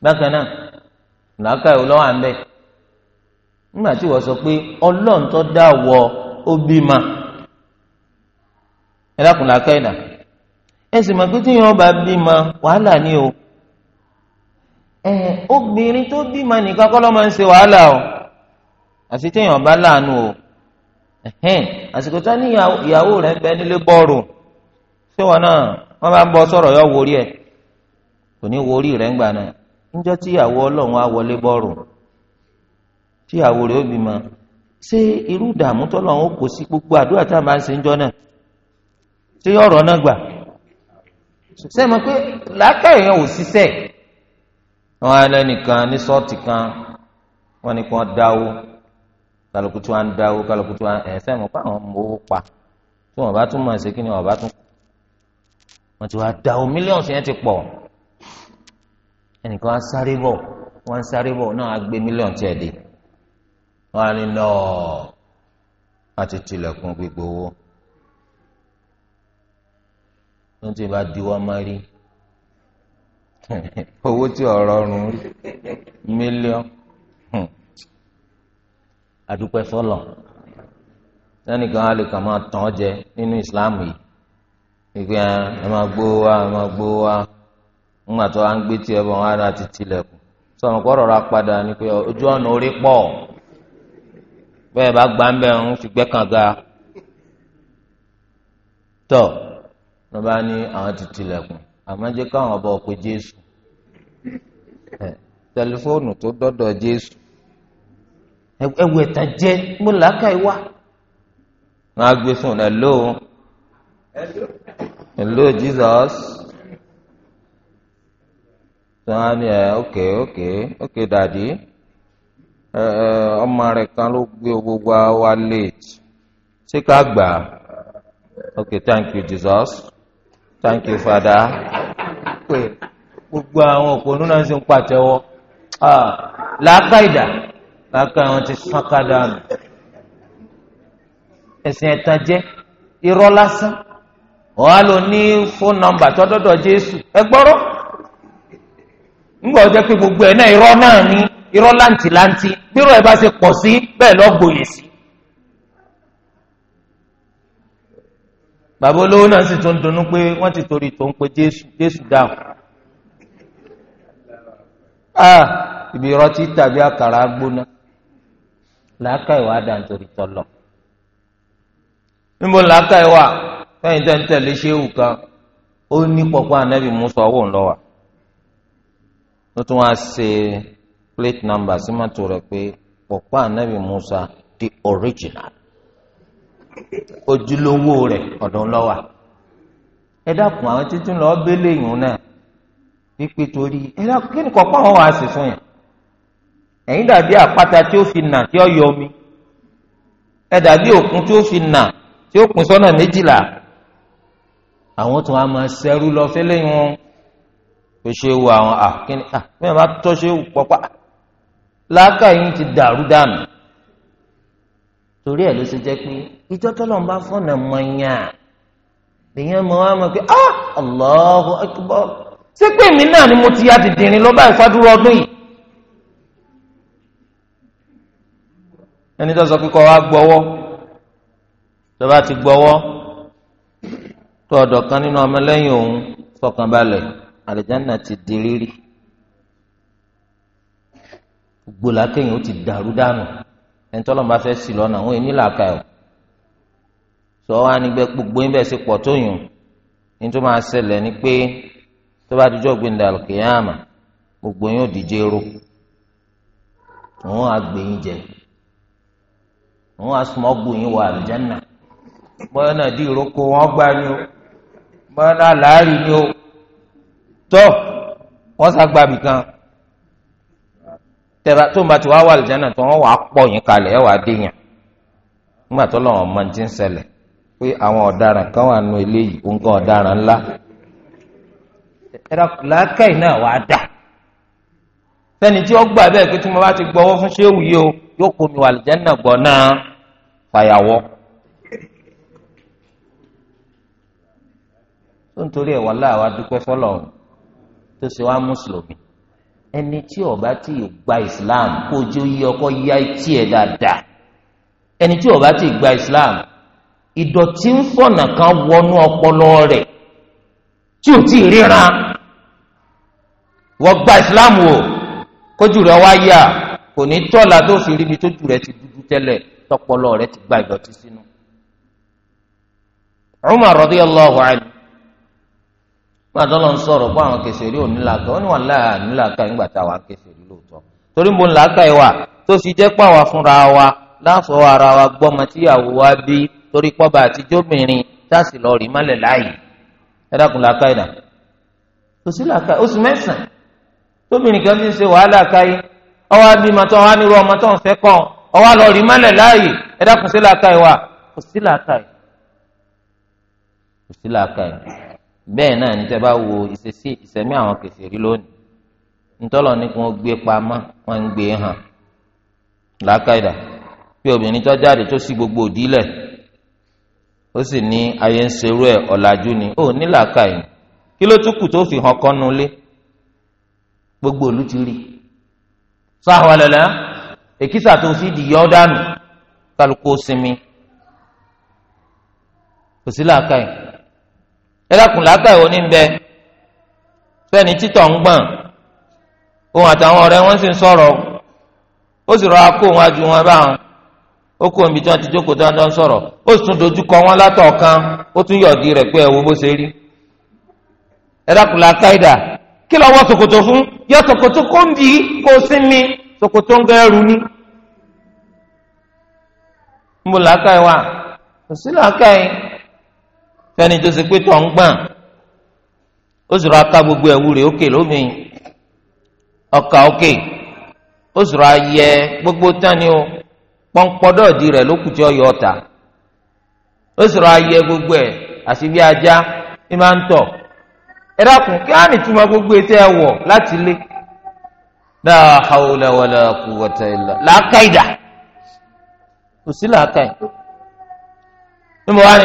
bákan náà làákàyè olówó à ń bẹ́ẹ̀ nígbà tí wọ́n sọ pé ọlọ́run tó dá wọ obì ma ẹ dákun ẹ sì mọ̀ pé tí yẹn ọba bí ma wàhálà ni o. Eh, obìnrin tó bímọ nìkan kọ́ ló máa ń ṣe wàhálà o àti téèyàn bá láàánú o àsìkò tó ní ìyàwó rẹ̀ ń bẹ nílé bọ́ọ̀rù ṣé wọn náà wọn bá ń bọ sọ̀rọ̀ yọ wò ẹ̀ kò ní wo rẹ̀ ń gbà náà níjọ́ tí ìyàwó ọlọ́run á wọlé bọ́ọ̀rù tí ìyàwó rẹ̀ ó bímọ ṣé irú ìdààmú kò sí gbogbo àdúrà tá a máa ń ṣe náà ṣé ọ̀rọ̀ náà gbà wọn ẹlẹ́nìkan ní sọ́ọ̀tì kan wọn ni kò dáwó kálukú tí wọn dáwó kálukú tí wọn ẹ̀fẹ́ mọ̀ pé àwọn ọmọ owó pa tí wọn bá tún mọ̀ ṣe kí ni wọn bá tún wọn ti wá dáwó mílíọ̀nù yẹn ti pọ̀ ẹnìkan á sáré bọ̀ wọ́n ń sáré bọ̀ náà á gbé mílíọ̀nù tiẹ̀ dé wọ́n á nọ́ọ̀ láti tilẹ̀kùn gbogbo owó tó ń tì bá diwọ́ máa owó tí ọ̀rọ̀ ọ̀run rí mílíọ̀n àdúpẹ́ hmm. fọlọ̀ sẹ́nìkan á máa tàn jẹ nínú ìsìláàmù yìí ìgbé ah, ẹ máa gbó wa ẹ máa gbó wa ńgbà tó à gbé bọ̀ wọn á ti tilẹ̀kùn sọ̀rọ̀ kọ́rọ̀ ra padà ni ojú ọ̀nà orí pọ̀ bẹ́ẹ̀ bá gbà ń bẹ̀ ń fi àmọ́ jẹ́ káwọn ọba ọ̀pẹ jésù tẹlifóònù tó dọ́dọ̀ jésù ẹwù ẹ̀tà jẹ́ mo làákà ẹ wá máa gbé fún hello hello jesus sani ẹ ok ok ok dadi ẹ ọmọ rẹ kan ló gbé gbogbo wa late ṣé ká gbà ok thank you jesus thank you father pé gbogbo àwọn òpònú náà ṣe ń pàtẹ́wọ́ làákà ìdá làákà àwọn ti fọ́nká dànù ẹ̀sìn ẹ̀tàn jẹ́ irọ́ lásán wàá lò ní fóònù nọ́mbà tọ́dọ́dọ̀ jésù ẹ gbọ́rọ́ ńgbà ọjọ́ pé gbogbo ẹ̀ náà irọ́ náà ní irọ́ láǹtìláǹtì bí irọ́ ẹ̀ bá ṣe pọ̀ sí bẹ́ẹ̀ lọ́gbòye sí. bàbá olówó náà sì tún dunnú pé wọ́n ti torí tó ń pe jésù jésù dáhùn. a ibi ìrọtí tàbí àkàrà gbóná làákà ìwà dà nítorí tọlọ níbo làákà ìwà fẹ̀yìn tẹ ń tẹ̀lé ṣéwù kan ó ní pọpọ ànábì Mùsá ọwọ́ ńlọwà ló tún wá ṣe plate number sí mọ́tò rẹ̀ pé pọpọ ànábì Mùsá the original ojúlówó rẹ̀ ọ̀dọ̀ ńlọ́wà ẹ dákun àwọn títí lọ bélé ìhùn náà wípé torí ẹ dákun kí ni kọ̀ọ̀kan wọn wàá sì fún yẹn ẹ̀yin dàbí àpáta tí ó fi nà tí ó yọ omi ẹ dàbí òkun tí ó fi nà tí ó kún sọ́nà méjìlá àwọn tó wàá máa ṣẹ́rú lọ fẹ́lẹ́ wọn kò ṣe wo àwọn àkíní àbí wọn tọ́ ṣe pọ́pá làákà yín ti dàrú dànù torí ẹ̀ ló ṣe jẹ́ pé ìjọ tọ́lọ̀ ń bá fọ́nà mọ̀nyà lèyìn ọmọ wa mọ̀ pé ah Allahu akbar ṣé pé èmi náà ni mo ti ya dìdìrín lọ báyìí fádúró ọdún yìí. ẹni tó sọ pé kọ́ wa gbọ́wọ́ tó bá ti gbọ́wọ́ tó ọ̀dọ̀ kan nínú ọmọlẹ́yìn òun fọkànbalẹ̀ àlìjáná ti di rírì gbòlákẹ́yìn ó ti dàrú dànù ẹnitọ́lọ́mù bá fẹ́ sí lọ́nà òun èmi làákà ẹ̀ sọ wá nígbẹ́ gbogbo ẹ̀ bẹ́ẹ̀ sì pọ̀ tó yùn ní tó máa ṣẹlẹ̀ ni pé tó bá dijọ́ gbẹ̀ndà kìyàmà gbogbo yóò díje ro òun àgbẹ̀yìn jẹ òun àsùnmọ́gbò yín wọ àlùjánà bọ́yá náà di ìrókò wọn gbá ni o bọ́yá náà láàrin ni o tó wọ́n sá gbàbì kan tẹ́ra tó ń bá ti wá wà àlùjáná tó wọ́n wà á pọ̀ yín kalẹ̀ ẹ̀ wà á dé yàn nígbà tó lọ́wọ́ ọmọ ti ń ṣẹlẹ̀ pé àwọn ọ̀daràn kan wà nù eléyìí nǹkan ọ̀daràn ńlá ẹ̀rọ làákàyè náà wà á dà sẹ́ni tí ó gbà bẹ́ẹ̀ pé tí mo bá ti gbọ́wọ́ fún ṣéwù yìí o yóò kó mi wà àlùjáná gbọ́ náà fàyàwọ́. tó ń torí ẹ̀ wà láàwá dúpẹ́ fọlọ́run tó ṣe wá mùsùlùmí ẹni tí ó bá ti gba islam kójú yí ọkọ yá etí ẹ dáadáa ẹni tí ó ti gba islam ìdọ̀tí ń fọ̀nà kan wọnú ọpọlọ rẹ̀ tí ò tí ì ríran wọ́n gba islam wò kójú rẹ̀ wá yá kò ní tọ́la tó fi ríbi tójú rẹ̀ ti dúdú tẹ́lẹ̀ tọpọlọ rẹ̀ ti gba ìdọ̀tí sínú. Umar radiyallahu anhu gbàtọ́ lọ sọ̀rọ̀ pé àwọn kèsèrí ò ó ní wà láà nílàkà nígbà tá àwọn kèsèrí lóòótọ́ torí mo làákà ẹ wà tó fi jẹ́ pàwà fúnra wa láàfọ̀ ara wa gbọ́mọ tíyàwó wa bí torí pọ́ba àtijọ́ obìnrin táàsì lọ rí mọ́lẹ̀ láàyè kò sí làákà oṣù mẹ́sàn-án tóbìnrin kan ti ń ṣe wàhálà káyé ọwọ́ ọmọ tó bẹ́ẹ̀ náà ní bá wo ìṣesí ìṣẹ̀mí àwọn kèfèrí lónìí ntọ́lọ̀ ní kí wọ́n gbé pamọ́ wọ́n ń gbé hàn làákàyèdà bí obìnrin tó jáde tó sì gbogbo òdílẹ̀ ó sì ní ayé ń serú ẹ̀ ọ̀làjú ni ó ní làákàyè kí ló kilotuku to tó fi hàn kọ́nu lé gbogbo olu ti rí sọ àwọn ọ̀lẹ́lẹ́ èkìsà tó di yọ́ dànù kálukú ó sinmi kò sí ẹlẹ́kùn aka òní ń bẹ sẹ́ni títọ̀ ń gbọ̀n òun àtàwọn ọ̀rẹ́ wọn sì ń sọ̀rọ̀ ó sì rọra kó wọn ju wọn báwọn ó kó omi tí wọn ti jókòó tí wọn ń sọ̀rọ̀ ó wọn látọ̀ọ̀kan ó tún rẹ̀ pé ẹ̀wọ́ bó ṣe rí dà kí lọ́wọ́ fún yọ ṣòkòtò kó ń bì í mi sokoto ń ni. ń bò fẹ́ni tó ṣe pé tọ̀ ń ó rọ gbogbo ẹ̀wù rẹ̀ ọkà ó ayẹ gbogbo tání o pọ́npọ́dọ̀dì rẹ̀ ló kùtì ọyọ ọ̀tà ó sì rọ ayẹ gbogbo ẹ̀ àti bí ajá ní máa ń tọ̀ ẹ dákun kí á gbogbo etí ẹ wọ̀ láti lé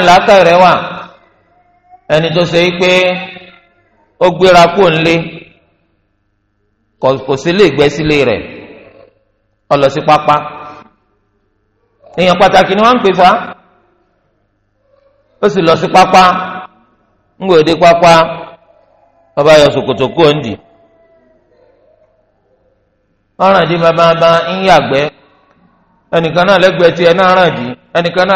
la kò ẹni tó ṣe pé ó gbéra kó ńlé kò sí lè gbẹ́ sílé lọ sí pápá èèyàn pàtàkì ni wọ́n ń pè fa ó sì lọ sí pápá ń gbòde pápá bàbá yọ ṣòkòtò kó ń dì dì bàbá bá ń ẹnìkan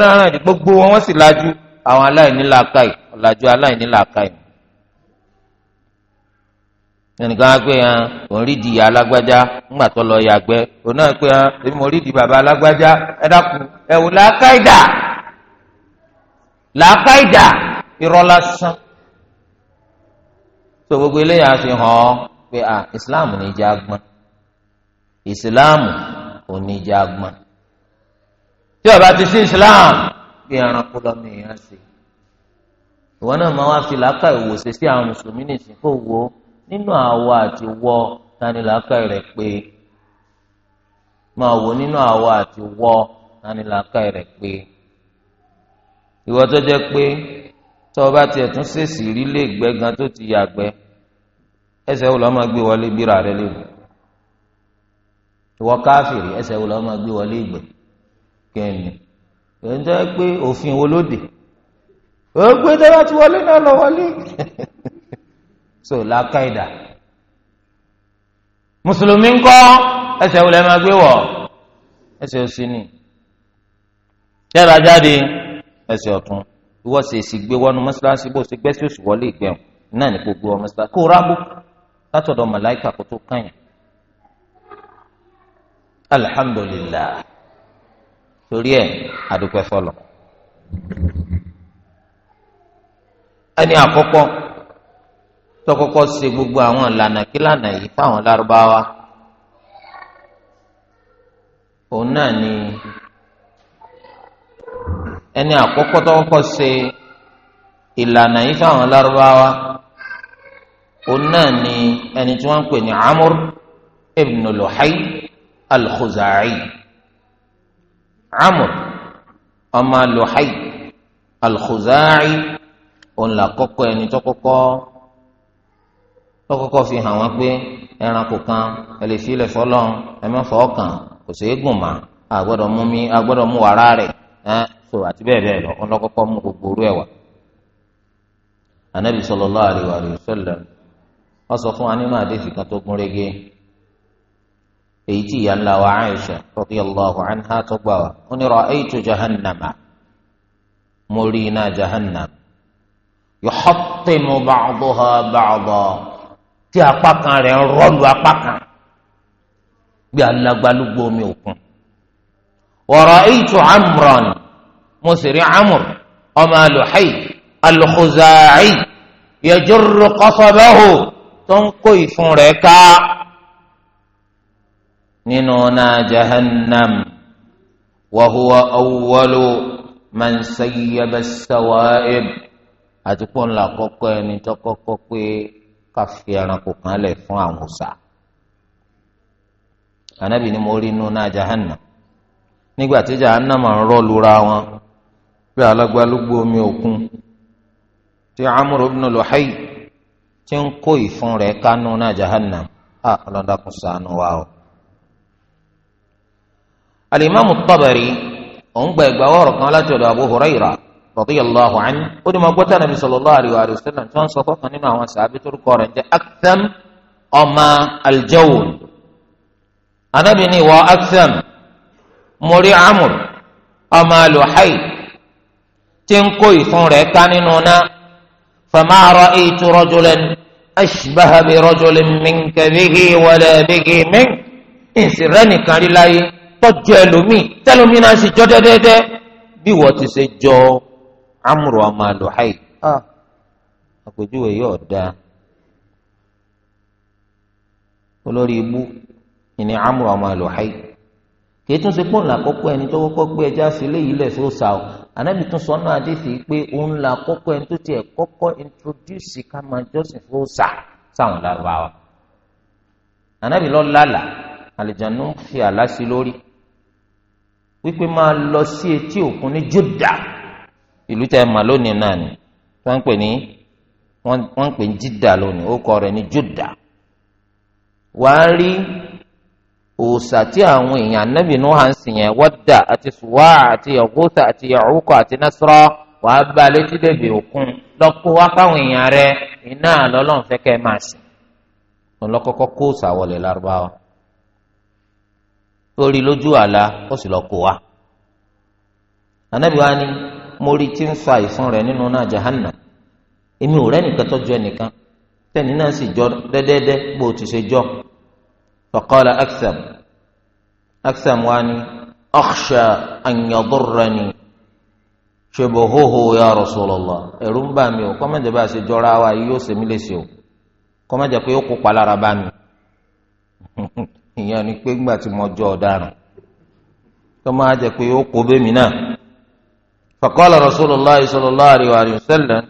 náà gbogbo wọn àwọn aláìnílàákàyè ọ̀làjú aláìnílàákàyè ẹnìkan á pé hàn òun rí di ìyá alágbájá ńgbà tó lọ yàgbẹ́ òun náà pé hàn èmi mo rí di bàbá alágbájá ẹ dákun ẹ wò làákàyèdà làákàyèdà irọ́ lásán tó gbogbo eléyà fi hàn ọ́ pé à Islam ní ìjà gbọ́n Islam ò ní ìjà gbọ́n tí ó bá ti sí Islam bí ẹranko lọ́mọ èèyàn ṣe ìwọ náà máa wá fi làákà ìwòsè sí àwọn mùsùlùmí nìsín kó wo nínú àwọ àti wọ tani làákà rẹ pé máa wò nínú àwọ àti wọ tani làákà rẹ pé ìwọ tó jẹ́ pé tó o bá tiẹ̀ tún ṣèṣì rí lè gbẹ́ gan tó ti yàgbẹ́ ẹsẹ̀ wo lọ́ọ́ máa gbé wọlé bíra rẹ léwu ìwọ káfìrí ẹsẹ̀ wo lọ́ọ́ máa gbé wọlé ìgbẹ́ kẹ́ni èyí tó yẹ pé òfin wo ló dé ó gbé dábàá ti wọlé náà lọ wọlé so làákàyèdà mùsùlùmí ńkọ́ ẹsẹ̀ wọlé máa gbé wọ̀ ẹsẹ̀ òsì ni tẹ́lá jáde ẹsẹ̀ ọ̀tún ìwọ sì sì gbé wọnú mọ́ṣáláṣí bó ṣe gbẹ́sí òṣù wọlé ìgbẹ̀rún náà ní gbogbo ọmọ mọ́ṣáláṣí kó rábò látọ̀dọ̀ màláìkà kó tó kàn yín alihamdulilayi torí ẹ̀ àdúpẹ́ fọlọ́. ẹni àkọ́kọ́ tọkọ́kọ́ ṣe gbogbo àwọn ìlànà kílànà yìí fáwọn lárúbáwá òun náà ni ẹni àkọ́kọ́ tọkọ́kọ́ ṣe ìlànà yìí fáwọn lárúbáwá òun náà ni ẹni tí wọ́n ń pè ní amúr ibn luhay al amr ọmọ ma alkhuzai haị là kọ́kọ́ ẹni tọkọkọ tọkọkọ tó fi hàn wọn pé ẹranko kan ẹ lè filẹ̀ fọlọ́n kò gùn mà a so àti lọ mú gbogbo orú sọ fún wa nínú àdéhùn kan tó èyí tí ìyá ńlá wa Aisha radiyallahu anha tó gbà wá ó ní ra'aytu jahannama mo rí iná jahannam yuhattimu ba'daha ba'da tí apá kan rẹ̀ ń rọ́lu apá kan bí alágbálúgbó omi òkun wa ra'aytu amran mo sì rí amr ọmọ Luhay al-Khuzai yajurru qasabahu tó ń kó ìfun rẹ̀ ká. nínú náà jahannam wa huwa awwalu man sayyaba sawaib àti pọ́n la koko ẹni tó kọ́kọ́ pé ká fi ẹranko kan lẹ̀ fún àwọn ọ̀sà ànábì ni mo rí inú jahannam Nigba tí jahannam máa ń rọ́ lura wọn bí alágbálúgbó omi òkun tí amúr ibn luhay ti ń kó ìfun rẹ̀ kánú jahannam a ọlọ́dà kò sànù wa o alimami tabari òun gba ẹgbà ọ̀rọ̀ kan láti ọ̀dọ̀ abu huraira radiyallahu anhu ó ní mo gbọ́ tán nàbí sallallahu alayhi wa sallam tí wọ́n sọ fọ́kàn nínú àwọn sàbí tó kọ́ rẹ̀ jẹ́ aktham ọmọ aljawul anabi ni wọ́n aktham mo rí amur ọmọ aluhai tí ń kó ìfun rẹ̀ ká nínú náà fama ra'aytu rajulan ashbaha bi rajulin minka bihi wala bihi mink ìsìn rẹ̀ nìkan rí láyé. tọ́jú ẹlòmíì tẹlòmíì náà sì jọ dẹ́dẹ́dẹ́ bí wọ́n ti ṣe jọ amúrò ọmọ àlùháì ah. àpèjúwe yóò dáa olórí ibú ìní amúrò ọmọ àlùháì kì í tún ṣe pọ́n làkọ́kọ́ ẹni tó kọ́kọ́ gbé ẹja sí ilé yìí lẹ̀ tó sà ó anábì tún sọ́nà àdéhìí pé òun làkọ́kọ́ ẹni tó tiẹ̀ kọ́kọ́ introduce ká máa jọ́sìn fún sà sáwọn lárúbáwá anábì lọ́ọ́ lálàá àlìjánu fi àlá sí lórí wípé máa lọ sí etí òkun ní Juda ìlú tẹ mà lónìí náà ni wọ́n ń pè ní wọ́n ń pè ní Jidda lónìí ó kọ rẹ̀ ní Juda wàá rí òòsà tí àwọn èèyàn anábì Nuh hàn sí yẹn Wadda àti Suwa àti Yaghutha àti Ya'uqa àti Nasra wàá bá létí dèbè òkun lọ́kọ́ wá fáwọn èèyàn rẹ̀ iná lọ́lọ́run fẹ́ máa sìn lọ́kọ́kọ́ kó sàwọlẹ̀ lárúbáwá. orí lójú àlá ó sì lọ kó wa anabi ni mo rí ń fa rẹ nínú náà jahanna èmi ò ẹnìkan tẹni náà sì jọ dẹdẹdẹ bó o ti ṣe jọ faqala aksam aksam wa ni akhsha an yadurrani shubuhuhu ya rasulallah ẹ̀rù ń bà o kọ́mọ̀jẹ̀ bá a ṣe jọra wa yìí yóò ṣe o pé ó bá mi. ìyẹn ni pé ńgbà tí mo jọ ọ̀daràn tó máa jẹ pé ó kó bẹ́mi náà faqala Rasulullahi sallallahu alayhi wa sallam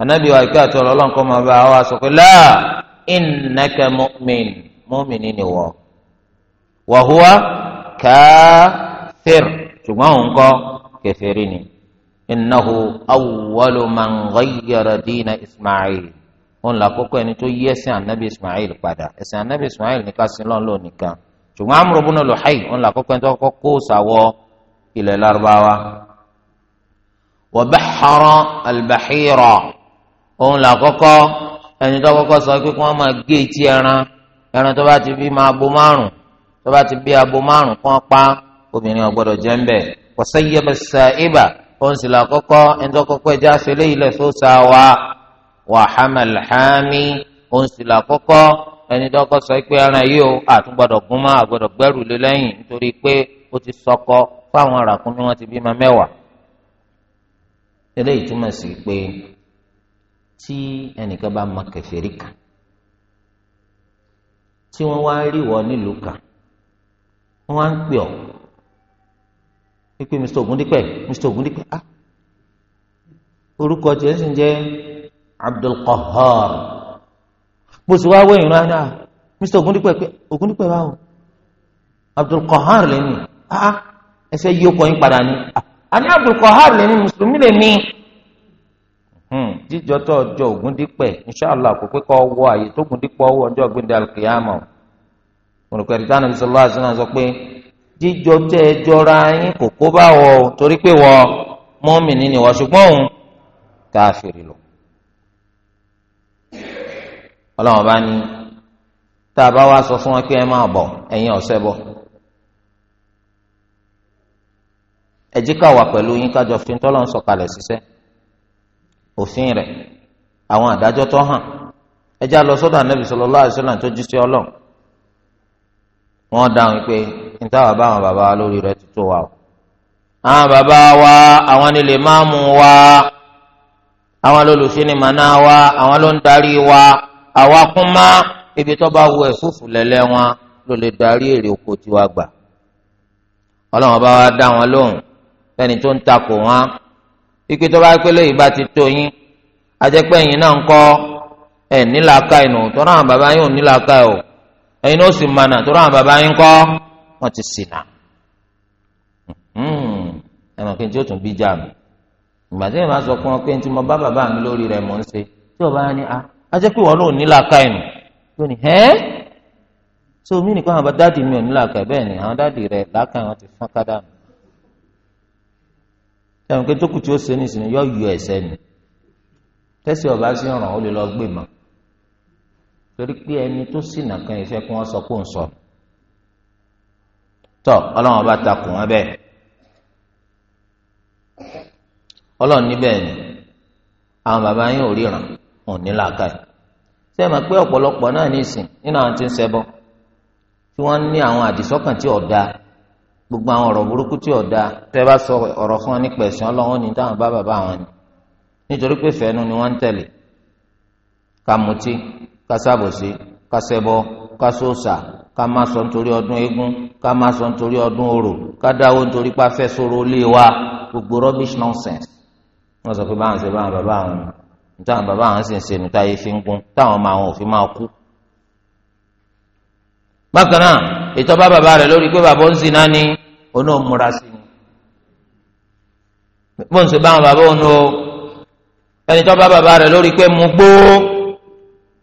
anabi wa ike àti ọlọ́run kọ́ máa bá a wá sọ pé láà innaka mu'min mu'min ni wọ́ wa huwa ṣùgbọ́n òun kọ́ kẹfẹ́rì ni innahu awwalu dina Ismail òun làkọ́kọ́ ẹni tó yí ẹ̀sìn anabi ismail padà ẹ̀sìn anabi ismail ní kásìn lọ́n lò nìkan ṣùgbọ́n amúrò búnú lùhàì òun làkọ́kọ́ ẹni tó kọ́ kó sàwọ́ ilẹ̀ larubawa wa bahara albahira òun làkọ́kọ́ ẹni tó kọ́kọ́ sọ pé kí wọ́n máa gé etí ẹran ẹran tó bá ti bí máa bo márùn tó bá ti bí abo márùn kọ́ pa obìnrin ọ̀gbọ́dọ̀ jẹ́ ń bẹ̀ wọ́n sẹ́yẹ́ bẹ́ẹ̀ sẹ́ ibà òun sì làkọ́kọ́ ẹni tó kọ́kọ́ ẹja wàhámàl hàmí òǹsìlà àkọ́kọ́ ẹni dọ́kọ́ sọ pé ẹran yìí ó àtúgbọ́dọ̀ gún mọ́ àgbọ́dọ̀ gbẹ́rù lé lẹ́yìn nítorí pé ó ti sọkọ fáwọn ràkúnmí wọn ti bímọ mẹ́wàá. eléyìí túmọ̀ sí pé tí ẹnìkan bá mọ kèfèrí kan tí wọ́n wá rí wọ nílùú kan wọ́n wá ń pè ọ́ pípé mr Ògúndípẹ̀ mr Ògúndípẹ̀ ah orúkọ tiẹ̀ sì ń jẹ́ Abdul Qahhar bó sì wá wẹ̀yìn rán náà ah, Mr Ogundipe Ogundipe báwo Abdul Qahhar lẹ́nu ah ẹsẹ̀ yìí ó kọ́ yín padà ah, ní àní Abdul Qahhar lẹ́nu mùsùlùmí lè mí. Hmm, jíjọ tó ọjọ́ Ogundipe inshàlá kò pé kọ́ wọ àyè tó Ogundipe ọwọ́ ọjọ́ ọgbẹ́ndẹ́ alikiyama olùkọ́ ẹ̀dí tánà bisọ lọ́wọ́ àti náà sọ pé jíjọ tẹ́ ẹ jọra yín kò kó bá wọ torí pé wọ mọ́mìnì ni wọ́n ṣùgbọ́n òun káfíìrì lọ. ọlọ́wọ́n bá ní tá a sọ fún wọn pé ẹ máa bọ̀ ẹ̀yin ọ̀sẹ̀ bọ̀ ẹ fi ń sọ̀kalẹ̀ ṣiṣẹ́ òfin rẹ̀ àwọn àdájọ́ tó hàn lọ sọ́dọ̀ ànábì sallallahu alaihi tó jí sí pé bá lórí rẹ̀ o àwọn bàbá wa àwọn ni lè wa àwọn wa àwọn ló ń darí àwa kún má ibi tó bá wọ ẹ̀fúùfù lẹ́lẹ́ wọn ló lè darí èrè oko tiwa gbà ọlọ́run bá wa dá wọn lóhùn fẹ́ni tó ń takò wọn ipe tó bá pélé yìí bá ti tó yín ajẹ́pẹ́ yìí náà ń kọ́ ẹ̀ nílàáká ìnù tó ráhàn bàbá yín ò nílàáká ò ẹ̀yin ó sì mànà tó ráhàn bàbá yín kọ́ wọ́n ti ṣìnà hmm, ẹ̀mọ̀ kí n tí ó tún bí jà mí ìgbà tí èèyàn bá sọ fún ọ pé n tí mo bá bàbá mi lórí rẹ̀ mò ń ṣe tí ò bá ní a. Ah, ajẹ́ pé wọn ò ní làákà ẹ̀nù yóò ní ẹ́ tó mí nìkan àwọn dáàdì mi ò ní làákà bẹ́ẹ̀ ni àwọn dáàdì rẹ̀ làákà wọn ti fọ́n ká dànù. sẹ́wọ̀n pé tókù tí ó ṣe nìsín yọ yọ ẹ̀sẹ̀ ni tẹ́sí ọba sí ọ̀ràn ó lè lọ gbé mọ́ torí pé ẹni tó sì nàkan ìfẹ́ kí wọ́n sọ kó ń sọ tọ́ ọlọ́run ọba takùn wọn bẹ́ẹ̀ ọlọ́run níbẹ̀ ni àwọn bàbá yín ò ríran wọn ní làákàyè ṣé ẹ mọ̀ pé ọ̀pọ̀lọpọ̀ náà ní ìsìn nínú àwọn tí ń ṣẹbọ tí wọ́n ní àwọn àdìsọ́kàn tí ọ̀dà gbogbo àwọn ọ̀rọ̀ burúkú tí ọ̀dà tẹ́ bá sọ ọ̀rọ̀ fún wọn nípa ẹ̀sìn ọlọ́wọ́n ní táwọn bá bàbá wọn ni nítorí pé fẹ́ẹ́nu ni wọ́n ń tẹ̀lé ká mutí ká sábòsí ká ṣẹbọ ká sóòṣà ká má sọ nítorí ọdún eégún ká má sọ nítorí ọdún orò ká dáwó nítorí pé a fẹ́ wa gbogbo rubbish nonsense wọ́n sọ pé báwọn ṣe báwọn bàbá àwọn nítawọn bàbá àwọn sì ń ṣe níta yìí fi ń gún táwọn ọmọ àwọn òfin máa kú. bákan náà ètò bá bàbá rẹ̀ lórí pé bàbá ń sin náà ni oní òmùra sí ni. bó ń ṣe báwọn bàbá òun o ẹni tó bá bàbá rẹ̀ lórí pé mu gbó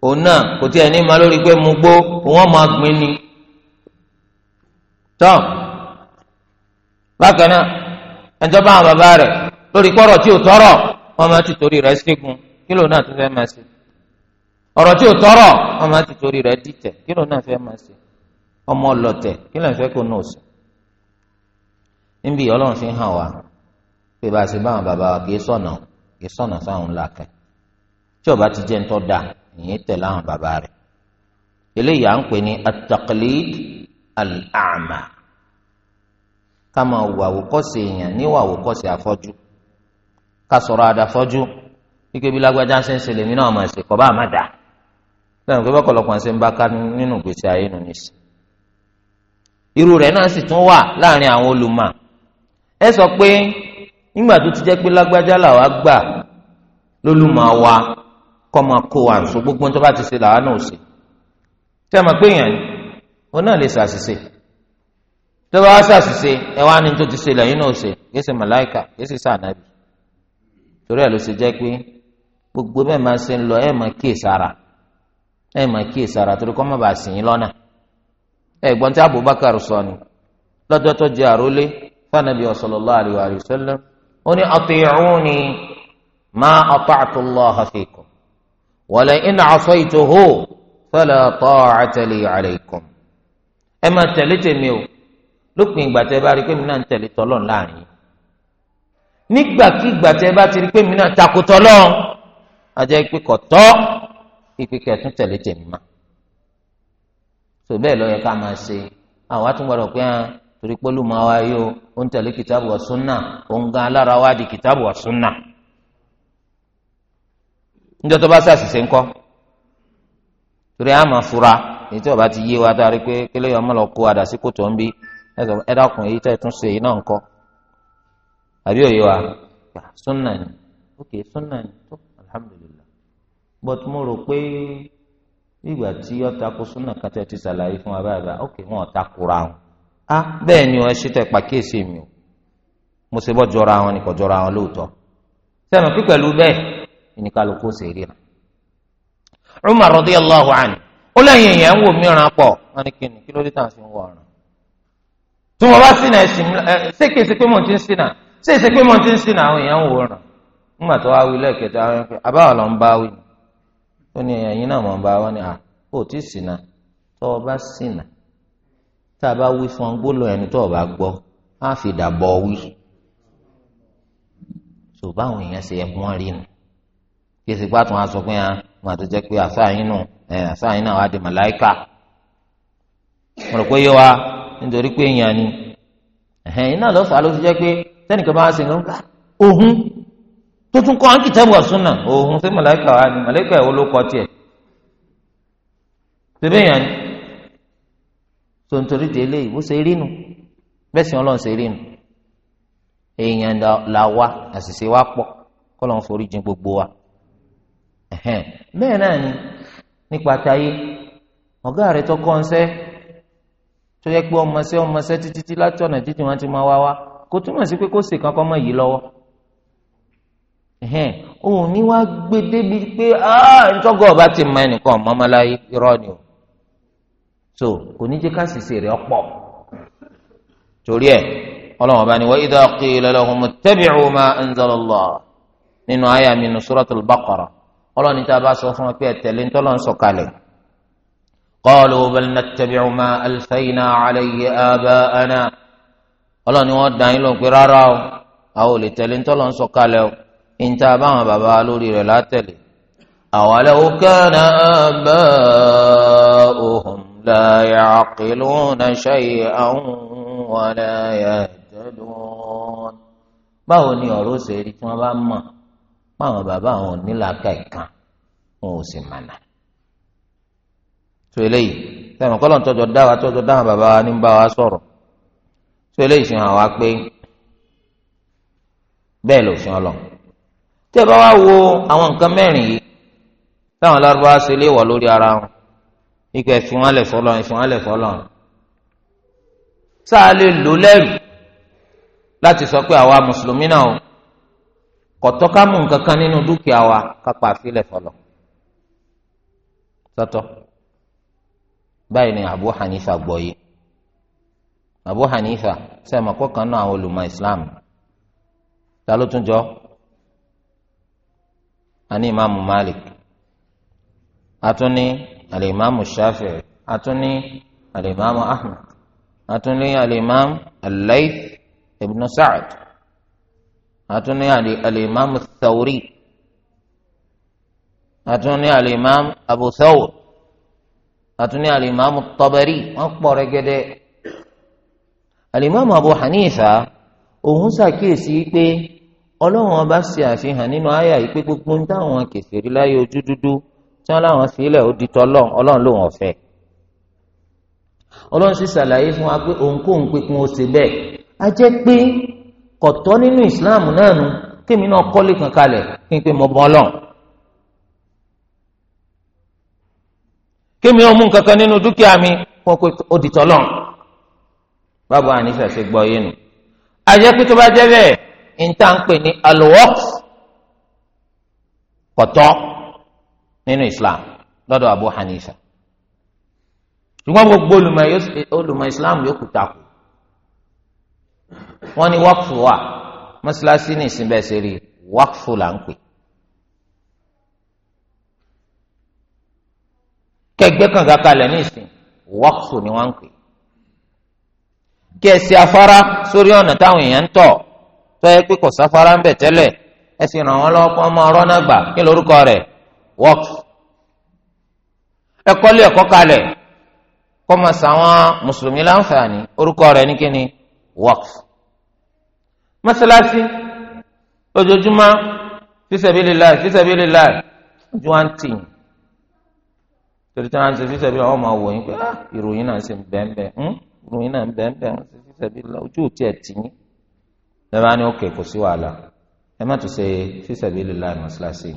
òun náà kò tí ẹ̀ ní ma lórí pé mu gbó òun ọmọ agbin ni. tọ́ bákan náà ẹni tó àwọn bàbá rẹ̀ lórí pọ́rọ̀ tí ò tọ́rọ̀ wọ́n máa ti torí rẹ̀ ṣẹ́gun kí náà tún fẹ́ máa ṣe ọ̀rọ̀ tí ò tọrọ ọmọ ti torí rẹ dìtẹ̀ kí ló náà fẹ́ máa ṣe ọmọ ọlọtẹ kí ló ń fẹ́ kó náà sùn níbi ọlọ́run fi hàn wá pé bá a ṣe báwọn bàbá wa kìí sọ̀nà kìí sọ̀nà sáwọn tí ọba ti da ìyẹn tẹ̀ láwọn bàbá rẹ̀ ń ní àmà ike bí lágbájá ṣe ń ṣe lèmi náà máa ṣe kọ́ bá má dà lẹ́yìn pé bọ́kọ̀lọpọ̀ ṣe ń bá ká nínú ìgbésí ayé nù nísì. irú rẹ̀ náà sì tún wà láàrin àwọn olùmọ̀ ẹ sọ pé nígbà tó ti jẹ́ pé lágbájá làwa gbà lólùmọ̀ wa kọ́ máa kó wa nṣó gbogbo tó bá ti ṣe làwa náà ṣe tẹ́ a mọ̀ pé èèyàn òun náà lè ṣàṣìṣe tó bá wá ṣàṣìṣe ẹ wá ní tó ti ṣe lẹ́yìn náà ṣe kìí ṣe màláìkà kìí ṣe ṣe jẹ́ gbogbo bẹ́ẹ̀ máa ṣe ń lọ ẹ máa kíyè sára ẹ máa kíyè sára torí kọ́ má sìn lọ́nà ẹ̀gbọ́n tí Abubakar sọ ni lọ́jọ́ tó àrólé fanabi ó ní ma máa tẹ̀lé tèmi o lópin ìgbà mi náà ń tẹ̀lé ti rí pé mi náà takò ajẹ́ pé kọ̀tọ́ tọ́ kẹtún tẹ̀lé ma tó bẹ́ẹ̀ lọ yẹ ká máa ṣe àwọn àtúngbọ̀dọ̀ pé hàn torí pé olùmọ̀ wa yóò ó ń tẹ̀lé kìtàbù wa sunna ń gan alára di kìtàbù níjọ́ tó fura èyí ọba ti yé wa dárí pé kílẹ̀ yọ ọmọ lọ kó sí kòtò ń bí ẹ dákun èyí tẹ̀ tún ṣe but mo rò pé ìgbà tí ọta kó súnà ti ṣàlàyé fún wa báyìí ok wọn ọta ah, kura wọn a bẹ́ẹ̀ ni ṣe tẹ pàkíyèsí mi o mo ṣe bọ́ jọra wọn ni jọra wọn lóòótọ́ sẹ́mi pí pẹ̀lú bẹ́ẹ̀ ìníkàlùkù ṣe rí ó lẹ́yìn èèyàn ń wò mìíràn pọ̀ wọn ni kí ni kí ló dé tàn sí ń wọ ọ̀ràn tí mo bá ṣìnà ẹ̀sìn ṣé kìí ṣe pé mo ti ń ṣìnà ṣé pé mo ti ń àwọn èèyàn ń wò ó ní ẹ̀yin náà mọ̀ ni o bá a bá wí fún ọ gbólóhùn ẹni tó o bá gbọ́ á fi dàbọ̀ wí tó báwọn èèyàn ṣe yẹ wọ́n rí nu kí esi aṣọ pé hàn wọn àti jẹ́ pé àṣà yín náà wà á di màláìkà rò pé nítorí pé èèyàn ni ẹ̀hìn ló ti jẹ́ tó tún kọ́ kìtàbù wa súnà òun sí màláìkà wa ni màláìkà ìwọ ló kọ́ tiẹ̀ síbẹ̀ yẹn ni tontori délé ìwọ ṣe rí nu bẹ́ẹ̀ sì ọlọ́run ṣe rí nu èèyàn là wá àṣìṣe wa pọ̀ kọ́ lọ́n forí jìn gbogbo wa bẹ́ẹ̀ náà ni nípa tayé ọ̀gá rẹ̀ tó kọ́ ọ́nṣẹ́ tó yẹ pé ọmọṣẹ́ ọmọṣẹ́ títí láti ọ̀nà títí wọn ti máa wá wá kò túmọ̀ sí pé kó ṣèkan kọ́ mọ́ yìí lọ́wọ́ ẹ̀hẹ́n òun ní wá gbé débi pé ah, ntọ́gọ̀ ọba ti mọ ẹnìkan ọmọọmọláyé irọ́ ni o so kò ní jẹ́ ká sì ṣèrè ọ̀pọ̀ torí ẹ̀ ọlọ́run ọba ni wa idha qila lahum ittabi'u ma anzala Allah nínú àyà mi nù suratul Baqara ọlọ́run níta bá sọ fún ọ pé ẹ̀tẹ̀lé ntọ́lọ́run sọ kalẹ̀ qalu bal nattabi'u ma alfayna alayhi aba'ana ọlọ́run ni wọ́n dàn yín níta báwọn bàbá lórí rẹ̀ látẹ̀lé awalaw kana aba'uhum la ya'qiluna shay'an wa la yahtadun. báwo ni ọ̀rọ̀ ṣe rí tí wọ́n bá mọ̀ báwọn bàbá àwọn ò ní làákàyè kan wọn ò sì mànà. tó eléyìí sẹ́wọ̀n kọ́lọ̀ tọ́jọ́ dáwà tọ́jọ́ dáwà bàbá wa ní bá wa sọ̀rọ̀ tó eléyìí fi hàn wá pé bẹ́ẹ̀ lòfin ọlọ́run tí ẹ bá wá wo àwọn nǹkan mẹ́rin yìí táwọn lárúbáwá ṣe léèwọ̀ lórí ara wọn ikú ẹ wọn lẹ̀ fọ́lọ́run fi wọn lẹ̀ fọ́lọ́run sáà lè lò lẹ́rù láti sọ pé àwa mùsùlùmí náà kò wa àfilẹ̀ báyìí ni Abu Hanifa gbọ́ Abu Hanifa sẹ́mi kan náà àwọn olùmọ̀ Islam ta ló tún ani imaamu malik atuni alimaamu shafi atuni alimaamu ahmed atuni alimaamu alayth ibnu sa'ad atuni alimaamu thawri atuni alimaamu abu thawr atuni alimaamu tabari wọn pọ̀ rẹ́gẹ́dẹ́ alimaamu abu hanifa òun ṣàkíyèsí pé. ọlọ́run ọba ṣe àfihàn nínú àyà yìí pé gbogbo ń dáwọn kèfèrí láyé ojú dúdú tí wọ́n láwọn sílẹ̀ ó di tọ́lọ́run ọlọ́run lòun ọ̀fẹ́ ọlọ́run sì ṣàlàyé fún wa pé òǹkóhùn pé kún ó ṣe bẹ́ẹ̀ a jẹ́ pé kọ̀tọ́ nínú ìsìláàmù náà nu kémi náà kọ́lé kan kalẹ̀ kí n pé mo bọ́ ọlọ́run kémi ọmú kankan nínú dúkìá mi kọ́ pé ó di tọ́lọ́run báwo àníṣà gbọ́ yé nu a tó bá jẹ́ bẹ́ẹ̀ níta ń pè ní alowok kọtọ nínú islam lọ́dọ̀ abu hanifa ṣùgbọ́n gbogbo olùmọ̀ islam yóò kú takò wọ́n ní wakfu wa mọ́ṣáláṣí ní ìsìnbẹ̀ wakfu rí wọ́ọ̀fù là ń pè. kẹgbẹ́ kànga kalẹ̀ ní ìsìn wọ́ọ̀fù ni wọ́n ń pè. kí ẹ ṣe afárá sórí ọ̀nà táwọn èèyàn ń tọ̀ tọ́yẹ pé kò sáfárá ń bẹ̀ tẹ́lẹ̀ ẹ sì ràn wọ́n lọ́wọ́ kó ọmọ ọ̀rọ̀ náà gbà kí lórúkọ rẹ̀ wọ́k. ẹ kọ́lé ẹ̀kọ́ kalẹ̀ kó máa sàwọn mùsùlùmí láǹfààní orúkọ rẹ̀ ní kíni wọ́k. mọ́sálásí lójoojúmọ́ fisabilillah fisabilillah ojú wa ń tì yín torí tí wọ́n ti fisabilillah wọ́n máa wò yín pé ah, ìròyìn náà ń ṣe bẹ́ẹ̀ bẹ́ẹ̀ hmm? ìròyìn náà ń bẹ́ẹ̀ bẹ́ẹ̀ wọ́n ti fisabilillah ojú ò tiẹ̀ tì yín ẹ bá ní òkè kò sí wàhálà ẹ má tún ṣe fisabilillahi mọ́ṣáláṣí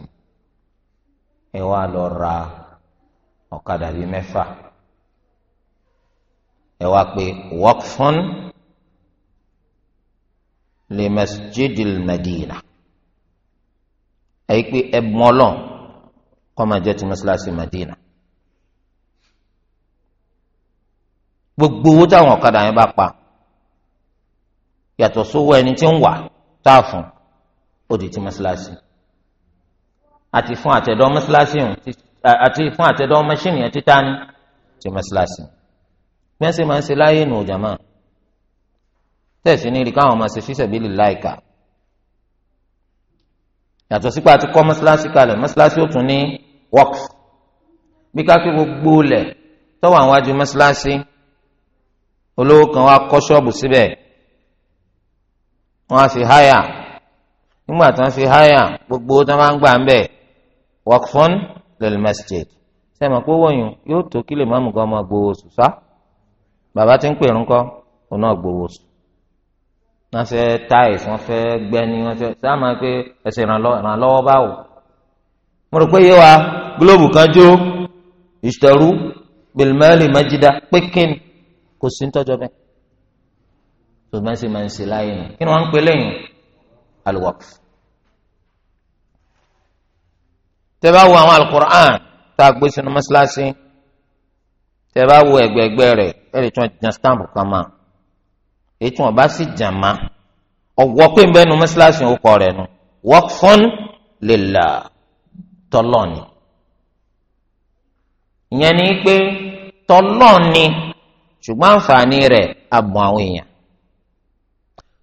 ẹ wá lọ ra ọ̀kadà bíi mẹ́fà ẹ wá pé waqfun li masjidil madina ẹ pé ẹ mọ́ kọ́ máa jẹ́ ti mọ́ṣáláṣí madina. gbogbo owó táwọn ọ̀kadà yẹn bá pa yàtọ̀ sówó ẹni tí ń wà tá a fún ó di ti mọ́ṣáláṣí àti fún àtẹ̀dọ́ mọ́ṣáláṣí hùn àti fún àtẹ̀dọ́ mọ́ṣíìnì ẹ̀ títà ní ti mọ́ṣáláṣí gbẹ́nsẹ̀ máa ń ṣe láyé nù jàmáà tẹ̀sí ní rí káwọn máa ṣe fíṣẹ̀bílì láìka yàtọ̀ sípò àti kọ́ mọ́ṣáláṣí kalẹ̀ mọ́ṣáláṣí ó tún ní wọ́ks bí kákí gbogbo lẹ̀ tọ́wọ́ àwọn ajú mọ́ṣáláṣí olówó kan wá kọ́ ṣọ́ọ̀bù síbẹ̀ wọ́n á sì háyà nígbà tí wọ́n sì háyà gbogbo tó máa ń gbà ń bẹ̀ waqfun lil masjid sẹ́mi pé wọ̀nyún yóò tó kí lè má mú gan ọmọ gbowó sùn sá bàbá tí ń pè ń kọ́ òun náà gbowó sùn wọ́n fẹ́ táìs wọ́n fẹ́ gbẹ́ni wọ́n fẹ́ sáà máa pé ẹsẹ̀ ìrànlọ́wọ́ báwò mo rò pé yé wa gílóòbù kan jó ìṣòro bilmali majida pé kíni kò sí ń tọ́jọ́ bẹ́ẹ̀ tó bá ń ṣe máa ń ṣe láàyè nù kí ni wọ́n ń pè lẹ́yìn alwaqf. tẹ́ bá wo àwọn alukur'an tá a gbé sínú mọ́ṣáláṣí tẹ́ bá wo ẹ̀gbẹ́ẹ̀gbẹ́ rẹ̀ ẹ̀ lè tún ọjà stamp kan mọ́ èyí tí sì jà má ọ̀wọ́ pé ń bẹ́nu mọ́ṣáláṣí ó kọ rẹ̀ nu waqfun lillah tọ́lọ́ọ̀ni ìyẹn ni pé tọ́lọ́ọ̀ni ṣùgbọ́n àǹfààní rẹ̀ àbùn àwọn èèyàn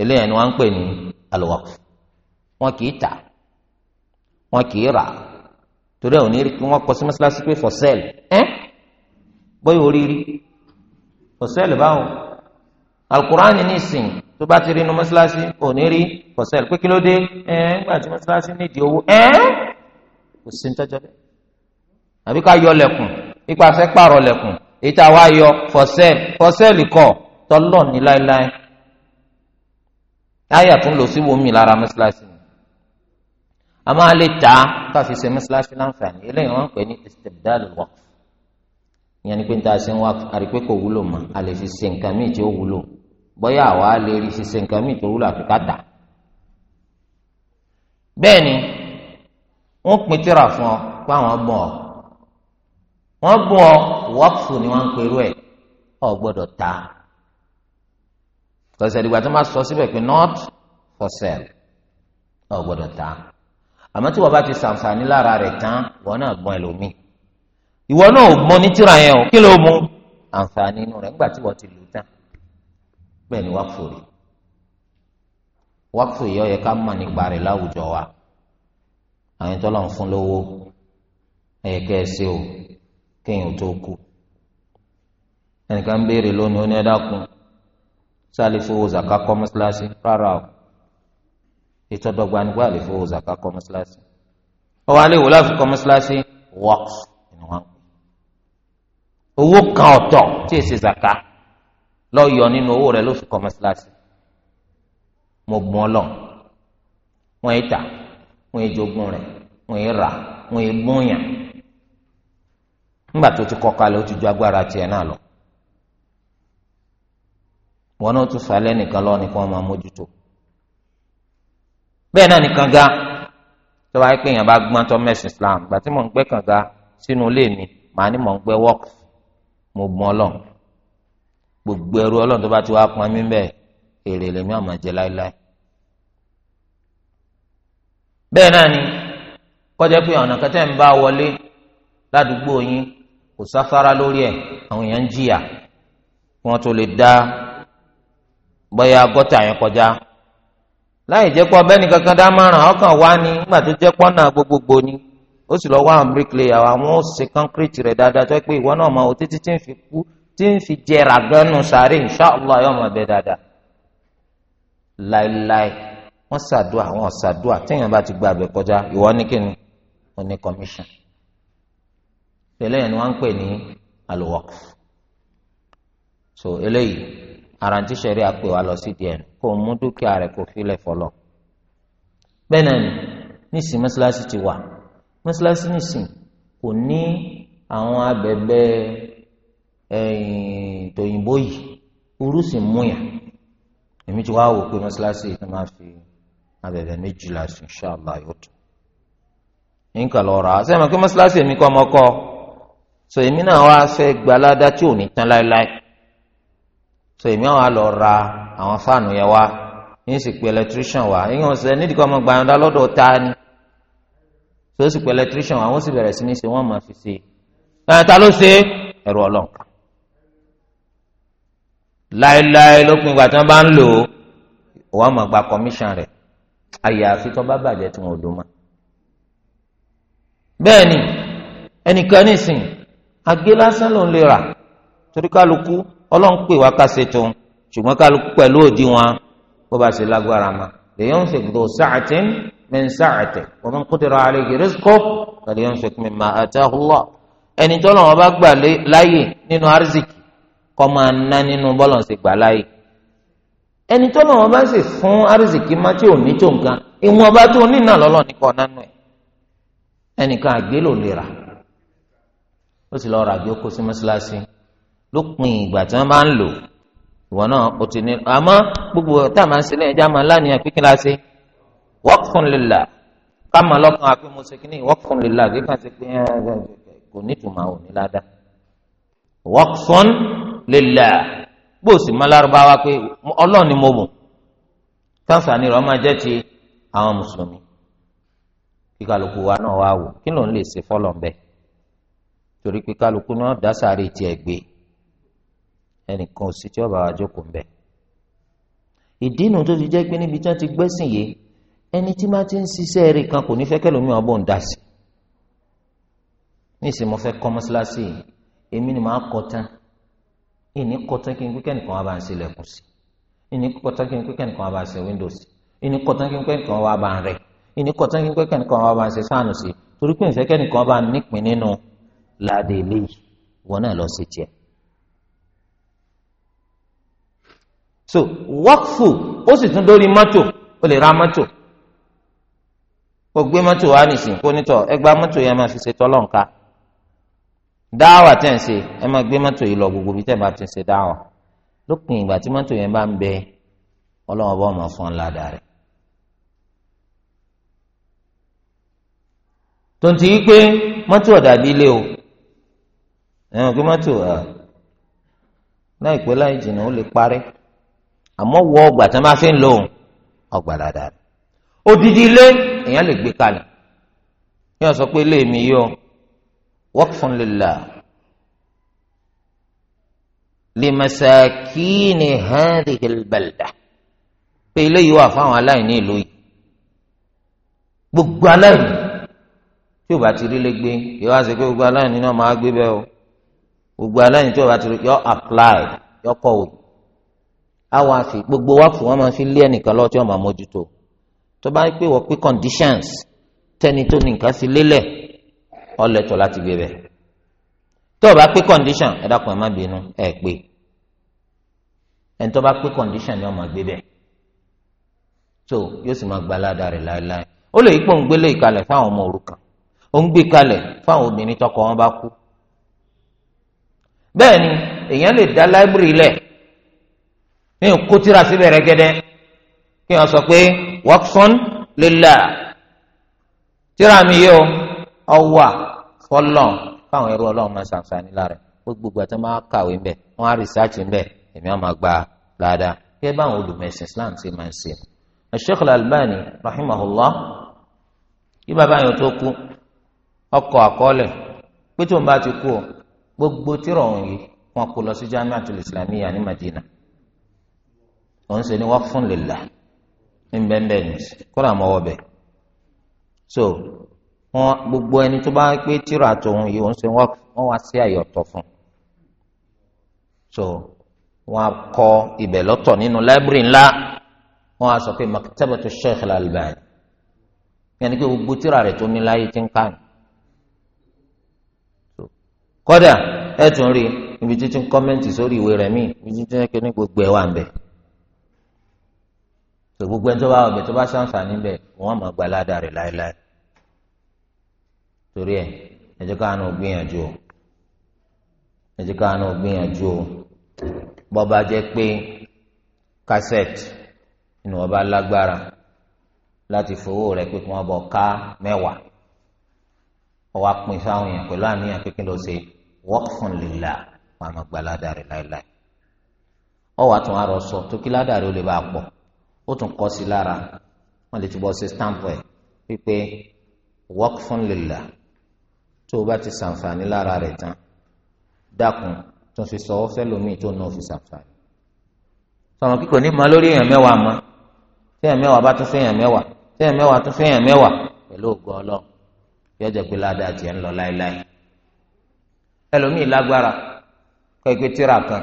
eléyàn ni wọ́n ń pè ní al-waqf wọn kì í tà wọn kì í rà torí ẹ̀ ò ní rí kí wọ́n kọ sí mọ́sálásí pé for sale ẹ́ bóyá oríire for sale báwo alukur'an ní ìsìn tó bá ti rí inú mọ́sálásí ò ní rí for sale pé kí ló dé ẹ́ ńgbà tí mọ́sálásí ní ìdí owó ẹ́ kò sí ní tọ́jọ́ bẹ́ẹ̀ àbí ká yọ lẹ̀kùn ipa fẹ́ pààrọ̀ lẹ̀kùn èyí tá yọ for sale for sale kọ̀ tọ́lọ̀ ní láéláé láyà tún lò sí wòmí lára mọ́ṣáláṣí ni a máa lè tà á káfí ṣe mọ́ṣáláṣí láǹfààní eléyìí wọ́n pè ní istibdal waqf ìyẹn ni pé n ta ṣe ń wá àrípé kò wúlò mọ́ a lè fi ṣe nǹkan míì tí ó wúlò bóyá àwa lè rí ṣe ṣe nǹkan míì tó wúlò àfi ká tà bẹ́ẹ̀ ni wọ́n pin tíra fún ọ pé àwọn bọ̀ ọ́ wọ́n bọ̀ ọ́ waqfu ni wọ́n ń perú ẹ̀ ọ̀ gbọ́dọ̀ tà tọ́sẹ̀ ìdìgbà tó máa sọ síbẹ̀ pé not for sale náà gbọ́dọ̀ ta àmọ́ tí wọ́n bá ti sàǹfààní lára rẹ̀ tán wọ́n náà gbọ́n ẹlòmíì ìwọ náà ò gbọ́n ní tíra yẹn o kí ló mú àǹfààní inú rẹ̀ ńgbà tí wọ́n ti lù tán bẹ́ẹ̀ ni wákfò rẹ̀ wákfò yìí ó yẹ ká mọ̀ nípa rẹ̀ láwùjọ wa àwọn tó lọ́n fún lówó ẹ̀yẹ kẹ́ ẹ ṣe o kéèyàn tó kú ẹnìkan béèrè lónìí ó ní ẹ dákun sáàlì fowó zaka kọ́ mọ́sálásí rárá o ìtọ́dọ̀gba nígbà lè fowó zaka kọ́ mọ́sálásí ọwọ́ alẹ́ ìwòlá fi kọ́ mọ́sálásí wọ́ọ̀f ni wọ́n ń owó kan ọ̀tọ̀ tí èsì zaka lọ́yọ̀ nínú owó rẹ̀ ló fi kọ́ mọ́sálásí mo gbọ́n lọ wọ́n yìí tà wọ́n yìí jogún rẹ̀ wọ́n yìí rà wọ́n yìí gbóyàn nígbà tó ti kọ́ kalẹ̀ ó ti ju agbára tiẹ̀ náà lọ wọn náà tún falẹ nìkan lọ nìkan máa mójútó bẹ́ẹ̀ náà ní kànga tó wáyé pé èèyàn bá gbọ́n tó mẹ́sìn Islam gbà tí mò ń gbẹ́ kànga sínú ilé mi màá ní mò ń gbẹ́ wọ́ọ̀kì mo gbọ́n Ọlọ́run gbogbo ẹrú Ọlọ́run tó bá ti wá pọn mí bẹ́ẹ̀ èrè lèmi àmọ́ jẹ láéláé bẹ́ẹ̀ náà ni kọjá pé ọ̀nà kẹtẹ́ ń bá wọlé ládùúgbò yín kò sáfárá lórí ẹ̀ àwọn èèyàn ń jìyà kí wọ́n tó lè dá bóyá gọ́tà yẹn kọjá láì jẹ́ pé ọbẹ̀ nìkan kan dá márùn ọkàn wá ní nígbà tó jẹ́ pọ́nà gbogbogbò ni ó sì lọ wá àwọn bíríkìlẹ̀yà àwọn ó ṣe kọ́ńkírìtì rẹ̀ dáadáa tó pé ìwọ náà mọ òtí títí ń fi kú tí ń fi jẹrà gánú sáré inṣàlá yóò mọ bẹ dáadáa láéláé wọ́n ṣàdúà wọ́n ṣàdúà téèyàn bá ti gba àbẹ̀ kọjá ìwọ ní kíni ó ní commission pẹ̀lẹ́ yẹn ni wọ́n ń pè ní alowok so eléyìí àràǹtí sẹ̀rí àpè wa lọ sí díẹ̀ kó o mú dúkìá rẹ̀ kó o fi lẹ̀ fọlọ́ bẹ́ẹ̀ náà ni níìsín mọ́ṣáláṣí ti wà mọ́ṣáláṣí níìsín kò ní àwọn abẹ́bẹ́ tòyìnbó yìí orú sì mú yàn èmi ti wá wò pé mọ́ṣáláṣí yìí máa fi abẹ́bẹ́ méjìlá sí ṣáàlá yóò tó nǹkan lọ sẹ́yìn mọ́ pé mọ́ṣáláṣí èmi kọ́ ọmọ kọ́ so èmi náà wá fẹ́ gbalada tí ò ní tán láéláé so èmi àwọn àlọ́ ra àwọn fáànù yẹn wá ní sì pé electrician wá ìyẹn ọ̀sẹ̀ nídìí kọ́ ọmọ gbàyànjá lọ́dọ̀ ta ni so sì pé electrician wá wọ́n sì bẹ̀rẹ̀ sí ní ṣe wọ́n máa fi ṣe ẹ̀ ta ló ṣe ẹ̀rọ ọlọ́nkà láéláé lópin ìgbà tí wọ́n bá ń lò ó wọ́n máa gba commission rẹ̀ àyàfi tó bá bàjẹ́ tí wọ́n ò dùn mọ́ bẹ́ẹ̀ ni ẹnìkan nísìnyí agé lásán ló ń lè rà torí kálukú ọlọ́run pè wá ká ṣe tó ṣùgbọ́n kálukú pẹ̀lú òdiwọ̀n bó ba ṣe lágbára ma lèyàn ṣe gbọdọ̀ sàátìn min sàátìn wa man qudira alayhi rizquhu lèyàn ṣe kí mi ma atahu Allah ẹni tọ́lọ̀ wọn bá gbà láàyè nínú arziki kọ́ máa ná nínú bọ́lọ̀ ṣe gbà láàyè ẹni tọ́lọ̀ wọn bá sì fún arziki má tí ò ní tó nǹkan ìwọ̀n bá tó nínà lọ́lọ́ ní kọ́ nánú ẹ̀ ẹnìkan àgbélò lè rà ó sì lọ́ọ́ rà bí ó kó sí mọ́ṣáláṣí lópin ìgbà tí wọ́n bá ń lò ìwọ náà o ti ní àmọ́ gbogbo tá a máa ń sílẹ̀ ẹja máa lánìyàn pínpín láti waqfun lillah ká máa lọ́kàn àpé mo ṣe kínní waqfun lillah kíkà ti pín kò nítumọ̀ àwọn òní ládàá waqfun lillah gbòòsì máa lárúbáwá pé ọlọ́run ni mo mọ̀ táǹsà ni rọ́ọ́ máa jẹ́ ti àwọn mùsùlùmí kí kálukú wa náà wá wò kí ló ń lè ṣe fọ́lọ̀ ń bẹ́ẹ̀ torí pé kálukú náà dá sáré tiẹ̀ gbé ẹnìkan ò sí tí ọba wa jókòó ńbẹ ìdí inú tó ti jẹ́ pé níbi tí wọ́n ti gbẹ́sìn yìí ẹni tí máa ti ń ṣiṣẹ́ rẹ̀ kan kò ní fẹ́ kẹlòmíì ọbọ̀ ń dà sí ní ìsìn mo fẹ́ kọ́ mọ́ṣáláṣí èmi ni màá kọ́ tán ìní kọ́ tán kí n pé kẹ́nìkan wá bá ń ṣílẹ̀kùn sí ìní kọ́ tán kí n pé kẹ́nìkan wá bá ń ṣe wíńdò sí ìní kọ́ tán kí n pé kẹ́nìkan wá bá ń rẹ̀ ìní kọ́ tán kí n pé kẹ́nìkan wá bá ń ṣe sáànù sí torí pé ìfẹ́ kẹ́nìkan wá bá ń nípìn nínú ládé eléyìí wọn náà lọ sí tiẹ̀ so wọ́kfù ó sì tún dórí mọ́tò ó lè ra mọ́tò kó gbé mọ́tò wá nìsín kó nítọ̀ ẹ gba mọ́tò yẹn máa fi ṣe tọ́lọ̀ nǹka dáwà tẹ̀ gbe moto ẹ máa gbé mọ́tò yìí lọ gbogbo bí tẹ̀ bá ti ṣe dáwà lópin ìgbà tí mọ́tò yẹn bá ń bẹ ọlọ́wọ́n bá ọmọ fún ọ ládàá rẹ̀. tonti yìí pé mọ́tò ọ̀dà bíi o ẹ̀wọ̀n pé mọ́tò láìpẹ́ láì jìnnà ó lè àmọ́ wọ ọgbà tí wọ́n bá fi ń lò ọgbà dáadáa odidi ilé èèyàn lè gbé kalẹ̀ kí wọ́n sọ pé ilé mi yọ waqfun lillah limasakini hadhihi albalda pé ilé yìí wà fáwọn aláìní ìlú yìí gbogbo aláìní tí o bá ti rí lé gbé yóò wá sí pé gbogbo aláìní náà máa gbé bẹ́ẹ̀ o gbogbo aláìní tí o bá ti rí yọ apply yọ kọ̀wé àwọn àfi gbogbo wákùú wọn máa fi lé ẹnìkan lọ tí wọn máa mójútó tó bá pè wọ́n pé conditions tẹ́ni tó ní nǹkan fi lélẹ̀ ọlẹ́tọ̀ láti gbé bẹ̀ tó o bá pé condition ẹ dákun ẹ má bínú ẹ pé ẹni tó bá pé condition ni wọ́n máa gbé bẹ̀ tó yóò sì máa gba aládàá rẹ̀ láéláé ó lè yípo ń gbélé ìkalẹ̀ fáwọn ọmọ òrukàn ó gbé kalẹ̀ fáwọn obìnrin tọkọ wọn bá kú bẹ́ẹ̀ èèyàn lè dá láìbírì lẹ̀ ní òkú tíra síbẹ̀ rẹ́gẹ́dẹ́ kí wọ́n sọ pé waqfun lillah tíra mi yóò ọwà fọlọ́ káwọn ẹrú ọlọ́run máa ṣàǹfààní lára gbogbo àti máa kàwé ńbẹ wọn á rìsáàchì ńbẹ èmi á máa gba dáadáa kí ẹ báwọn olùmẹ̀sìn Islam ṣe máa ń ṣe. Sheikh Al-Albani rahimahullah kí bàbá yẹn tó kú ọkọ àkọọ́lẹ̀ pé tóun bá ti kú o gbogbo tírọ̀ òun yìí wọn kò lọ sí jamiatul islamiyya ní Madina òun ṣe ni wọ́n fún lèlà ní bẹ́ẹ̀ ní kó làwọn ọwọ́ so wọn gbogbo ẹni tó bá pé tíra tòun yìí òun ṣe wọ́n wá sí àyọ̀tọ̀ fún so wọn kọ ibẹ̀ lọ́tọ̀ nínú láìbírì ńlá wọn á sọ pé maktabatu sheikh al-Albani yẹn ni pé gbogbo tíra rẹ̀ tó ní láyé ti ń kàn kódà ẹ tún rí ibi títí kọ́mẹ́ǹtì sórí ìwé rẹ̀ míì ibi títí kí ní gbogbo ẹ̀ wà ń bẹ̀ tó gbogbo ẹni tó bá ọbẹ̀ tó bá ṣàǹfààní bẹ̀ wọ́n máa gba aládàá rẹ̀ láéláé torí ẹ̀ ẹ jẹ́ káwọn náà gbìyànjú o ẹ jẹ́ káwọn náà gbìyànjú o bọ́ bá jẹ́ pé kásẹ̀tì inú ọba lágbára láti fowó rẹ̀ pé kí wọ́n bọ̀ ká mẹ́wàá ọwọ́ apin fáwọn èèyàn pẹ̀lú àníyàn pé kí ló ṣe waqfun lillah wọn àmọ́ gba aládàá rẹ̀ láéláé ọwọ́ àtúnwá rọ sọ tó kí ládàá rẹ̀ ó lè bá a pọ̀ ó tún kọ sí lára wọn lè ti bọ ṣe stamp ẹ wípé waqfun lillah tó o bá ti ṣàǹfààní lára rẹ̀ tán dákun tó fi sọ fẹlòmíì tó náà fi ṣàǹfààní. sọ̀rọ̀ kíkọ ní ma lórí èèyàn mẹ́wàá mọ́ téèyàn mẹ́wàá bá tún fẹ́yàn mẹ́wàá téèyàn mẹ́wàá tún fẹ́yàn mẹ́wàá pẹ̀lú ògo ọlọ́run yóò jẹ́ pé ládàá tiẹ̀ ń lọ láéláé. ẹlòmíì lágbára kọ́ ẹgbẹ́ tíra kan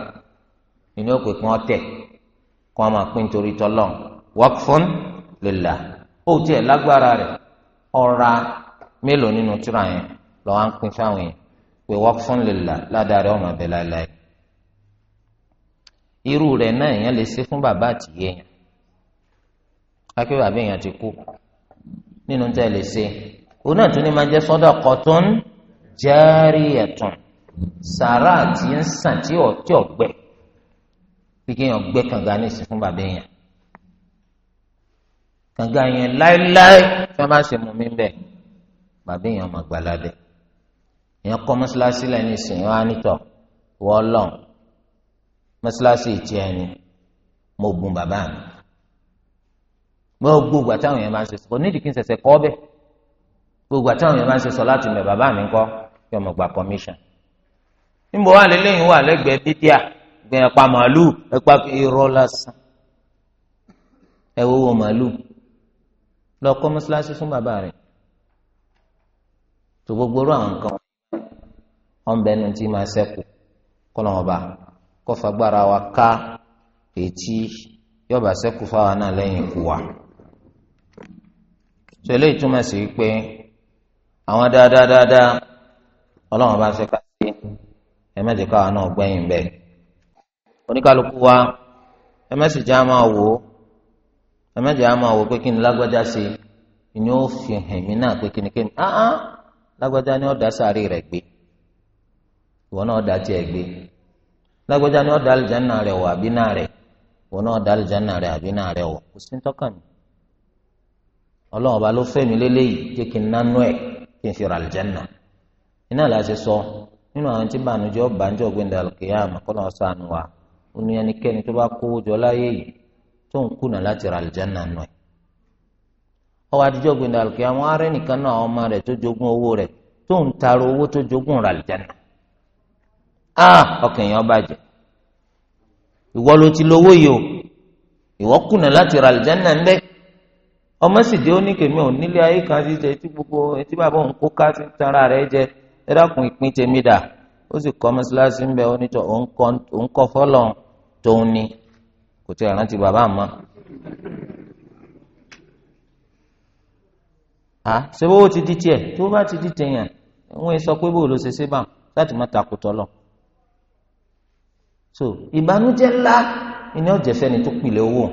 ìní òkè kan tẹ̀ kọ́ ọ waqfun lillah ó tiẹ̀ lágbára rẹ̀ ọ̀ra mélòó nínú tíra yẹn lọ́wọ́ à ń pín fáwọn yẹn pé waqfun lillah ládàárẹ̀ ọ̀nà ọ̀bẹ láéláé irú rẹ̀ náà èèyàn lè ṣe fún bàbá àtìyẹ yẹn akéwà àbí èèyàn ti kú nínú tẹ́ ẹ lè ṣe òun náà tún ní máa jẹ́ sadaqatun jariyatun sàrà àti ń sàn tí ọ̀gbẹ́ kí kéèyàn gbẹ́ ní ìsìn fún bàbá èèyàn kànga yẹn láéláé tí wọ́n bá ṣe mú mi bẹ́ẹ̀ bàbá èèyàn máa gbà ládẹ́ èèyàn kọ́ mọ́ṣáláṣí lẹ́nu ìsìn wọn á nítọ̀ wọ́n lọ́n mọ́ṣáláṣí ìtì ẹni mo gun bàbá mi mo gun ìgbà táwọn èèyàn máa ń ṣe sọ nídìí kí n ṣẹ̀ṣẹ̀ kọ́ bẹ́ẹ̀ gbogbo àtàwọn èèyàn máa ń ṣe sọ láti mẹ bàbá mi kọ́ kí ọmọ gba commission níbo wà lélẹ́yìn wà lẹ́gbẹ̀ẹ́ bídíà gbẹ̀yàn pa màálù ẹ̀pá irọ́ lásán màálù lọ kọ́ mọ́ṣáláṣí fún bàbá rẹ̀ tó gbogbo orú àwọn nǹkan ọ̀nbẹ nu tí máa ṣẹ́kù kọ́nà ọba kọ́fagbára wa ká ètí yọba ṣẹ́kù fáwa náà lẹ́yìn ikú wa tó eléyìí túmọ̀ sí pé àwọn dáadáa dáadáa ọlọ́run bá ń fẹ́ sí ẹ má jẹ́ náà gbẹ̀yìn bẹ́ẹ̀ oníkálukú wa ẹ má já máa wò ó ẹ má jẹ́ àmọ́ àwọ̀ pé kí ni lágbájá ṣe ni ó fi hàn mí náà pé kíni kíni ah ah lágbájá ni ó da sáré rẹ̀ gbé ìwọ náà da tiẹ̀ gbé lágbájá ni ó da alìjánná rẹ̀ wọ àbí náà rẹ̀ ìwọ náà da alìjánná rẹ̀ àbí náà rẹ̀ wọ kò sí ní tọ́kàn mi ọlọ́run ọba ló fẹ́ mi léléyìí jẹ́ kí n nánú ẹ̀ kí n fi ra alìjánná iná là á sọ nínú àwọn tí bànújẹ́ ọba ń jọ àánú wa ó tó bá kówó jọ láyé yìí tó ń kùnà láti ra àlùjáná nù ẹ̀ ọwọ́ adijọ́ gbẹ̀ndà àlùkìyàmọ́ arẹ́ nìkan náà ọmọ rẹ tó jogún owó rẹ tó ń taro owó tó jogún ra ah ọkàn èèyàn bàjẹ́ ìwọ ló ti lówó yìí o ìwọ kùnà láti ra àlùjáná ọmọ sì dé oníkèmí ò nílé ayé kan sí jẹ gbogbo etí bàbá òun kó ká sí jẹ ìpín tèmi dà ó sì kọ́ ń bẹ òun kọ́ kò tí ì rántí bàbá àmọ́. à ṣé owó ti di tiẹ̀ tí ó bá ti di tẹ̀yàn wọ́n sọ pé bó ló ṣe ṣe bá láti má ta kòtọ́ lọ. so ìbànújẹ́ ńlá ni ọ̀jẹ̀ fẹ́ni tó pilẹ̀ owó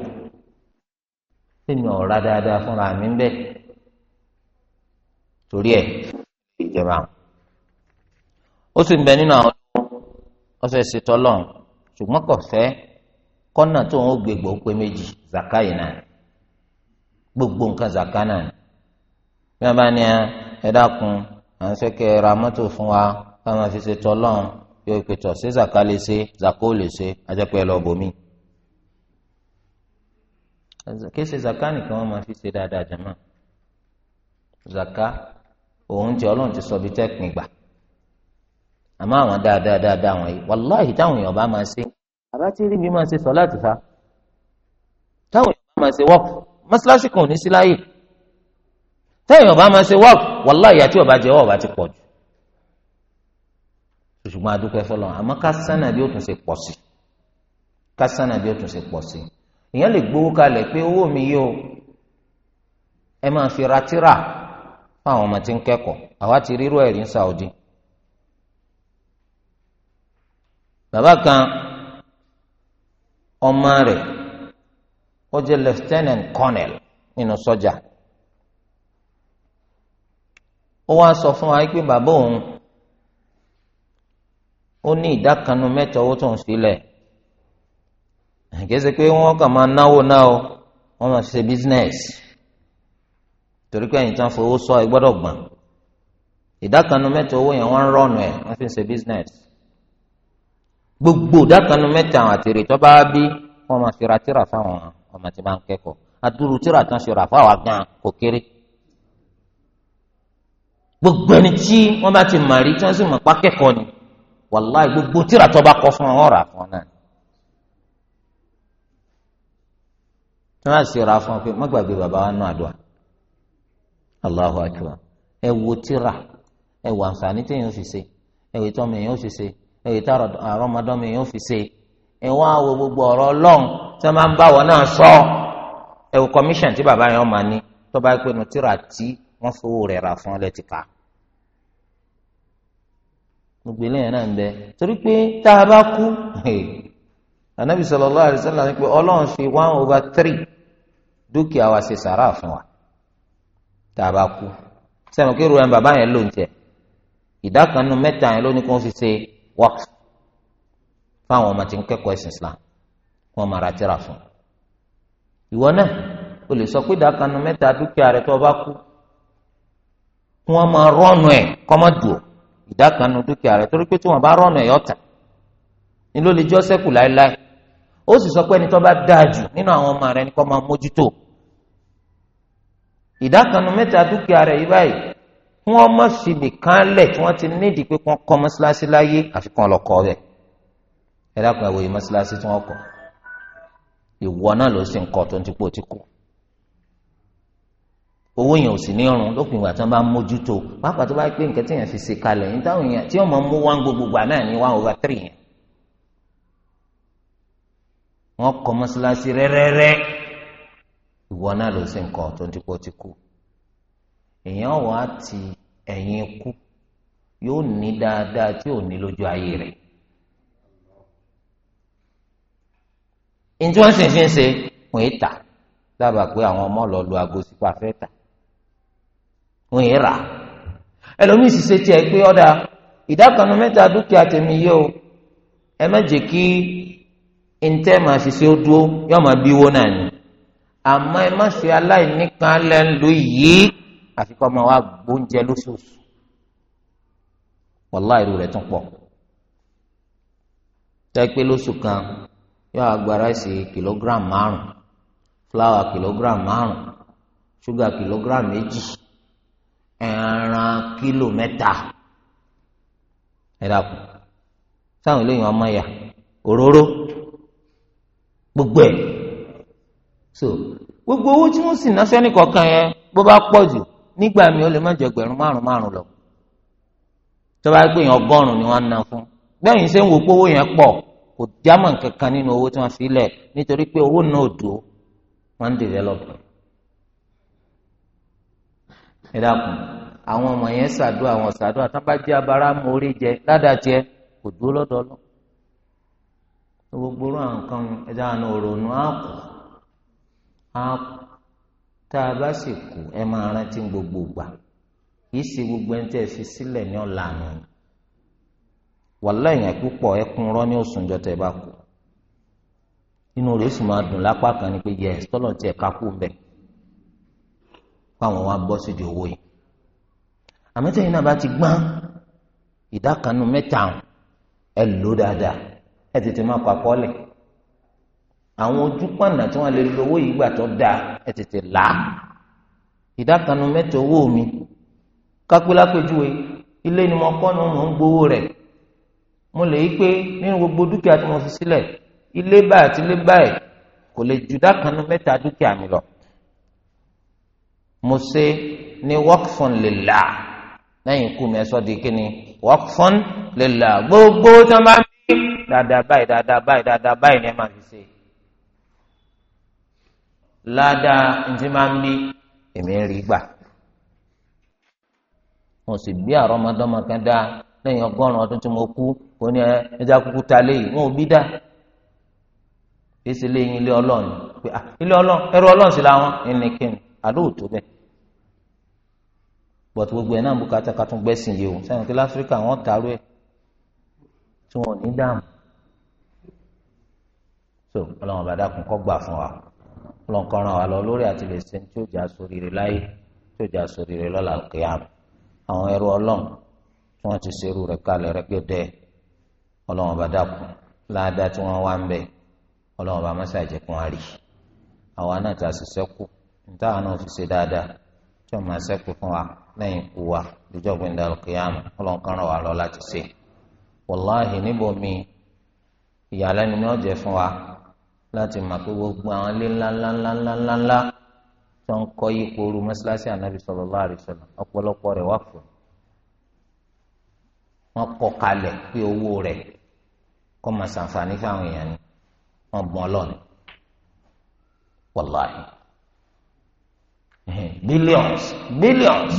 èmi ọ̀ra dáadáa fúnra mi ń bẹ̀ torí ẹ̀ ìjẹba ó sì ń bẹ nínú àwọn ọ̀sẹ̀ ṣètọ́ lọ́n ṣùgbọ́n kò fẹ́ kọ́nà tó ń gbégbó pé méjì zaka yìí náà gbogbo nǹkan zaka náà bí wọ́n bá ní ẹ à ń fún wa ká máa fi ṣe tọ́lọ́n yóò pè tọ̀ zaka lè ṣe zaka lè ṣe ajẹ́pẹ́ lọ bòmí. zaka nìkan fi ṣe dáadáa zaka òun ọlọ́run ti sọ bí gbà àmọ́ àwọn dáadáa dáadáa wọ̀nyí wàláhì táwọn èèyàn bá máa ṣe àbá tí rí bí máa ṣe sọ̀láàtì fa táwọn èèyàn máa ṣe wọ́ọ̀kù mọ́ṣáláṣí kan ò ní sí láyè táwọn èèyàn bá máa ṣe wọ́ọ̀kù wàláhì àti ọ̀bá jẹ́wọ́ ọ̀bá ti pọ̀ jù ṣùgbọ́n adúpẹ́ fọlọ́ àmọ́ kásánà bí ó tún ṣe pọ̀ sí kásánà bí ó tún ṣe pọ̀ sí èèyàn lè gbowó kalẹ̀ pé owó mi yìí o ẹ máa fi ra tírà fáwọn ọmọ tí ń kẹ́kọ̀ọ́ àwa ti rírú ẹ̀rí ń Saudi bàbá kan ọmọ rẹ̀ ó jẹ́ lieutenant colonel nínú sọ́jà ó wá sọ fún wa pé bàbá òun ó ní ìdákanu mẹ́ta owó tó ń sílẹ̀ kìí pé wọ́n kàn máa náwó náà o wọ́n máa ṣe business torí pé ẹ̀yìn tán fowó sọ ẹ gbọ́dọ̀ gbọ̀n ìdákanu owó yẹn wọ́n ń rọ̀nù ẹ̀ wọ́n fi ń ṣe business. gbogbo ìdákanu mẹ́ta àwọn àtẹrẹ tó bá bí wọn máa ṣe ra tíra fáwọn ọmọ tí máa ń kẹ́kọ̀ọ́ adúrú tíra tán ṣe ra fáwọn gan kò kéré gbogbo ẹni tí wọn bá ti màrí tí wọn sì mọ pákẹ́kọ̀ọ́ ni wàláì gbogbo tíra tó bá kọ fún wọn rà fún ọ náà tí wọn sì fún ọ pé má gbàgbé bàbá wa náà àdúrà Allahu akbar ẹ wo tíra ẹ wà nsàní téèyàn ò fi ṣe ẹ wò tí ọmọ èèyàn fi ṣe èyí tá àrọ́mọdọ́mọ yóò fi ṣe ẹ wá wo gbogbo ọ̀rọ̀ ọlọ́run tí wọ́n máa ń bá wọn náà sọ ẹ wò commission tí bàbá yẹn máa ní tó bá pé nu tíra tí wọ́n fowó rẹ̀ rà fún ọ lẹ́tì ká gbogbo eléyàn náà ń bẹ torí pé tá a bá kú anabi sallallahu alaihi wasallam ní pé ọlọ́run fi one over three dúkìá wa ṣe sàrà fún wa tá a bá kú sẹ́mi kí ru ẹ̀ bàbá yẹn ló ń jẹ ìdá kan nu mẹ́ta yẹn ló ní kó fi ṣe. workshop fáwọn ọmọ tí ń kẹ́kọ̀ọ́ ẹ̀sìn Islam wọ́n máa ra tíra fún o lè sọ pé ìdákanu mẹ́ta dúkìá rẹ tó bá kú kí wọ́n máa rọ́ọ̀nù ẹ̀ ìdákanu dúkìá rẹ torí pé tí wọ́n bá rọ́ọ̀nù ẹ̀ ni ló lè jọ́ sẹ́kù láéláé ó sì sọ pé ẹni tó bá dáa jù rẹ ni máa mójútó ìdákanu rẹ báyìí wọ́n mọ̀ síbi kan lẹ̀ tí wọ́n ti nídìí pé wọ́n kọ́ mọ́ṣáláṣí láyé àfikún ọlọ́kọ́ rẹ̀ ẹ dákun ẹ̀wòye mọ́ṣáláṣí tí wọ́n kọ́ ìwọ náà ló sì ń kọ́ tó ń ti pò tí kù owó yẹn ò sì ní ọrùn lópin ìgbà tí wọ́n bá ń mójútó pàápàá tó bá pé nǹkan téèyàn fi ṣe kalẹ̀ ní táwọn èèyàn tí wọ́n mọ̀ mú wọn gbogbo gbà náà ní one over three yẹn wọ́n kọ́ mọ́ṣáláṣí rẹ́rẹ́rẹ́ ìwọ náà ló sì ń kọ́ tó ń ti tí kù èèyàn wà á ti ẹ̀yìn yóò ní dáadáa tí ò ní lójú ayé rẹ̀. ìjọ sì fi ń ṣe pín pé àwọn ọmọ lọ lu aago sípò afẹ́ tà pín in rà ẹlòmíì sì ṣe tiẹ̀ pé ọ̀dà ìdákanu mẹ́ta dúkìá tèmi yé o ẹ má jẹ́ kí àfi kọ́ ọmọ wa gbóúnjẹ lóṣooṣù wàlá irú rẹ̀ tún pọ̀ tẹ́pẹ́ lóṣù kan yóò agba ráìsì kìlógíráàmù márùn fúláwà kìlógíráàmù márùn ṣúgà kìlógíráàmù méjì ẹran kílò mẹ́ta ẹ sáwọn eléyìí ọmọ yà òróró gbogbo ẹ̀ so gbogbo owó tí wọ́n sì ná sẹ́nìkọ̀ọ̀kan yẹn bó bá pọ̀ jù nígbà mi ó lè má jẹ ẹgbẹ̀rún márùn márùn lọ tó bá gbé yẹn ọgọ́rùn ni wọ́n ná fún gbẹ̀yìn ṣé ń wo pé owó yẹn pọ̀ kò jámọ́ kankan nínú owó tí wọ́n fi lẹ̀ nítorí pé owó náà dùn wọ́n ń dìvẹ́lọ́pù ẹ dákun àwọn ọmọ yẹn ṣàdúrà àwọn ṣàdúrà tó bá jẹ́ abara mórí jẹ ládàá tiẹ̀ kò dúró lọ́dọ̀ gbogbo àwọn nǹkan ẹja àna òrònú àpò àpò tá a bá sì kú ẹ máa rántí gbogbo gbà kì í ṣe gbogbo ẹni tẹ́ ẹ fi sílẹ̀ ní ọ̀la àná wàhálà èèyàn púpọ̀ ẹkún rọ́ ní òsùnjọ́ tẹ́ ẹ bá kú inú rẹ̀ sì máa dùn lápá kan ni pé yẹs tọ́lọ̀ tí ẹ ká kú bẹ̀ fáwọn wa bọ́ sídìí owó yìí àmọ́tẹ́yìn náà bá ti gbọ́n ìdá kan mẹ́ta ẹ lò dáadáa ẹ tètè máa pa pọ́lẹ̀ àwọn ojú pàǹdà tí wọ́n lè lówó yìí gbà tó dáa ẹ tètè là á ìdákanu mẹ́ta owó mi kápẹ́lápẹ́júwe ilé ni mo kọ́ ni mo ń gbowó rẹ̀ mo lè yí pé nínú gbogbo dúkìá tí mo fi sílẹ̀ ilé báyìí àti ilé báyìí kò lè ju ìdákanu mẹ́ta dúkìá mi lọ mo ṣe ní wọ́kfọ̀n lèlà lẹ́yìn ikú mi ẹ̀sọ́ di kíni wọ́kfọ̀n lèlà gbogbo tó máa ń bí dáadáa báyìí dáadáa báyìí dáadáa báyìí ni ẹ máa fi ṣe. ládàá ntí máa ń bí èmi ń rí gbà wọn sì bí àrọmọdọ́mọ kan dá lẹ́yìn ọgọ́rùn ọdún tí mo kú kò ní ẹja kúkú ta léyìí wọn ò bí dá èsì léyìn ilé pé ah, ilé Ọlọ́run ẹrú Ọlọ́run sì làwọn bọ̀t gbogbo ẹ̀ náà gbẹ́sìn yìí o sẹ́yìn kí láfíríkà wọ́n ẹ̀ tí wọ́n ò ní ọlọ́nkọ́ ràn wá lọ lórí àti lè ṣe tí ó jà sórí láyé tí ó jà sórí lọ́la kìyàm àwọn ẹrú ọlọ́run tí wọ́n ti ṣerú rẹ̀ kalẹ̀ rẹ́gbẹ̀dẹ́ ọlọ́run bá dàkún láàdá tí wọ́n wá ń bẹ̀ bá kún wa rí ta sì sẹ́kù níta àwọn fi ṣe dáadáa tí wọ́n máa sẹ́kù fún wa lẹ́yìn ikú wa lọ láti ṣe wàláhì níbo mi ìyàlẹ́nu ni láti mà pé gbogbo àwọn ilé ńláńláńláńláńlá tó ń kọ́ yípo oru mọ́ṣáláṣí ànábì sallallahu alaihi wasallam ọ̀pọ̀lọpọ̀ rẹ̀ wà fún wọn kọ́ kalẹ̀ pé owó rẹ̀ kọ́ máa ṣàǹfààní fáwọn èèyàn ni wọ́n gbọ́n lọ́nà wàláhì billions billions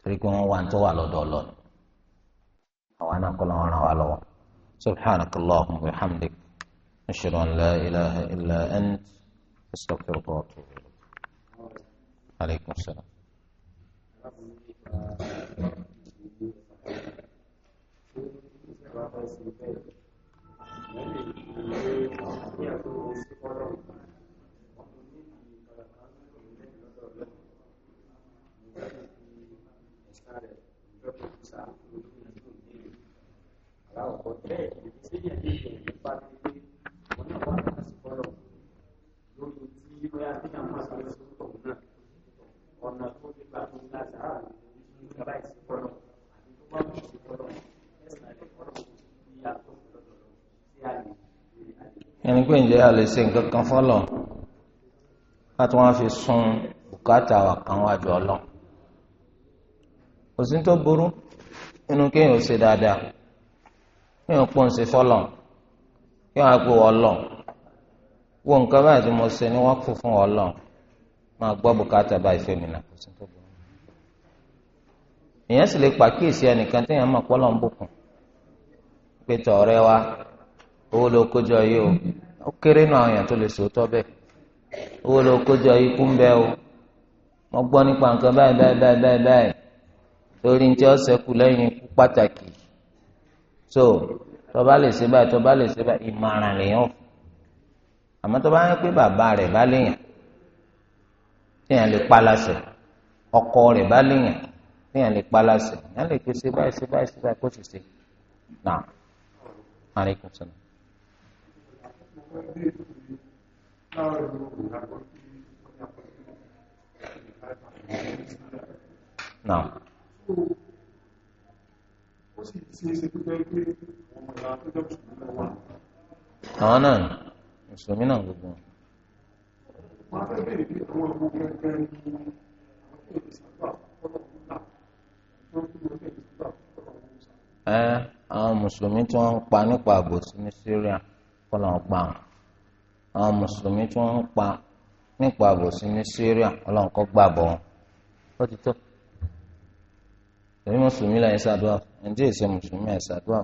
torí pé wọ́n tó wà lọ́dọ̀ àwọn ràn أشهد أن لا إله إلا أنت أستغفرك وأتوب إليك عليكم السلام Gracias. ẹni pé ǹjẹ́ a lè ṣe nǹkan kan fọ́lọ̀ láti wọ́n fi sun bùkátà wà kan wájú ọlọ́ kò sí tó burú nínú kéèyàn ṣe dáadáa kéèyàn pọ̀ ń ṣe fọ́lọ̀ kí wọn á gbé wọn lọ wo nǹkan báyìí tí mo ṣe ni wọn kú fún wọn lọ máa gbọ́ bùkátà báyìí fẹ́mi náà èèyàn sì lè pàkíyèsí ẹnìkan tí èèyàn pọ́ wa owó ló kójọ o ó kéré náà àwọn èèyàn tó lè sòótọ́ bẹ́ẹ̀ owó ló o mo gbọ́ nípa nǹkan báyìí báyìí báyìí báyìí báyìí torí ní tí ṣẹ́kù so tọba lè ṣe báyìí tọba lè ṣe báyìí ìmọ̀ràn lèyàn fún àmọ́ tọba ń pè bàbá rẹ̀ bá léyàn téèyàn lè palasẹ ọkọ rẹ̀ bá léyàn téèyàn lè palasẹ yẹn lè pè ṣe báyìí ṣe báyìí ṣe báyìí kó sì ṣe náà àríkùn sọnà. Now àwọn náà mùsùlùmí náà gbogbo ẹ àwọn mùsùlùmí tí wọ́n ń pa nípa àbòsí ní Syria kọ́ ló ń pa àwọn àwọn mùsùlùmí tí wọ́n ń pa nípa àbòsí ní Syria Ọlọ́run kó gbàbọ wọn ó ti tó èmi mùsùlùmí lẹ́yìn ṣàdúrà fún ẹni tí èsì mùsùlùmí ẹ ṣàdúrà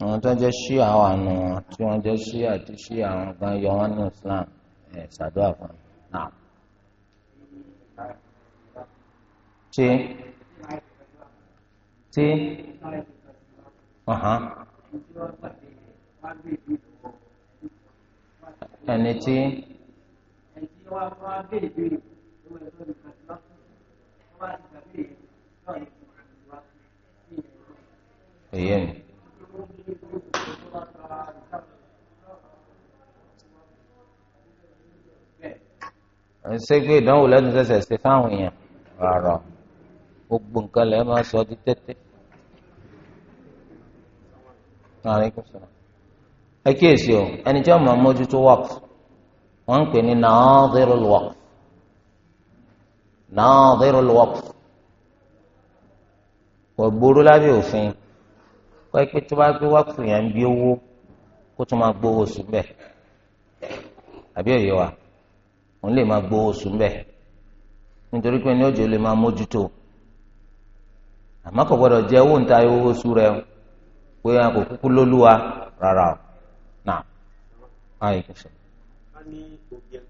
àwọn tó ń jẹ́ ṣí àwọn àna wọn tí wọ́n jẹ́ ṣí àti ṣí àwọn gan yọ wọn ní Islam ẹ̀ ṣàdúrà fún náà. tí tí uh-huh. ẹni tí ẹni tí èyí ni. ń ṣe pé ìdánwò lẹ́nu ṣẹ̀ṣẹ̀ ṣe fáwọn èèyàn rárá gbogbo nǹkan lẹ́ẹ̀ máa sọ di tẹ́tẹ́. ẹ kíyèsí o ẹni tí wọ́n máa mójútó wọ́ọ̀f wọ́n ń pè ní nàádìrúl wọ́ọ̀f nàádìrúl wọ́ọ̀f kò burú lábẹ́ òfin. wọ́n pe tó bá ya wákùú yẹn ń bí owó kó tó máa gbowó oṣù bẹ́ẹ̀ àbí wa òun lè máa gbowó oṣù bẹ́ẹ̀ nítorí pé ní òjò lè máa mójútó àmọ́ kò gbọ́dọ̀ jẹ́ owó ń ta owó oṣù rẹ pé a kò kúkú lólúwa rárá o náà ayé kò sọ. a ní òbí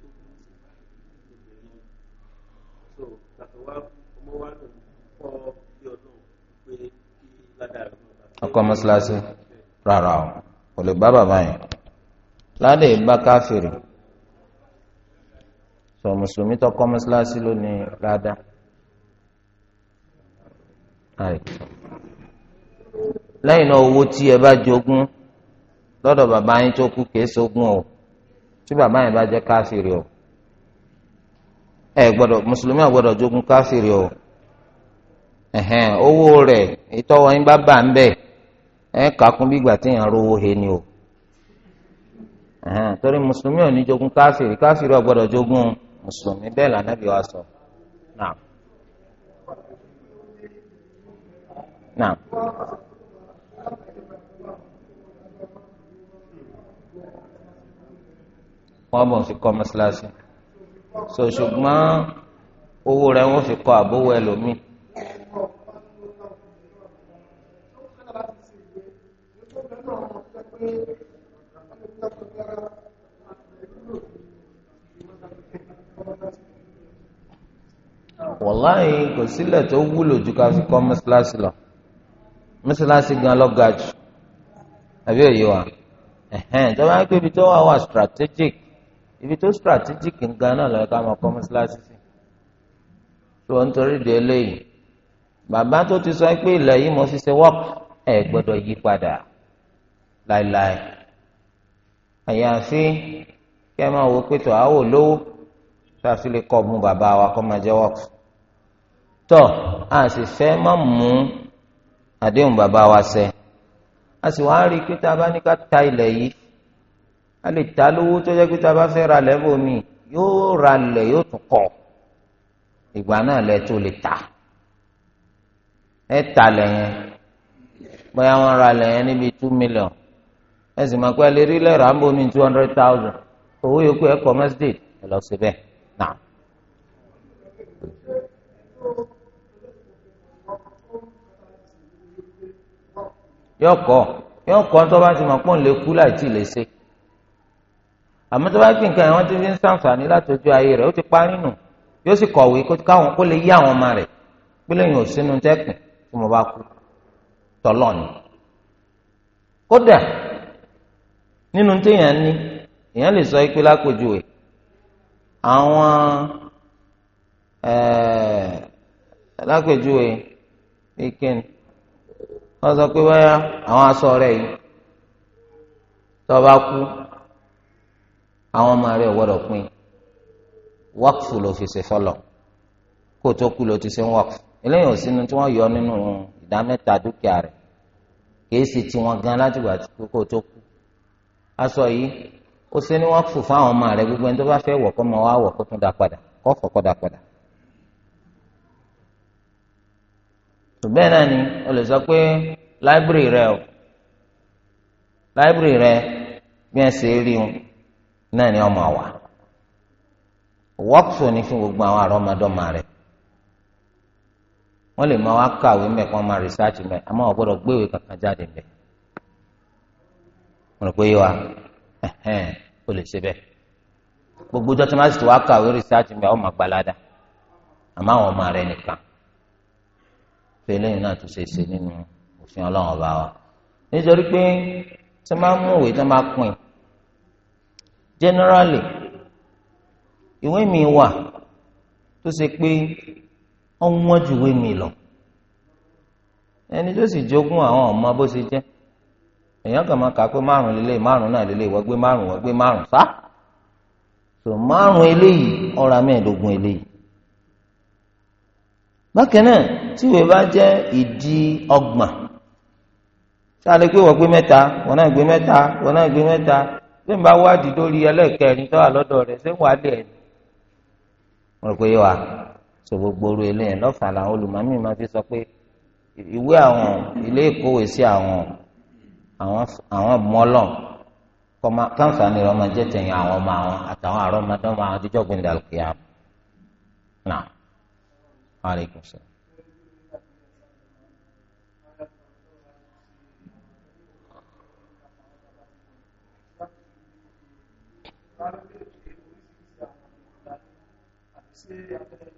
ọkọ mọ́ṣáláṣí rárá o kò lè bá bàbá yẹn ládé ìbá káfíìrì sọ mùsùlùmí tọkọ mọ́ṣáláṣí lónìí ládàá lẹ́yìn náà owó tí ẹ bá jogún lọ́dọ̀ bàbá yín tó kú kìí sógun o tí bàbá yín bá jẹ́ káfíìrì o ẹ gbọ́dọ̀ mùsùlùmí àgbọ́dọ̀ jogún káfíìrì o owó rẹ̀ ìtọ́wọ́ yín bá bà ń bẹ̀ ẹ kàkún bí ìgbà téèyàn rówó he ni o torí mùsùlùmí ò ní jogún káfíìrì káfíìrì ò gbọ́dọ̀ jogún mùsùlùmí bẹ́ẹ̀ lànàbí wa sọ náà náà. wọ́n bọ̀ fi kọ́ mọ́ṣáláṣí so ṣùgbọ́n owó rẹ̀ wọ́n fi kọ́ àbówó ẹlòmíì. wàláyé kò sílẹ̀ tó wúlò ju ká fi kọ́ mọ́sálásí lọ mọ́sálásí gan lọ́ga jù àbí òye wa tó bá ń ibi tó wà wà strategic ibi tó strategic gan náà lọ́ọ́ ká máa kọ́ mọ́sálásí sí tó ń torí de eléyìí bàbá tó ti sọ pé ilẹ̀ yìí mo ti ṣe wọ́ọ̀kì ẹ̀ gbọ́dọ̀ yí padà. láéláé àyàfi kí ẹ máa wo pé tó àwò lówó tá a fi lè kọ́ ọ̀bùn bàbá wa kó máa jẹ́ wọ́ọ̀kù tọ́ a sì fẹ́ má mú àdéhùn bàbá wa ṣẹ a sì wá rí pé tá a bá ní ká ta ilẹ̀ yìí a lè ta lówó tó jẹ́ pé tá a bá fẹ́ ra lẹ́bùn mi yóò ra lẹ̀ yóò tún kọ̀ ìgbà náà lẹ tó lè ta ẹ ta lẹ̀ yẹn bóyá wọ́n ra lẹ̀ yẹn níbi two million ẹ sì máa pẹ́ lè rí lẹ́rọ àmbómi two hundred thousand owó yòókù ẹ̀ kọ́ mẹ́sídẹ̀ẹ́ ẹ lọ sí bẹ́ẹ̀ náà. yóò kọ́ yóò kọ́ tó bá ti mọ̀ pọ́n lè kú láì tí ì lè ṣe àmọ́ tó bá gbé nǹkan ẹ̀ wọ́n ti fi ń sàǹfààní látọjú ayé rẹ̀ ó ti parí nù yóò sì kọ̀wé káwọn kó lè yí àwọn ọmọ rẹ̀ ò sínú tẹ́kùn tí mo bá kú tọ́lọ́ ni kódà nínú téèyàn ní èèyàn lè sọ pé lápèjúwe àwọn eh, lápèjúwe kíkín wọ́n sọ pé báyà àwọn aṣọ rẹ̀ yìí tó bá kú àwọn ọmọ rẹ̀ gbọ́dọ̀ pín wákùfù ló fi ṣe fọlọ kó tó kú ló ti ṣe wákùfù eléyìí ò sínú tí wọ́n yọ nínú ìdá mẹ́ta dúkìá rẹ̀ kìí ṣe tiwọn gan látìgbà kó tó kú aṣọ yìí ó ṣe ni wọ́n fò fún ọmọ rẹ gbogbo ẹni tó bá fẹ́ wọ̀ kọ́ mọ wá wọ̀ kó tún dá padà kọ́fọ̀ dá padà. náà ni o lè sọ pé láìbírì rẹ o láìbírì rẹ bí ṣe rí ni ọmọ wa ni fún gbogbo àwọn àrọ́mọdọ́mọ rẹ̀ wọ́n lè máa wá kàwé mẹ́ẹ̀kan máa rìsáàtì mẹ́ẹ̀ àmọ́ wọ́n gbọ́dọ̀ gbéwèé kankan jáde mo rò pé yóò wá o lè ṣe bẹ́ẹ̀ gbogbo ọjọ́ tí wọ́n ti wá kàwé rìsáàtì mi àwọn ọmọ àgbàládà àmọ́ àwọn ọmọ rẹ nìkan pé lẹ́yìn náà tó ṣe é ṣe nínú òfin ọlọ́run ọba wa nítorí pé tí wọ́n mú ìwé tí máa pín generally ìwé mi wà tó ṣe pé wọ́n wọ́n ju ìwé mi lọ ẹni tó sì jogún àwọn ọmọ bó ṣe jẹ́ èèyàn kàn máa kà pé márùn lélẹ̀ márùn náà lélẹ̀ wọ́n gbé márùn wọ́n gbé márùn sá so márùn eléyìí ọ̀rọ̀ mẹ́ẹ̀ẹ́dógún eléyìí. bákan náà tí ìwé bá jẹ́ ìdí ọgbọ̀n sáré pé wọ́n gbé mẹ́ta wọ́n náà gbé mẹ́ta wọ́n náà gbé mẹ́ta bí n bá wádìí lórí ẹlẹ́ẹ̀kẹrin tó wà lọ́dọ̀ rẹ̀ ṣé wàá lé ẹ̀ mo rò pé yóò wá so gbogbo oru eléyìí lọ́fà làwọn olùmọ̀mí máa fi sọ pé ìwé àwọn ilé àwọn kọma káǹfààní rẹ̀ ọmọ jẹ́ tẹ̀yìn àwọn ọmọ àwọn àtàwọn àrọ́ ọmọdé ọmọ àwọn jíjọ́ gbẹ̀ndà kìá náà aleykum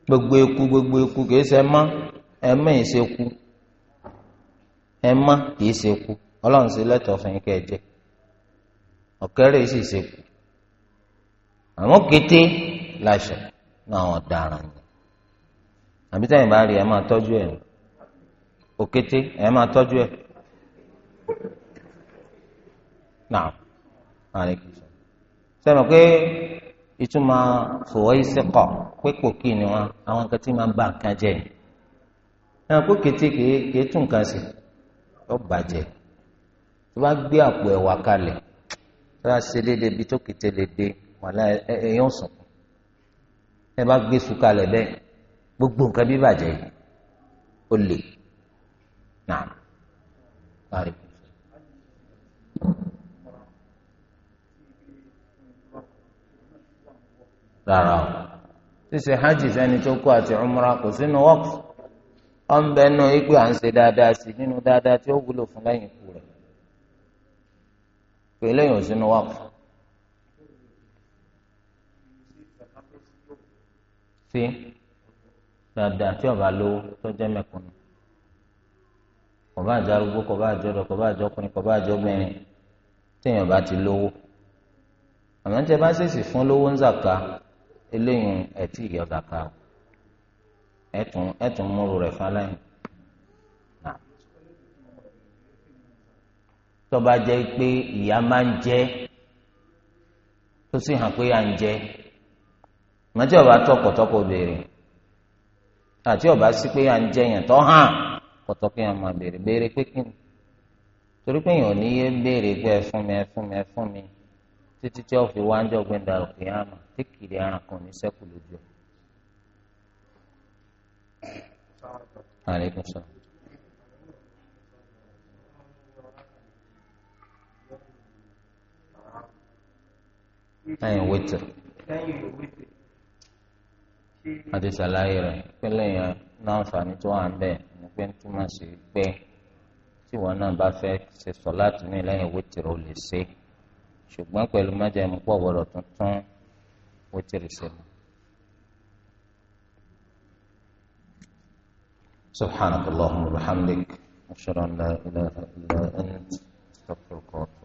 gbogbo eku gbogbo eku kìí ṣe ẹmọ ẹmọ ìṣekú ẹmọ kìí ṣe eku ọlọ́run sì lẹ́tọ̀ọ́ fún yín kẹ́ ẹ isi ọ̀kẹ́rẹ́ sì ṣe kù àmọ́ kété láṣẹ náà àwọn ọ̀daràn ni àbí táyìn bá rí ẹ máa tọ́jú ẹ̀ òkété ẹ máa tọ́jú ẹ̀ náà àríkì sẹ́mi pé ìtumọ̀ fòwọ́ iṣẹ́ kọ̀ pé kí ni wọn àwọn nǹkan tí máa ń bá nǹkan jẹ́ ẹ̀ náà kété tún nǹkan sí ọ bàjẹ́ tó bá gbé àpò ẹwà kalẹ̀ tó bá ṣe déédéé bí tó kété lè wàhálà ẹ̀yàn sùn ẹ bá gbé sùn kalẹ̀ bẹ́ẹ̀ gbogbo nǹkan bí bàjẹ́ ó lè nà parí. rárá o ṣíṣe hajj sẹ́ni tó kú àti umra kò sínú wọ́ọ̀kì ọ̀nbẹ́nu ipe à ń ṣe dáadáa sí nínú dáadáa tí ó wúlò fún lẹ́yìn pé eléyìí ò sínú wákò. sí dáadáa tí ọba lówó tó jẹ́ mẹ̀kúnnù kò bá àjọ arúgbó kò bá àjọ ọ̀dọ́ kò bá àjọ ọkùnrin kò bá àjọ obìnrin téèyàn bá ti lówó àmọ́ tẹ́ bá ṣèṣì fún lówó ń zàká eléyìí ẹ̀ tí ìyọ̀ zàká ẹ̀tún ẹ̀tún múru rẹ̀ fáláyìn. t'ọba bá jẹ́ pé ìyá máa ń jẹ tó sì hàn pé à ń jẹ tí ọba tó ọba sí pé à ń jẹ yẹn hàn kọtọkọ yẹn máa béèrè béèrè pé kí ni torí pé ò ní yé béèrè pé ẹ fún mi ẹ fún mi ẹ fún mi títí tí ó fi wá ń jọgbìn da òkè àmà lẹ́yìn wítìrì àti sàlàyé rẹ̀ pẹ́lẹ́ yẹn láǹfààní tó wà ń bẹ̀ ní pé ń túmọ̀ sí pé tí wọn náà bá fẹ́ ṣe sọ láti ní lẹ́yìn wítìrì ó lè ṣe ṣùgbọ́n pẹ̀lú májẹ̀mú pọ̀ gbọ́dọ̀ tuntun wítìrì ṣe mọ́. سبحانك اللهم وبحمدك أشهد أن لا إله إلا أنت أستغفرك وأتوب